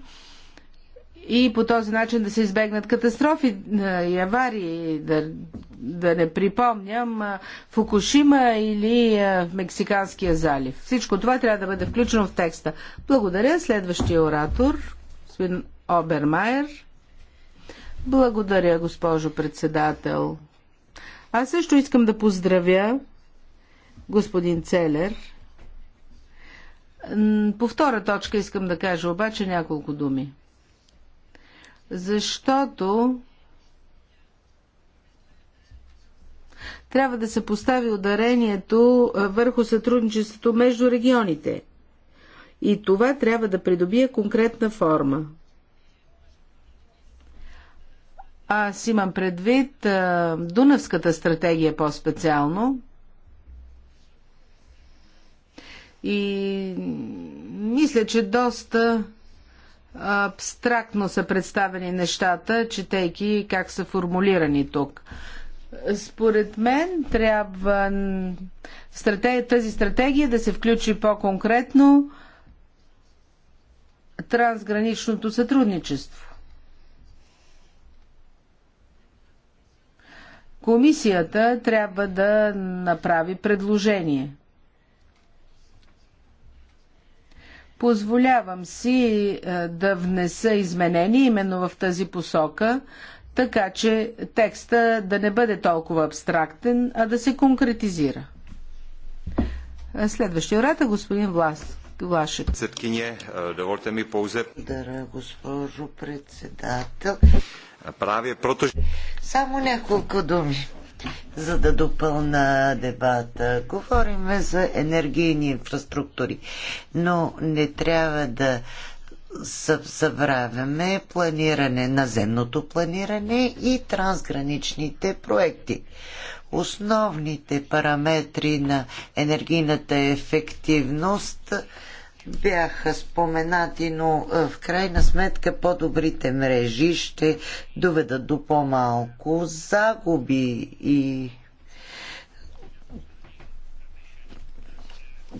и по този начин да се избегнат катастрофи е, и аварии. Да, да не припомням е, Фукушима или в е, Мексиканския залив. Всичко това трябва да бъде включено в текста. Благодаря. Следващия оратор, Обермайер. Благодаря, госпожо председател. Аз също искам да поздравя господин Целер. По втора точка искам да кажа обаче няколко думи. Защото трябва да се постави ударението върху сътрудничеството между регионите. И това трябва да придобие конкретна форма. Аз имам предвид а, Дунавската стратегия по-специално. И мисля, че доста абстрактно са представени нещата, четейки как са формулирани тук. Според мен трябва тази стратегия да се включи по-конкретно трансграничното сътрудничество. Комисията трябва да направи предложение. Позволявам си е, да внеса изменения именно в тази посока, така че текста да не бъде толкова абстрактен, а да се конкретизира. Е, следващия е, господин Влас. Влашек. Председкиня, е, госпожо председател правя прото... Само няколко думи, за да допълна дебата. Говорим за енергийни инфраструктури, но не трябва да събравяме планиране, наземното планиране и трансграничните проекти. Основните параметри на енергийната ефективност – бяха споменати, но е, в крайна сметка по-добрите мрежи ще доведат до по-малко загуби и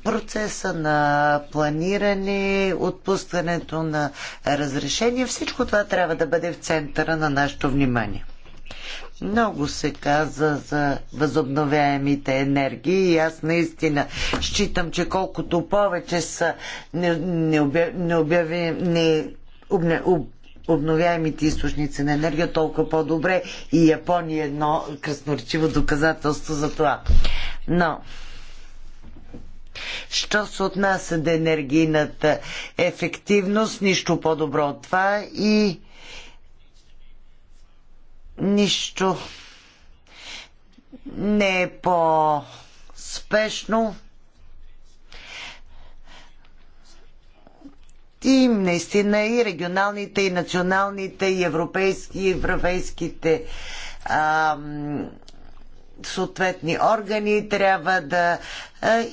процеса на планиране, отпускането на разрешение. Всичко това трябва да бъде в центъра на нашето внимание. Много се каза за възобновяемите енергии и аз наистина считам, че колкото повече са не обновяемите източници на енергия, толкова по-добре и Япония е едно красноречиво доказателство за това. Но, Що се отнася до енергийната ефективност, нищо по-добро от това и нищо не е по-спешно. И наистина и регионалните, и националните, и европейски, и европейските ам, съответни органи трябва да е,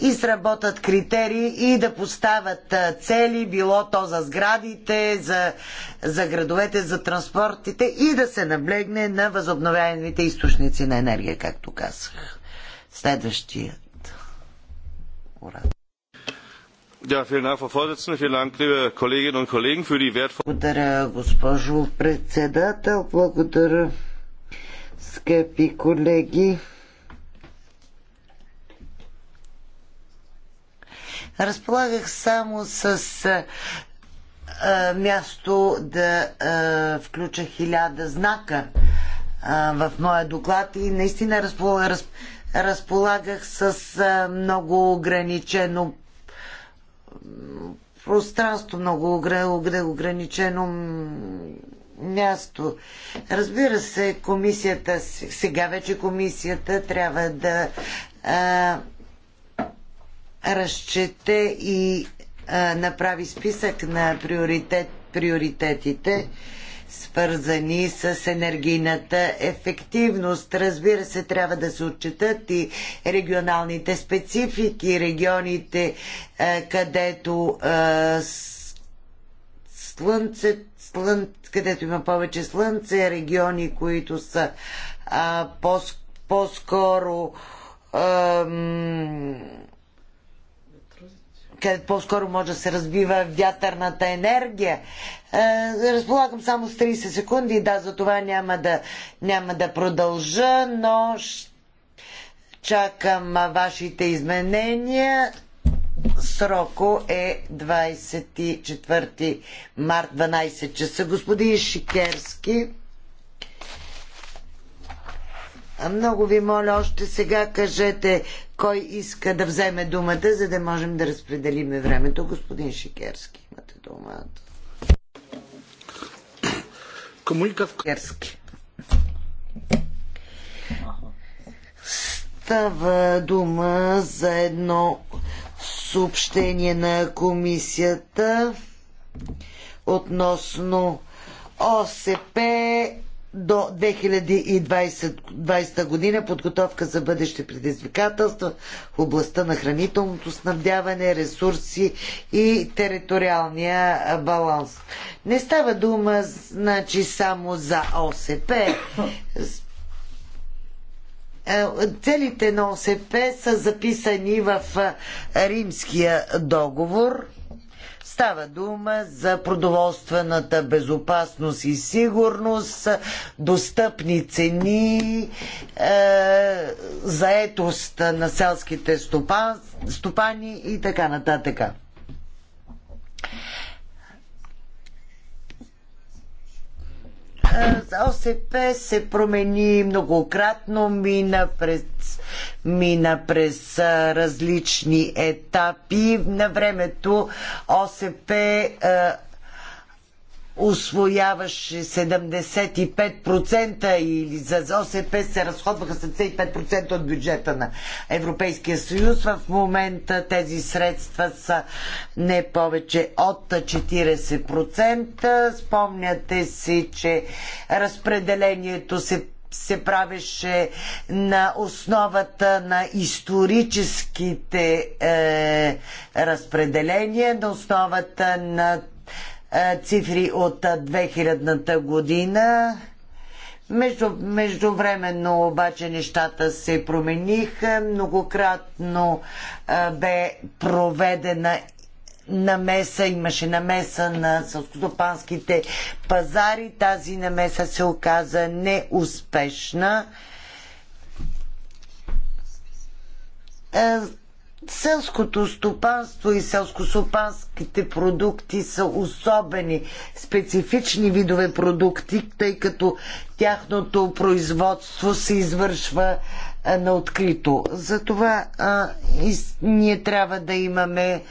изработат критерии и да поставят е, цели, било то за сградите, за, за градовете, за транспортите и да се наблегне на възобновяемите източници на енергия, както казах. Следващият оратор. Благодаря, госпожо председател. Благодаря, скъпи колеги. разполагах само с а, място да а, включа хиляда знака а, в моя доклад и наистина разполагах, раз, разполагах с а, много ограничено пространство, много ограничено място. Разбира се, комисията, сега вече комисията трябва да а, разчете и а, направи списък на приоритет, приоритетите, свързани с енергийната ефективност. Разбира се, трябва да се отчитат и регионалните специфики, регионите, а, където а, слънце, слън, където има повече слънце, региони, които са а, по, по-скоро къде по-скоро може да се разбива вятърната енергия. Е, разполагам само с 30 секунди, да, за това няма да, няма да продължа, но чакам вашите изменения. Сроко е 24 март 12 часа. Господин Шикерски. Много ви моля, още сега кажете кой иска да вземе думата, за да можем да разпределиме времето. Господин Шикерски, имате думата. Комуникав Шикерски. Става дума за едно съобщение на комисията относно ОСП до 2020 година подготовка за бъдещи предизвикателства в областта на хранителното снабдяване, ресурси и териториалния баланс. Не става дума значи, само за ОСП. Целите на ОСП са записани в Римския договор Става дума за продоволствената безопасност и сигурност, достъпни цени, е, заетост на селските стопани и така нататък. ОСП се промени многократно, мина през, мина през различни етапи. На времето ОСП освояваше 75% или за ОСП се разходваха 75% от бюджета на Европейския съюз. В момента тези средства са не повече от 40%. Спомняте си, че разпределението се се правеше на основата на историческите е, разпределения, на основата на цифри от 2000-та година. Между, междувременно обаче нещата се промениха. Многократно а, бе проведена намеса, имаше намеса на сълскостопанските пазари. Тази намеса се оказа неуспешна. Селското стопанство и селскостопанските продукти са особени, специфични видове продукти, тъй като тяхното производство се извършва на открито. Затова а, и, ние трябва да имаме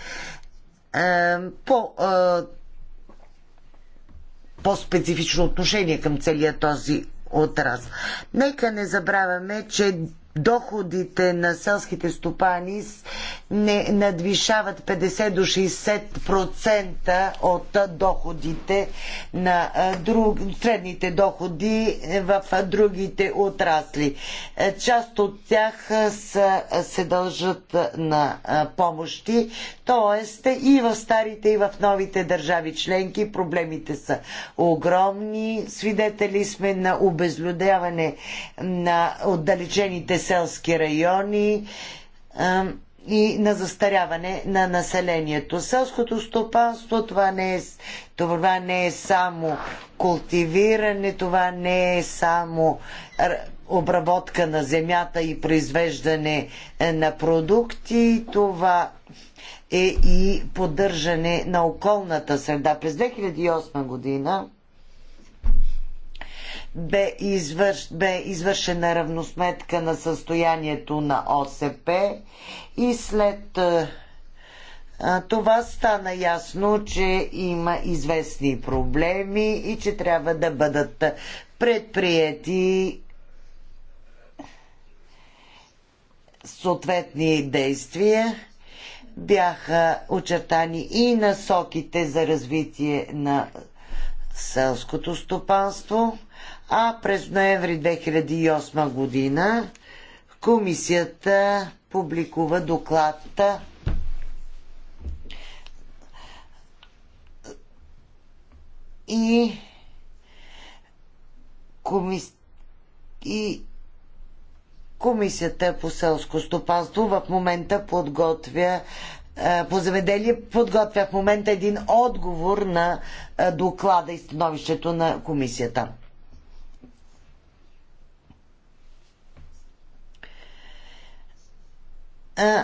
а, по. А, по-специфично отношение към целия този отрасъл. Нека не забравяме, че доходите на селските стопани не надвишават 50 до 60% от доходите на друг, средните доходи е, в другите отрасли. Е, част от тях е, са, се дължат на помощи, т.е. и в старите и в новите държави членки проблемите са огромни. Свидетели сме на обезлюдяване на отдалечените селски райони и на застаряване на населението. Селското стопанство това не е, това не е само култивиране, това не е само обработка на земята и произвеждане е, на продукти, това е и поддържане на околната среда. През 2008 година бе, бе извършена равносметка на състоянието на ОСП и след е, това стана ясно, че има известни проблеми и че трябва да бъдат предприяти съответни действия. Бяха очертани и насоките за развитие на селското стопанство а през ноември 2008 година комисията публикува докладта и комисията и Комисията по селско стопанство в момента подготвя по заведение, подготвя в момента един отговор на доклада и становището на комисията.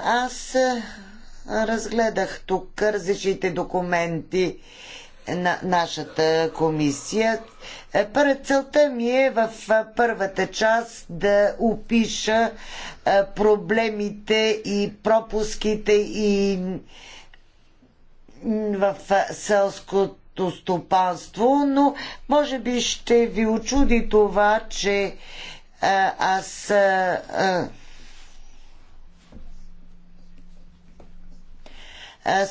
Аз разгледах тук различните документи на нашата комисия. Е, целта ми е в първата част да опиша проблемите и пропуските и в селското стопанство, но може би ще ви очуди това, че аз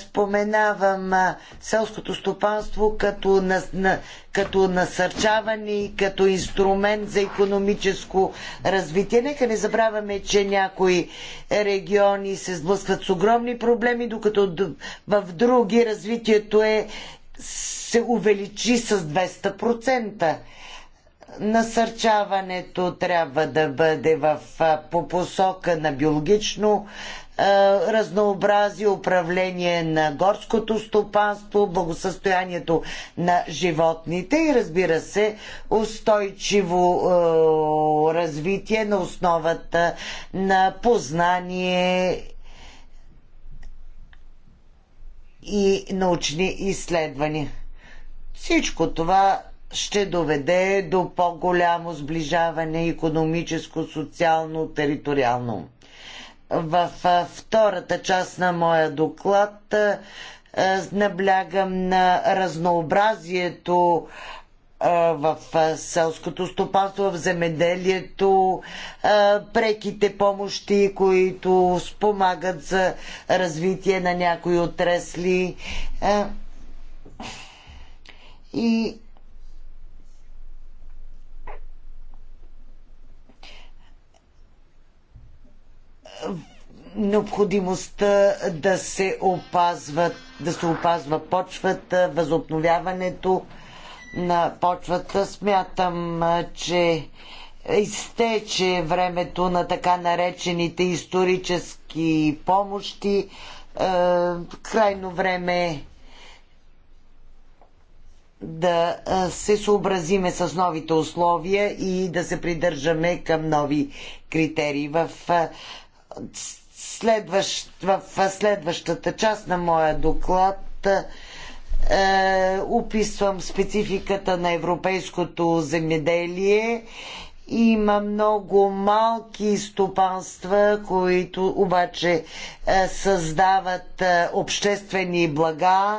споменавам селското стопанство като, на, на, като насърчаване и като инструмент за економическо развитие. Нека не забравяме, че някои региони се сблъскват с огромни проблеми, докато в други развитието е се увеличи с 200%. Насърчаването трябва да бъде в, по посока на биологично е, разнообразие, управление на горското стопанство, благосъстоянието на животните и разбира се устойчиво е, развитие на основата на познание и научни изследвания. Всичко това ще доведе до по-голямо сближаване економическо, социално, териториално. В втората част на моя доклад наблягам на разнообразието в селското стопанство, в земеделието, преките помощи, които спомагат за развитие на някои отресли. И необходимостта да се опазват, да се опазва почвата, възобновяването на почвата. Смятам, че изтече времето на така наречените исторически помощи. Крайно време е да се съобразиме с новите условия и да се придържаме към нови критерии. В следващ, в следващата част на моя доклад е, описвам спецификата на европейското земеделие. Има много малки стопанства, които обаче е, създават е, обществени блага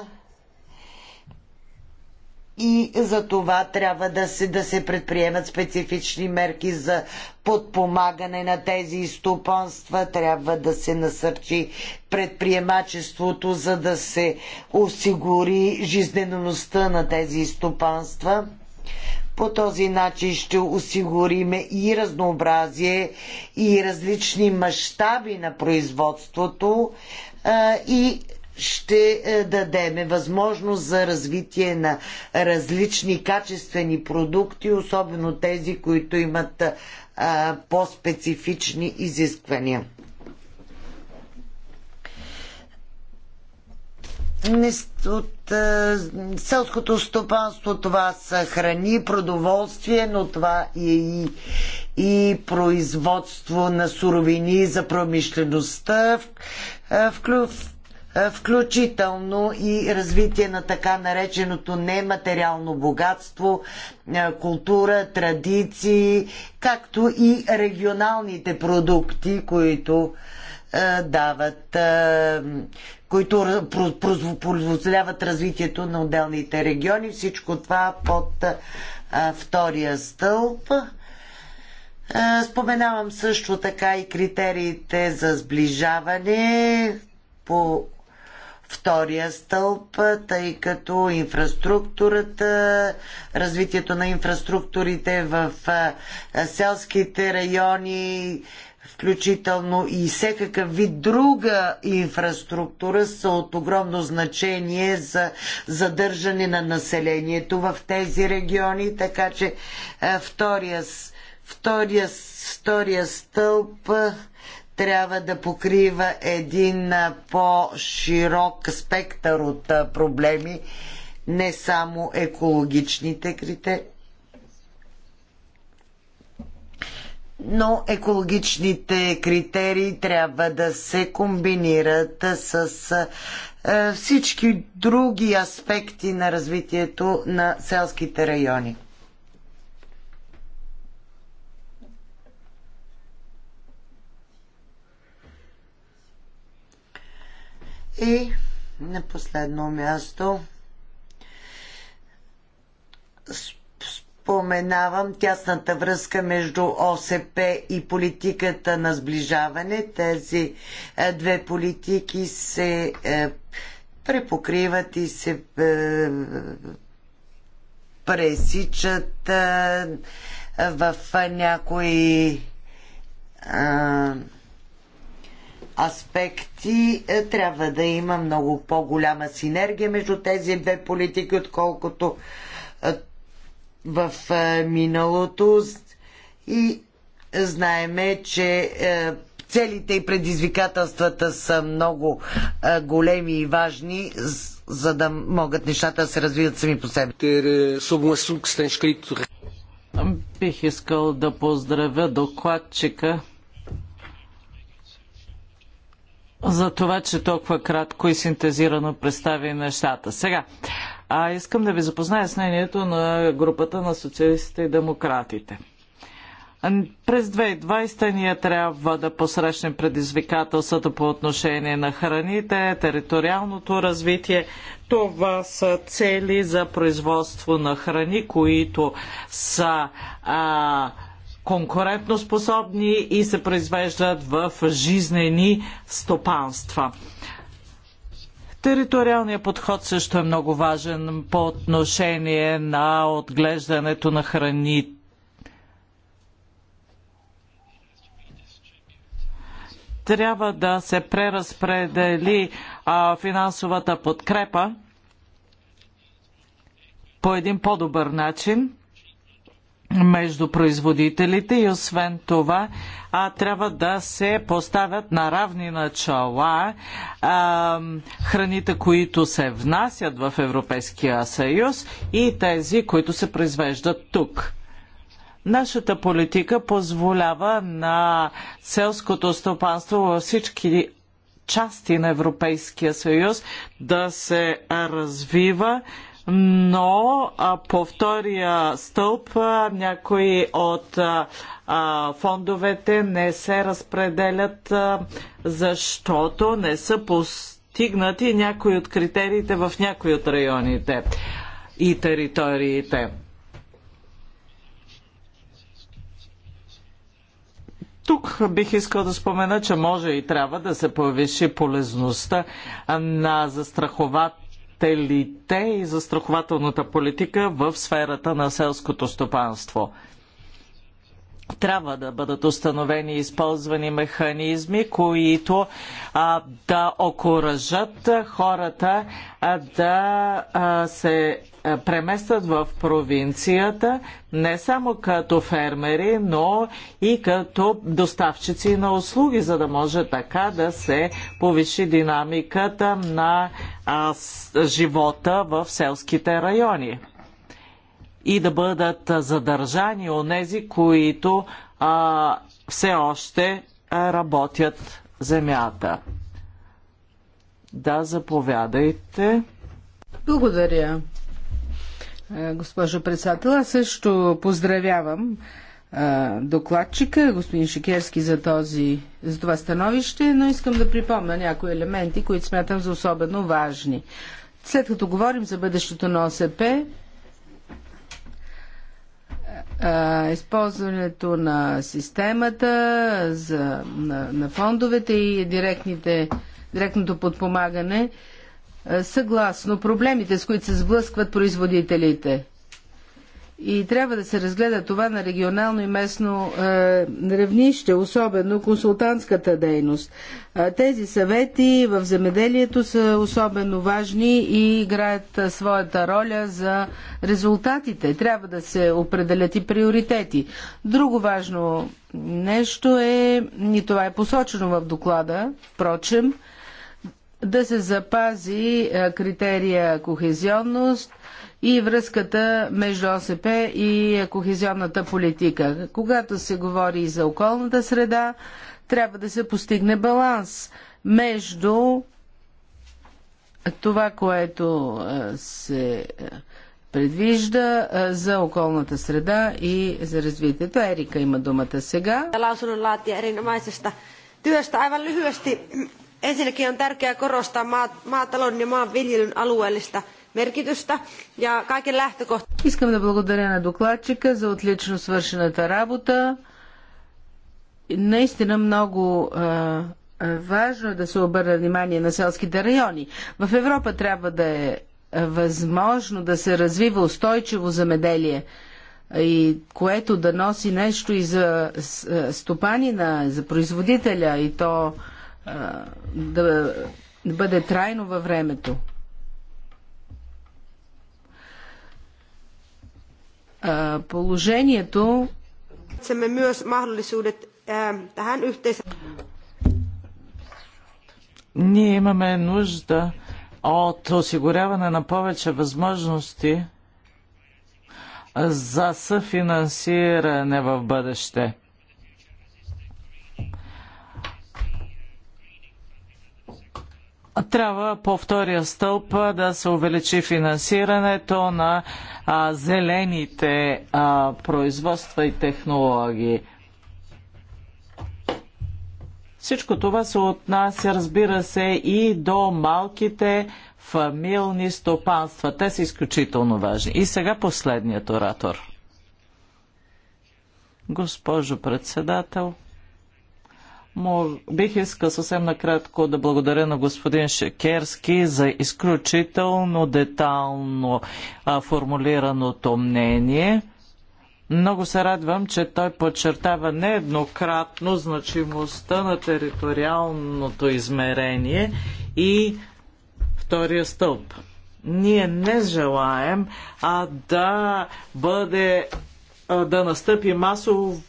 и за това трябва да се, да се предприемат специфични мерки за подпомагане на тези стопанства. Трябва да се насърчи предприемачеството, за да се осигури жизнеността на тези стопанства. По този начин ще осигуриме и разнообразие, и различни мащаби на производството и ще е, дадеме възможност за развитие на различни качествени продукти, особено тези, които имат е, по-специфични изисквания. от е, селското стопанство това са храни, продоволствие, но това е и, и производство на суровини за промишлеността, в, в, включително и развитие на така нареченото нематериално богатство, култура, традиции, както и регионалните продукти, които дават, които позволяват развитието на отделните региони. Всичко това под втория стълб. Споменавам също така и критериите за сближаване по втория стълб, тъй като инфраструктурата, развитието на инфраструктурите в селските райони, включително и всекакъв вид друга инфраструктура са от огромно значение за задържане на населението в тези региони, така че втория, втория, втория стълб трябва да покрива един по-широк спектър от проблеми, не само екологичните критерии. но екологичните критерии трябва да се комбинират с всички други аспекти на развитието на селските райони. И на последно място споменавам тясната връзка между ОСП и политиката на сближаване. Тези е, две политики се е, препокриват и се е, пресичат в някои аспекти е, трябва да има много по-голяма синергия между тези две политики, отколкото е, в е, миналото. И знаеме, че целите и предизвикателствата са много големи и важни, за да могат нещата да се развият сами по себе. Бих искал да поздравя докладчика за това, че толкова кратко и синтезирано представи нещата. Сега, а искам да ви запозная с мнението на групата на социалистите и демократите. През 2020 ние трябва да посрещнем предизвикателствата по отношение на храните, териториалното развитие. Това са цели за производство на храни, които са а, конкурентоспособни и се произвеждат в жизнени стопанства. Териториалният подход също е много важен по отношение на отглеждането на храни. Трябва да се преразпредели а, финансовата подкрепа по един по-добър начин между производителите и освен това а, трябва да се поставят на равни начала а, храните, които се внасят в Европейския съюз и тези, които се произвеждат тук. Нашата политика позволява на селското стопанство във всички части на Европейския съюз да се развива но а, по втория стълб а, някои от а, фондовете не се разпределят, а, защото не са постигнати някои от критериите в някои от районите и териториите. Тук бих искал да спомена, че може и трябва да се повиши полезността на застраховат картелите и застрахователната политика в сферата на селското стопанство. Трябва да бъдат установени и използвани механизми, които а, да окоръжат хората а, да а, се е, преместват в провинцията не само като фермери, но и като доставчици на услуги, за да може така да се повиши динамиката на а, с, живота в селските райони и да бъдат задържани нези, които а, все още работят земята. Да, заповядайте. Благодаря. Е, госпожо председател. Аз също поздравявам е, докладчика, господин Шикерски, за, този, за това становище, но искам да припомня някои елементи, които смятам за особено важни. След като говорим за бъдещето на ОСП, е, използването на системата, за, на, на фондовете и директните, директното подпомагане е, съгласно проблемите, с които се сблъскват производителите. И трябва да се разгледа това на регионално и местно е, равнище, особено консултантската дейност. Е, тези съвети в земеделието са особено важни и играят е, своята роля за резултатите. Трябва да се определят и приоритети. Друго важно нещо е, и това е посочено в доклада, впрочем, да се запази критерия кохезионност и връзката между ОСП и кохезионната политика. Когато се говори за околната среда, трябва да се постигне баланс между това, което се предвижда за околната среда и за развитието. Ерика има думата сега. Ensinnäkin on tärkeää korostaa maatalouden ja maanviljelyn alueellista меркитоста я как е Искам да благодаря на докладчика за отлично свършената работа. Наистина много а, важно е да се обърне внимание на селските райони. В Европа трябва да е възможно да се развива устойчиво замеделие и което да носи нещо и за стопанина, за производителя и то да, да бъде трайно във времето. А, положението ние имаме нужда от осигуряване на повече възможности за съфинансиране в бъдеще. трябва по втория стълб да се увеличи финансирането на а, зелените а, производства и технологии. Всичко това се отнася, разбира се, и до малките фамилни стопанства. Те са изключително важни. И сега последният оратор. Госпожо председател, Мог, бих искал съвсем накратко да благодаря на господин Шекерски за изключително детално а, формулираното мнение. Много се радвам, че той подчертава нееднократно значимостта на териториалното измерение и втория стълб. Ние не желаем а да бъде да настъпи масово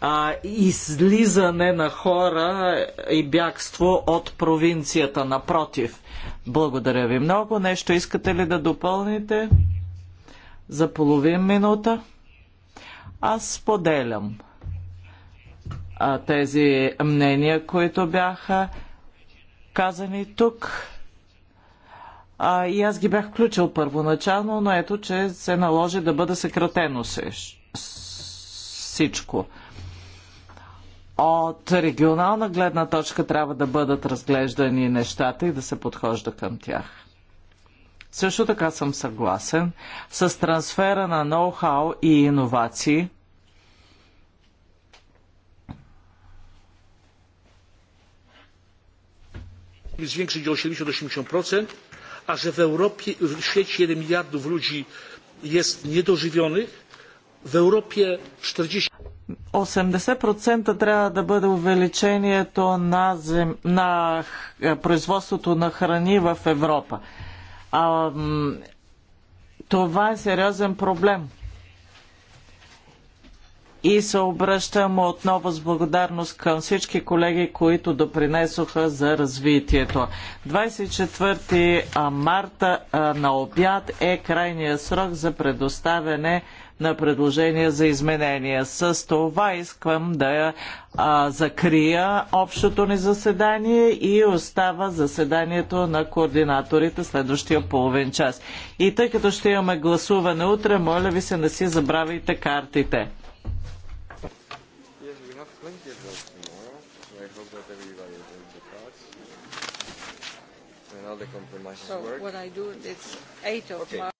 а, излизане на хора и бягство от провинцията. Напротив, благодаря ви много. Нещо искате ли да допълните? За половин минута. Аз споделям а, тези мнения, които бяха казани тук. А, и аз ги бях включил първоначално, но ето, че се наложи да бъде съкратено всичко. От регионална гледна точка трябва да бъдат разглеждани нещата и да се подхожда към тях. Също така съм съгласен с трансфера на ноу-хау и иновации. Zwiększyć 80-80%, a że w Europie i w świecie jeden miliardów ludzi jest niedożywionych, в Europie 40... 80% трябва да бъде увеличението на, зем... на производството на храни в Европа. А, това е сериозен проблем и се обръщам отново с благодарност към всички колеги, които допринесоха за развитието. 24 марта на обяд е крайния срок за предоставяне на предложения за изменения. С това искам да а, закрия общото ни заседание и остава заседанието на координаторите следващия половин час. И тъй като ще имаме гласуване утре, моля ви се не си забравяйте картите. So what I do, it's 8 of March.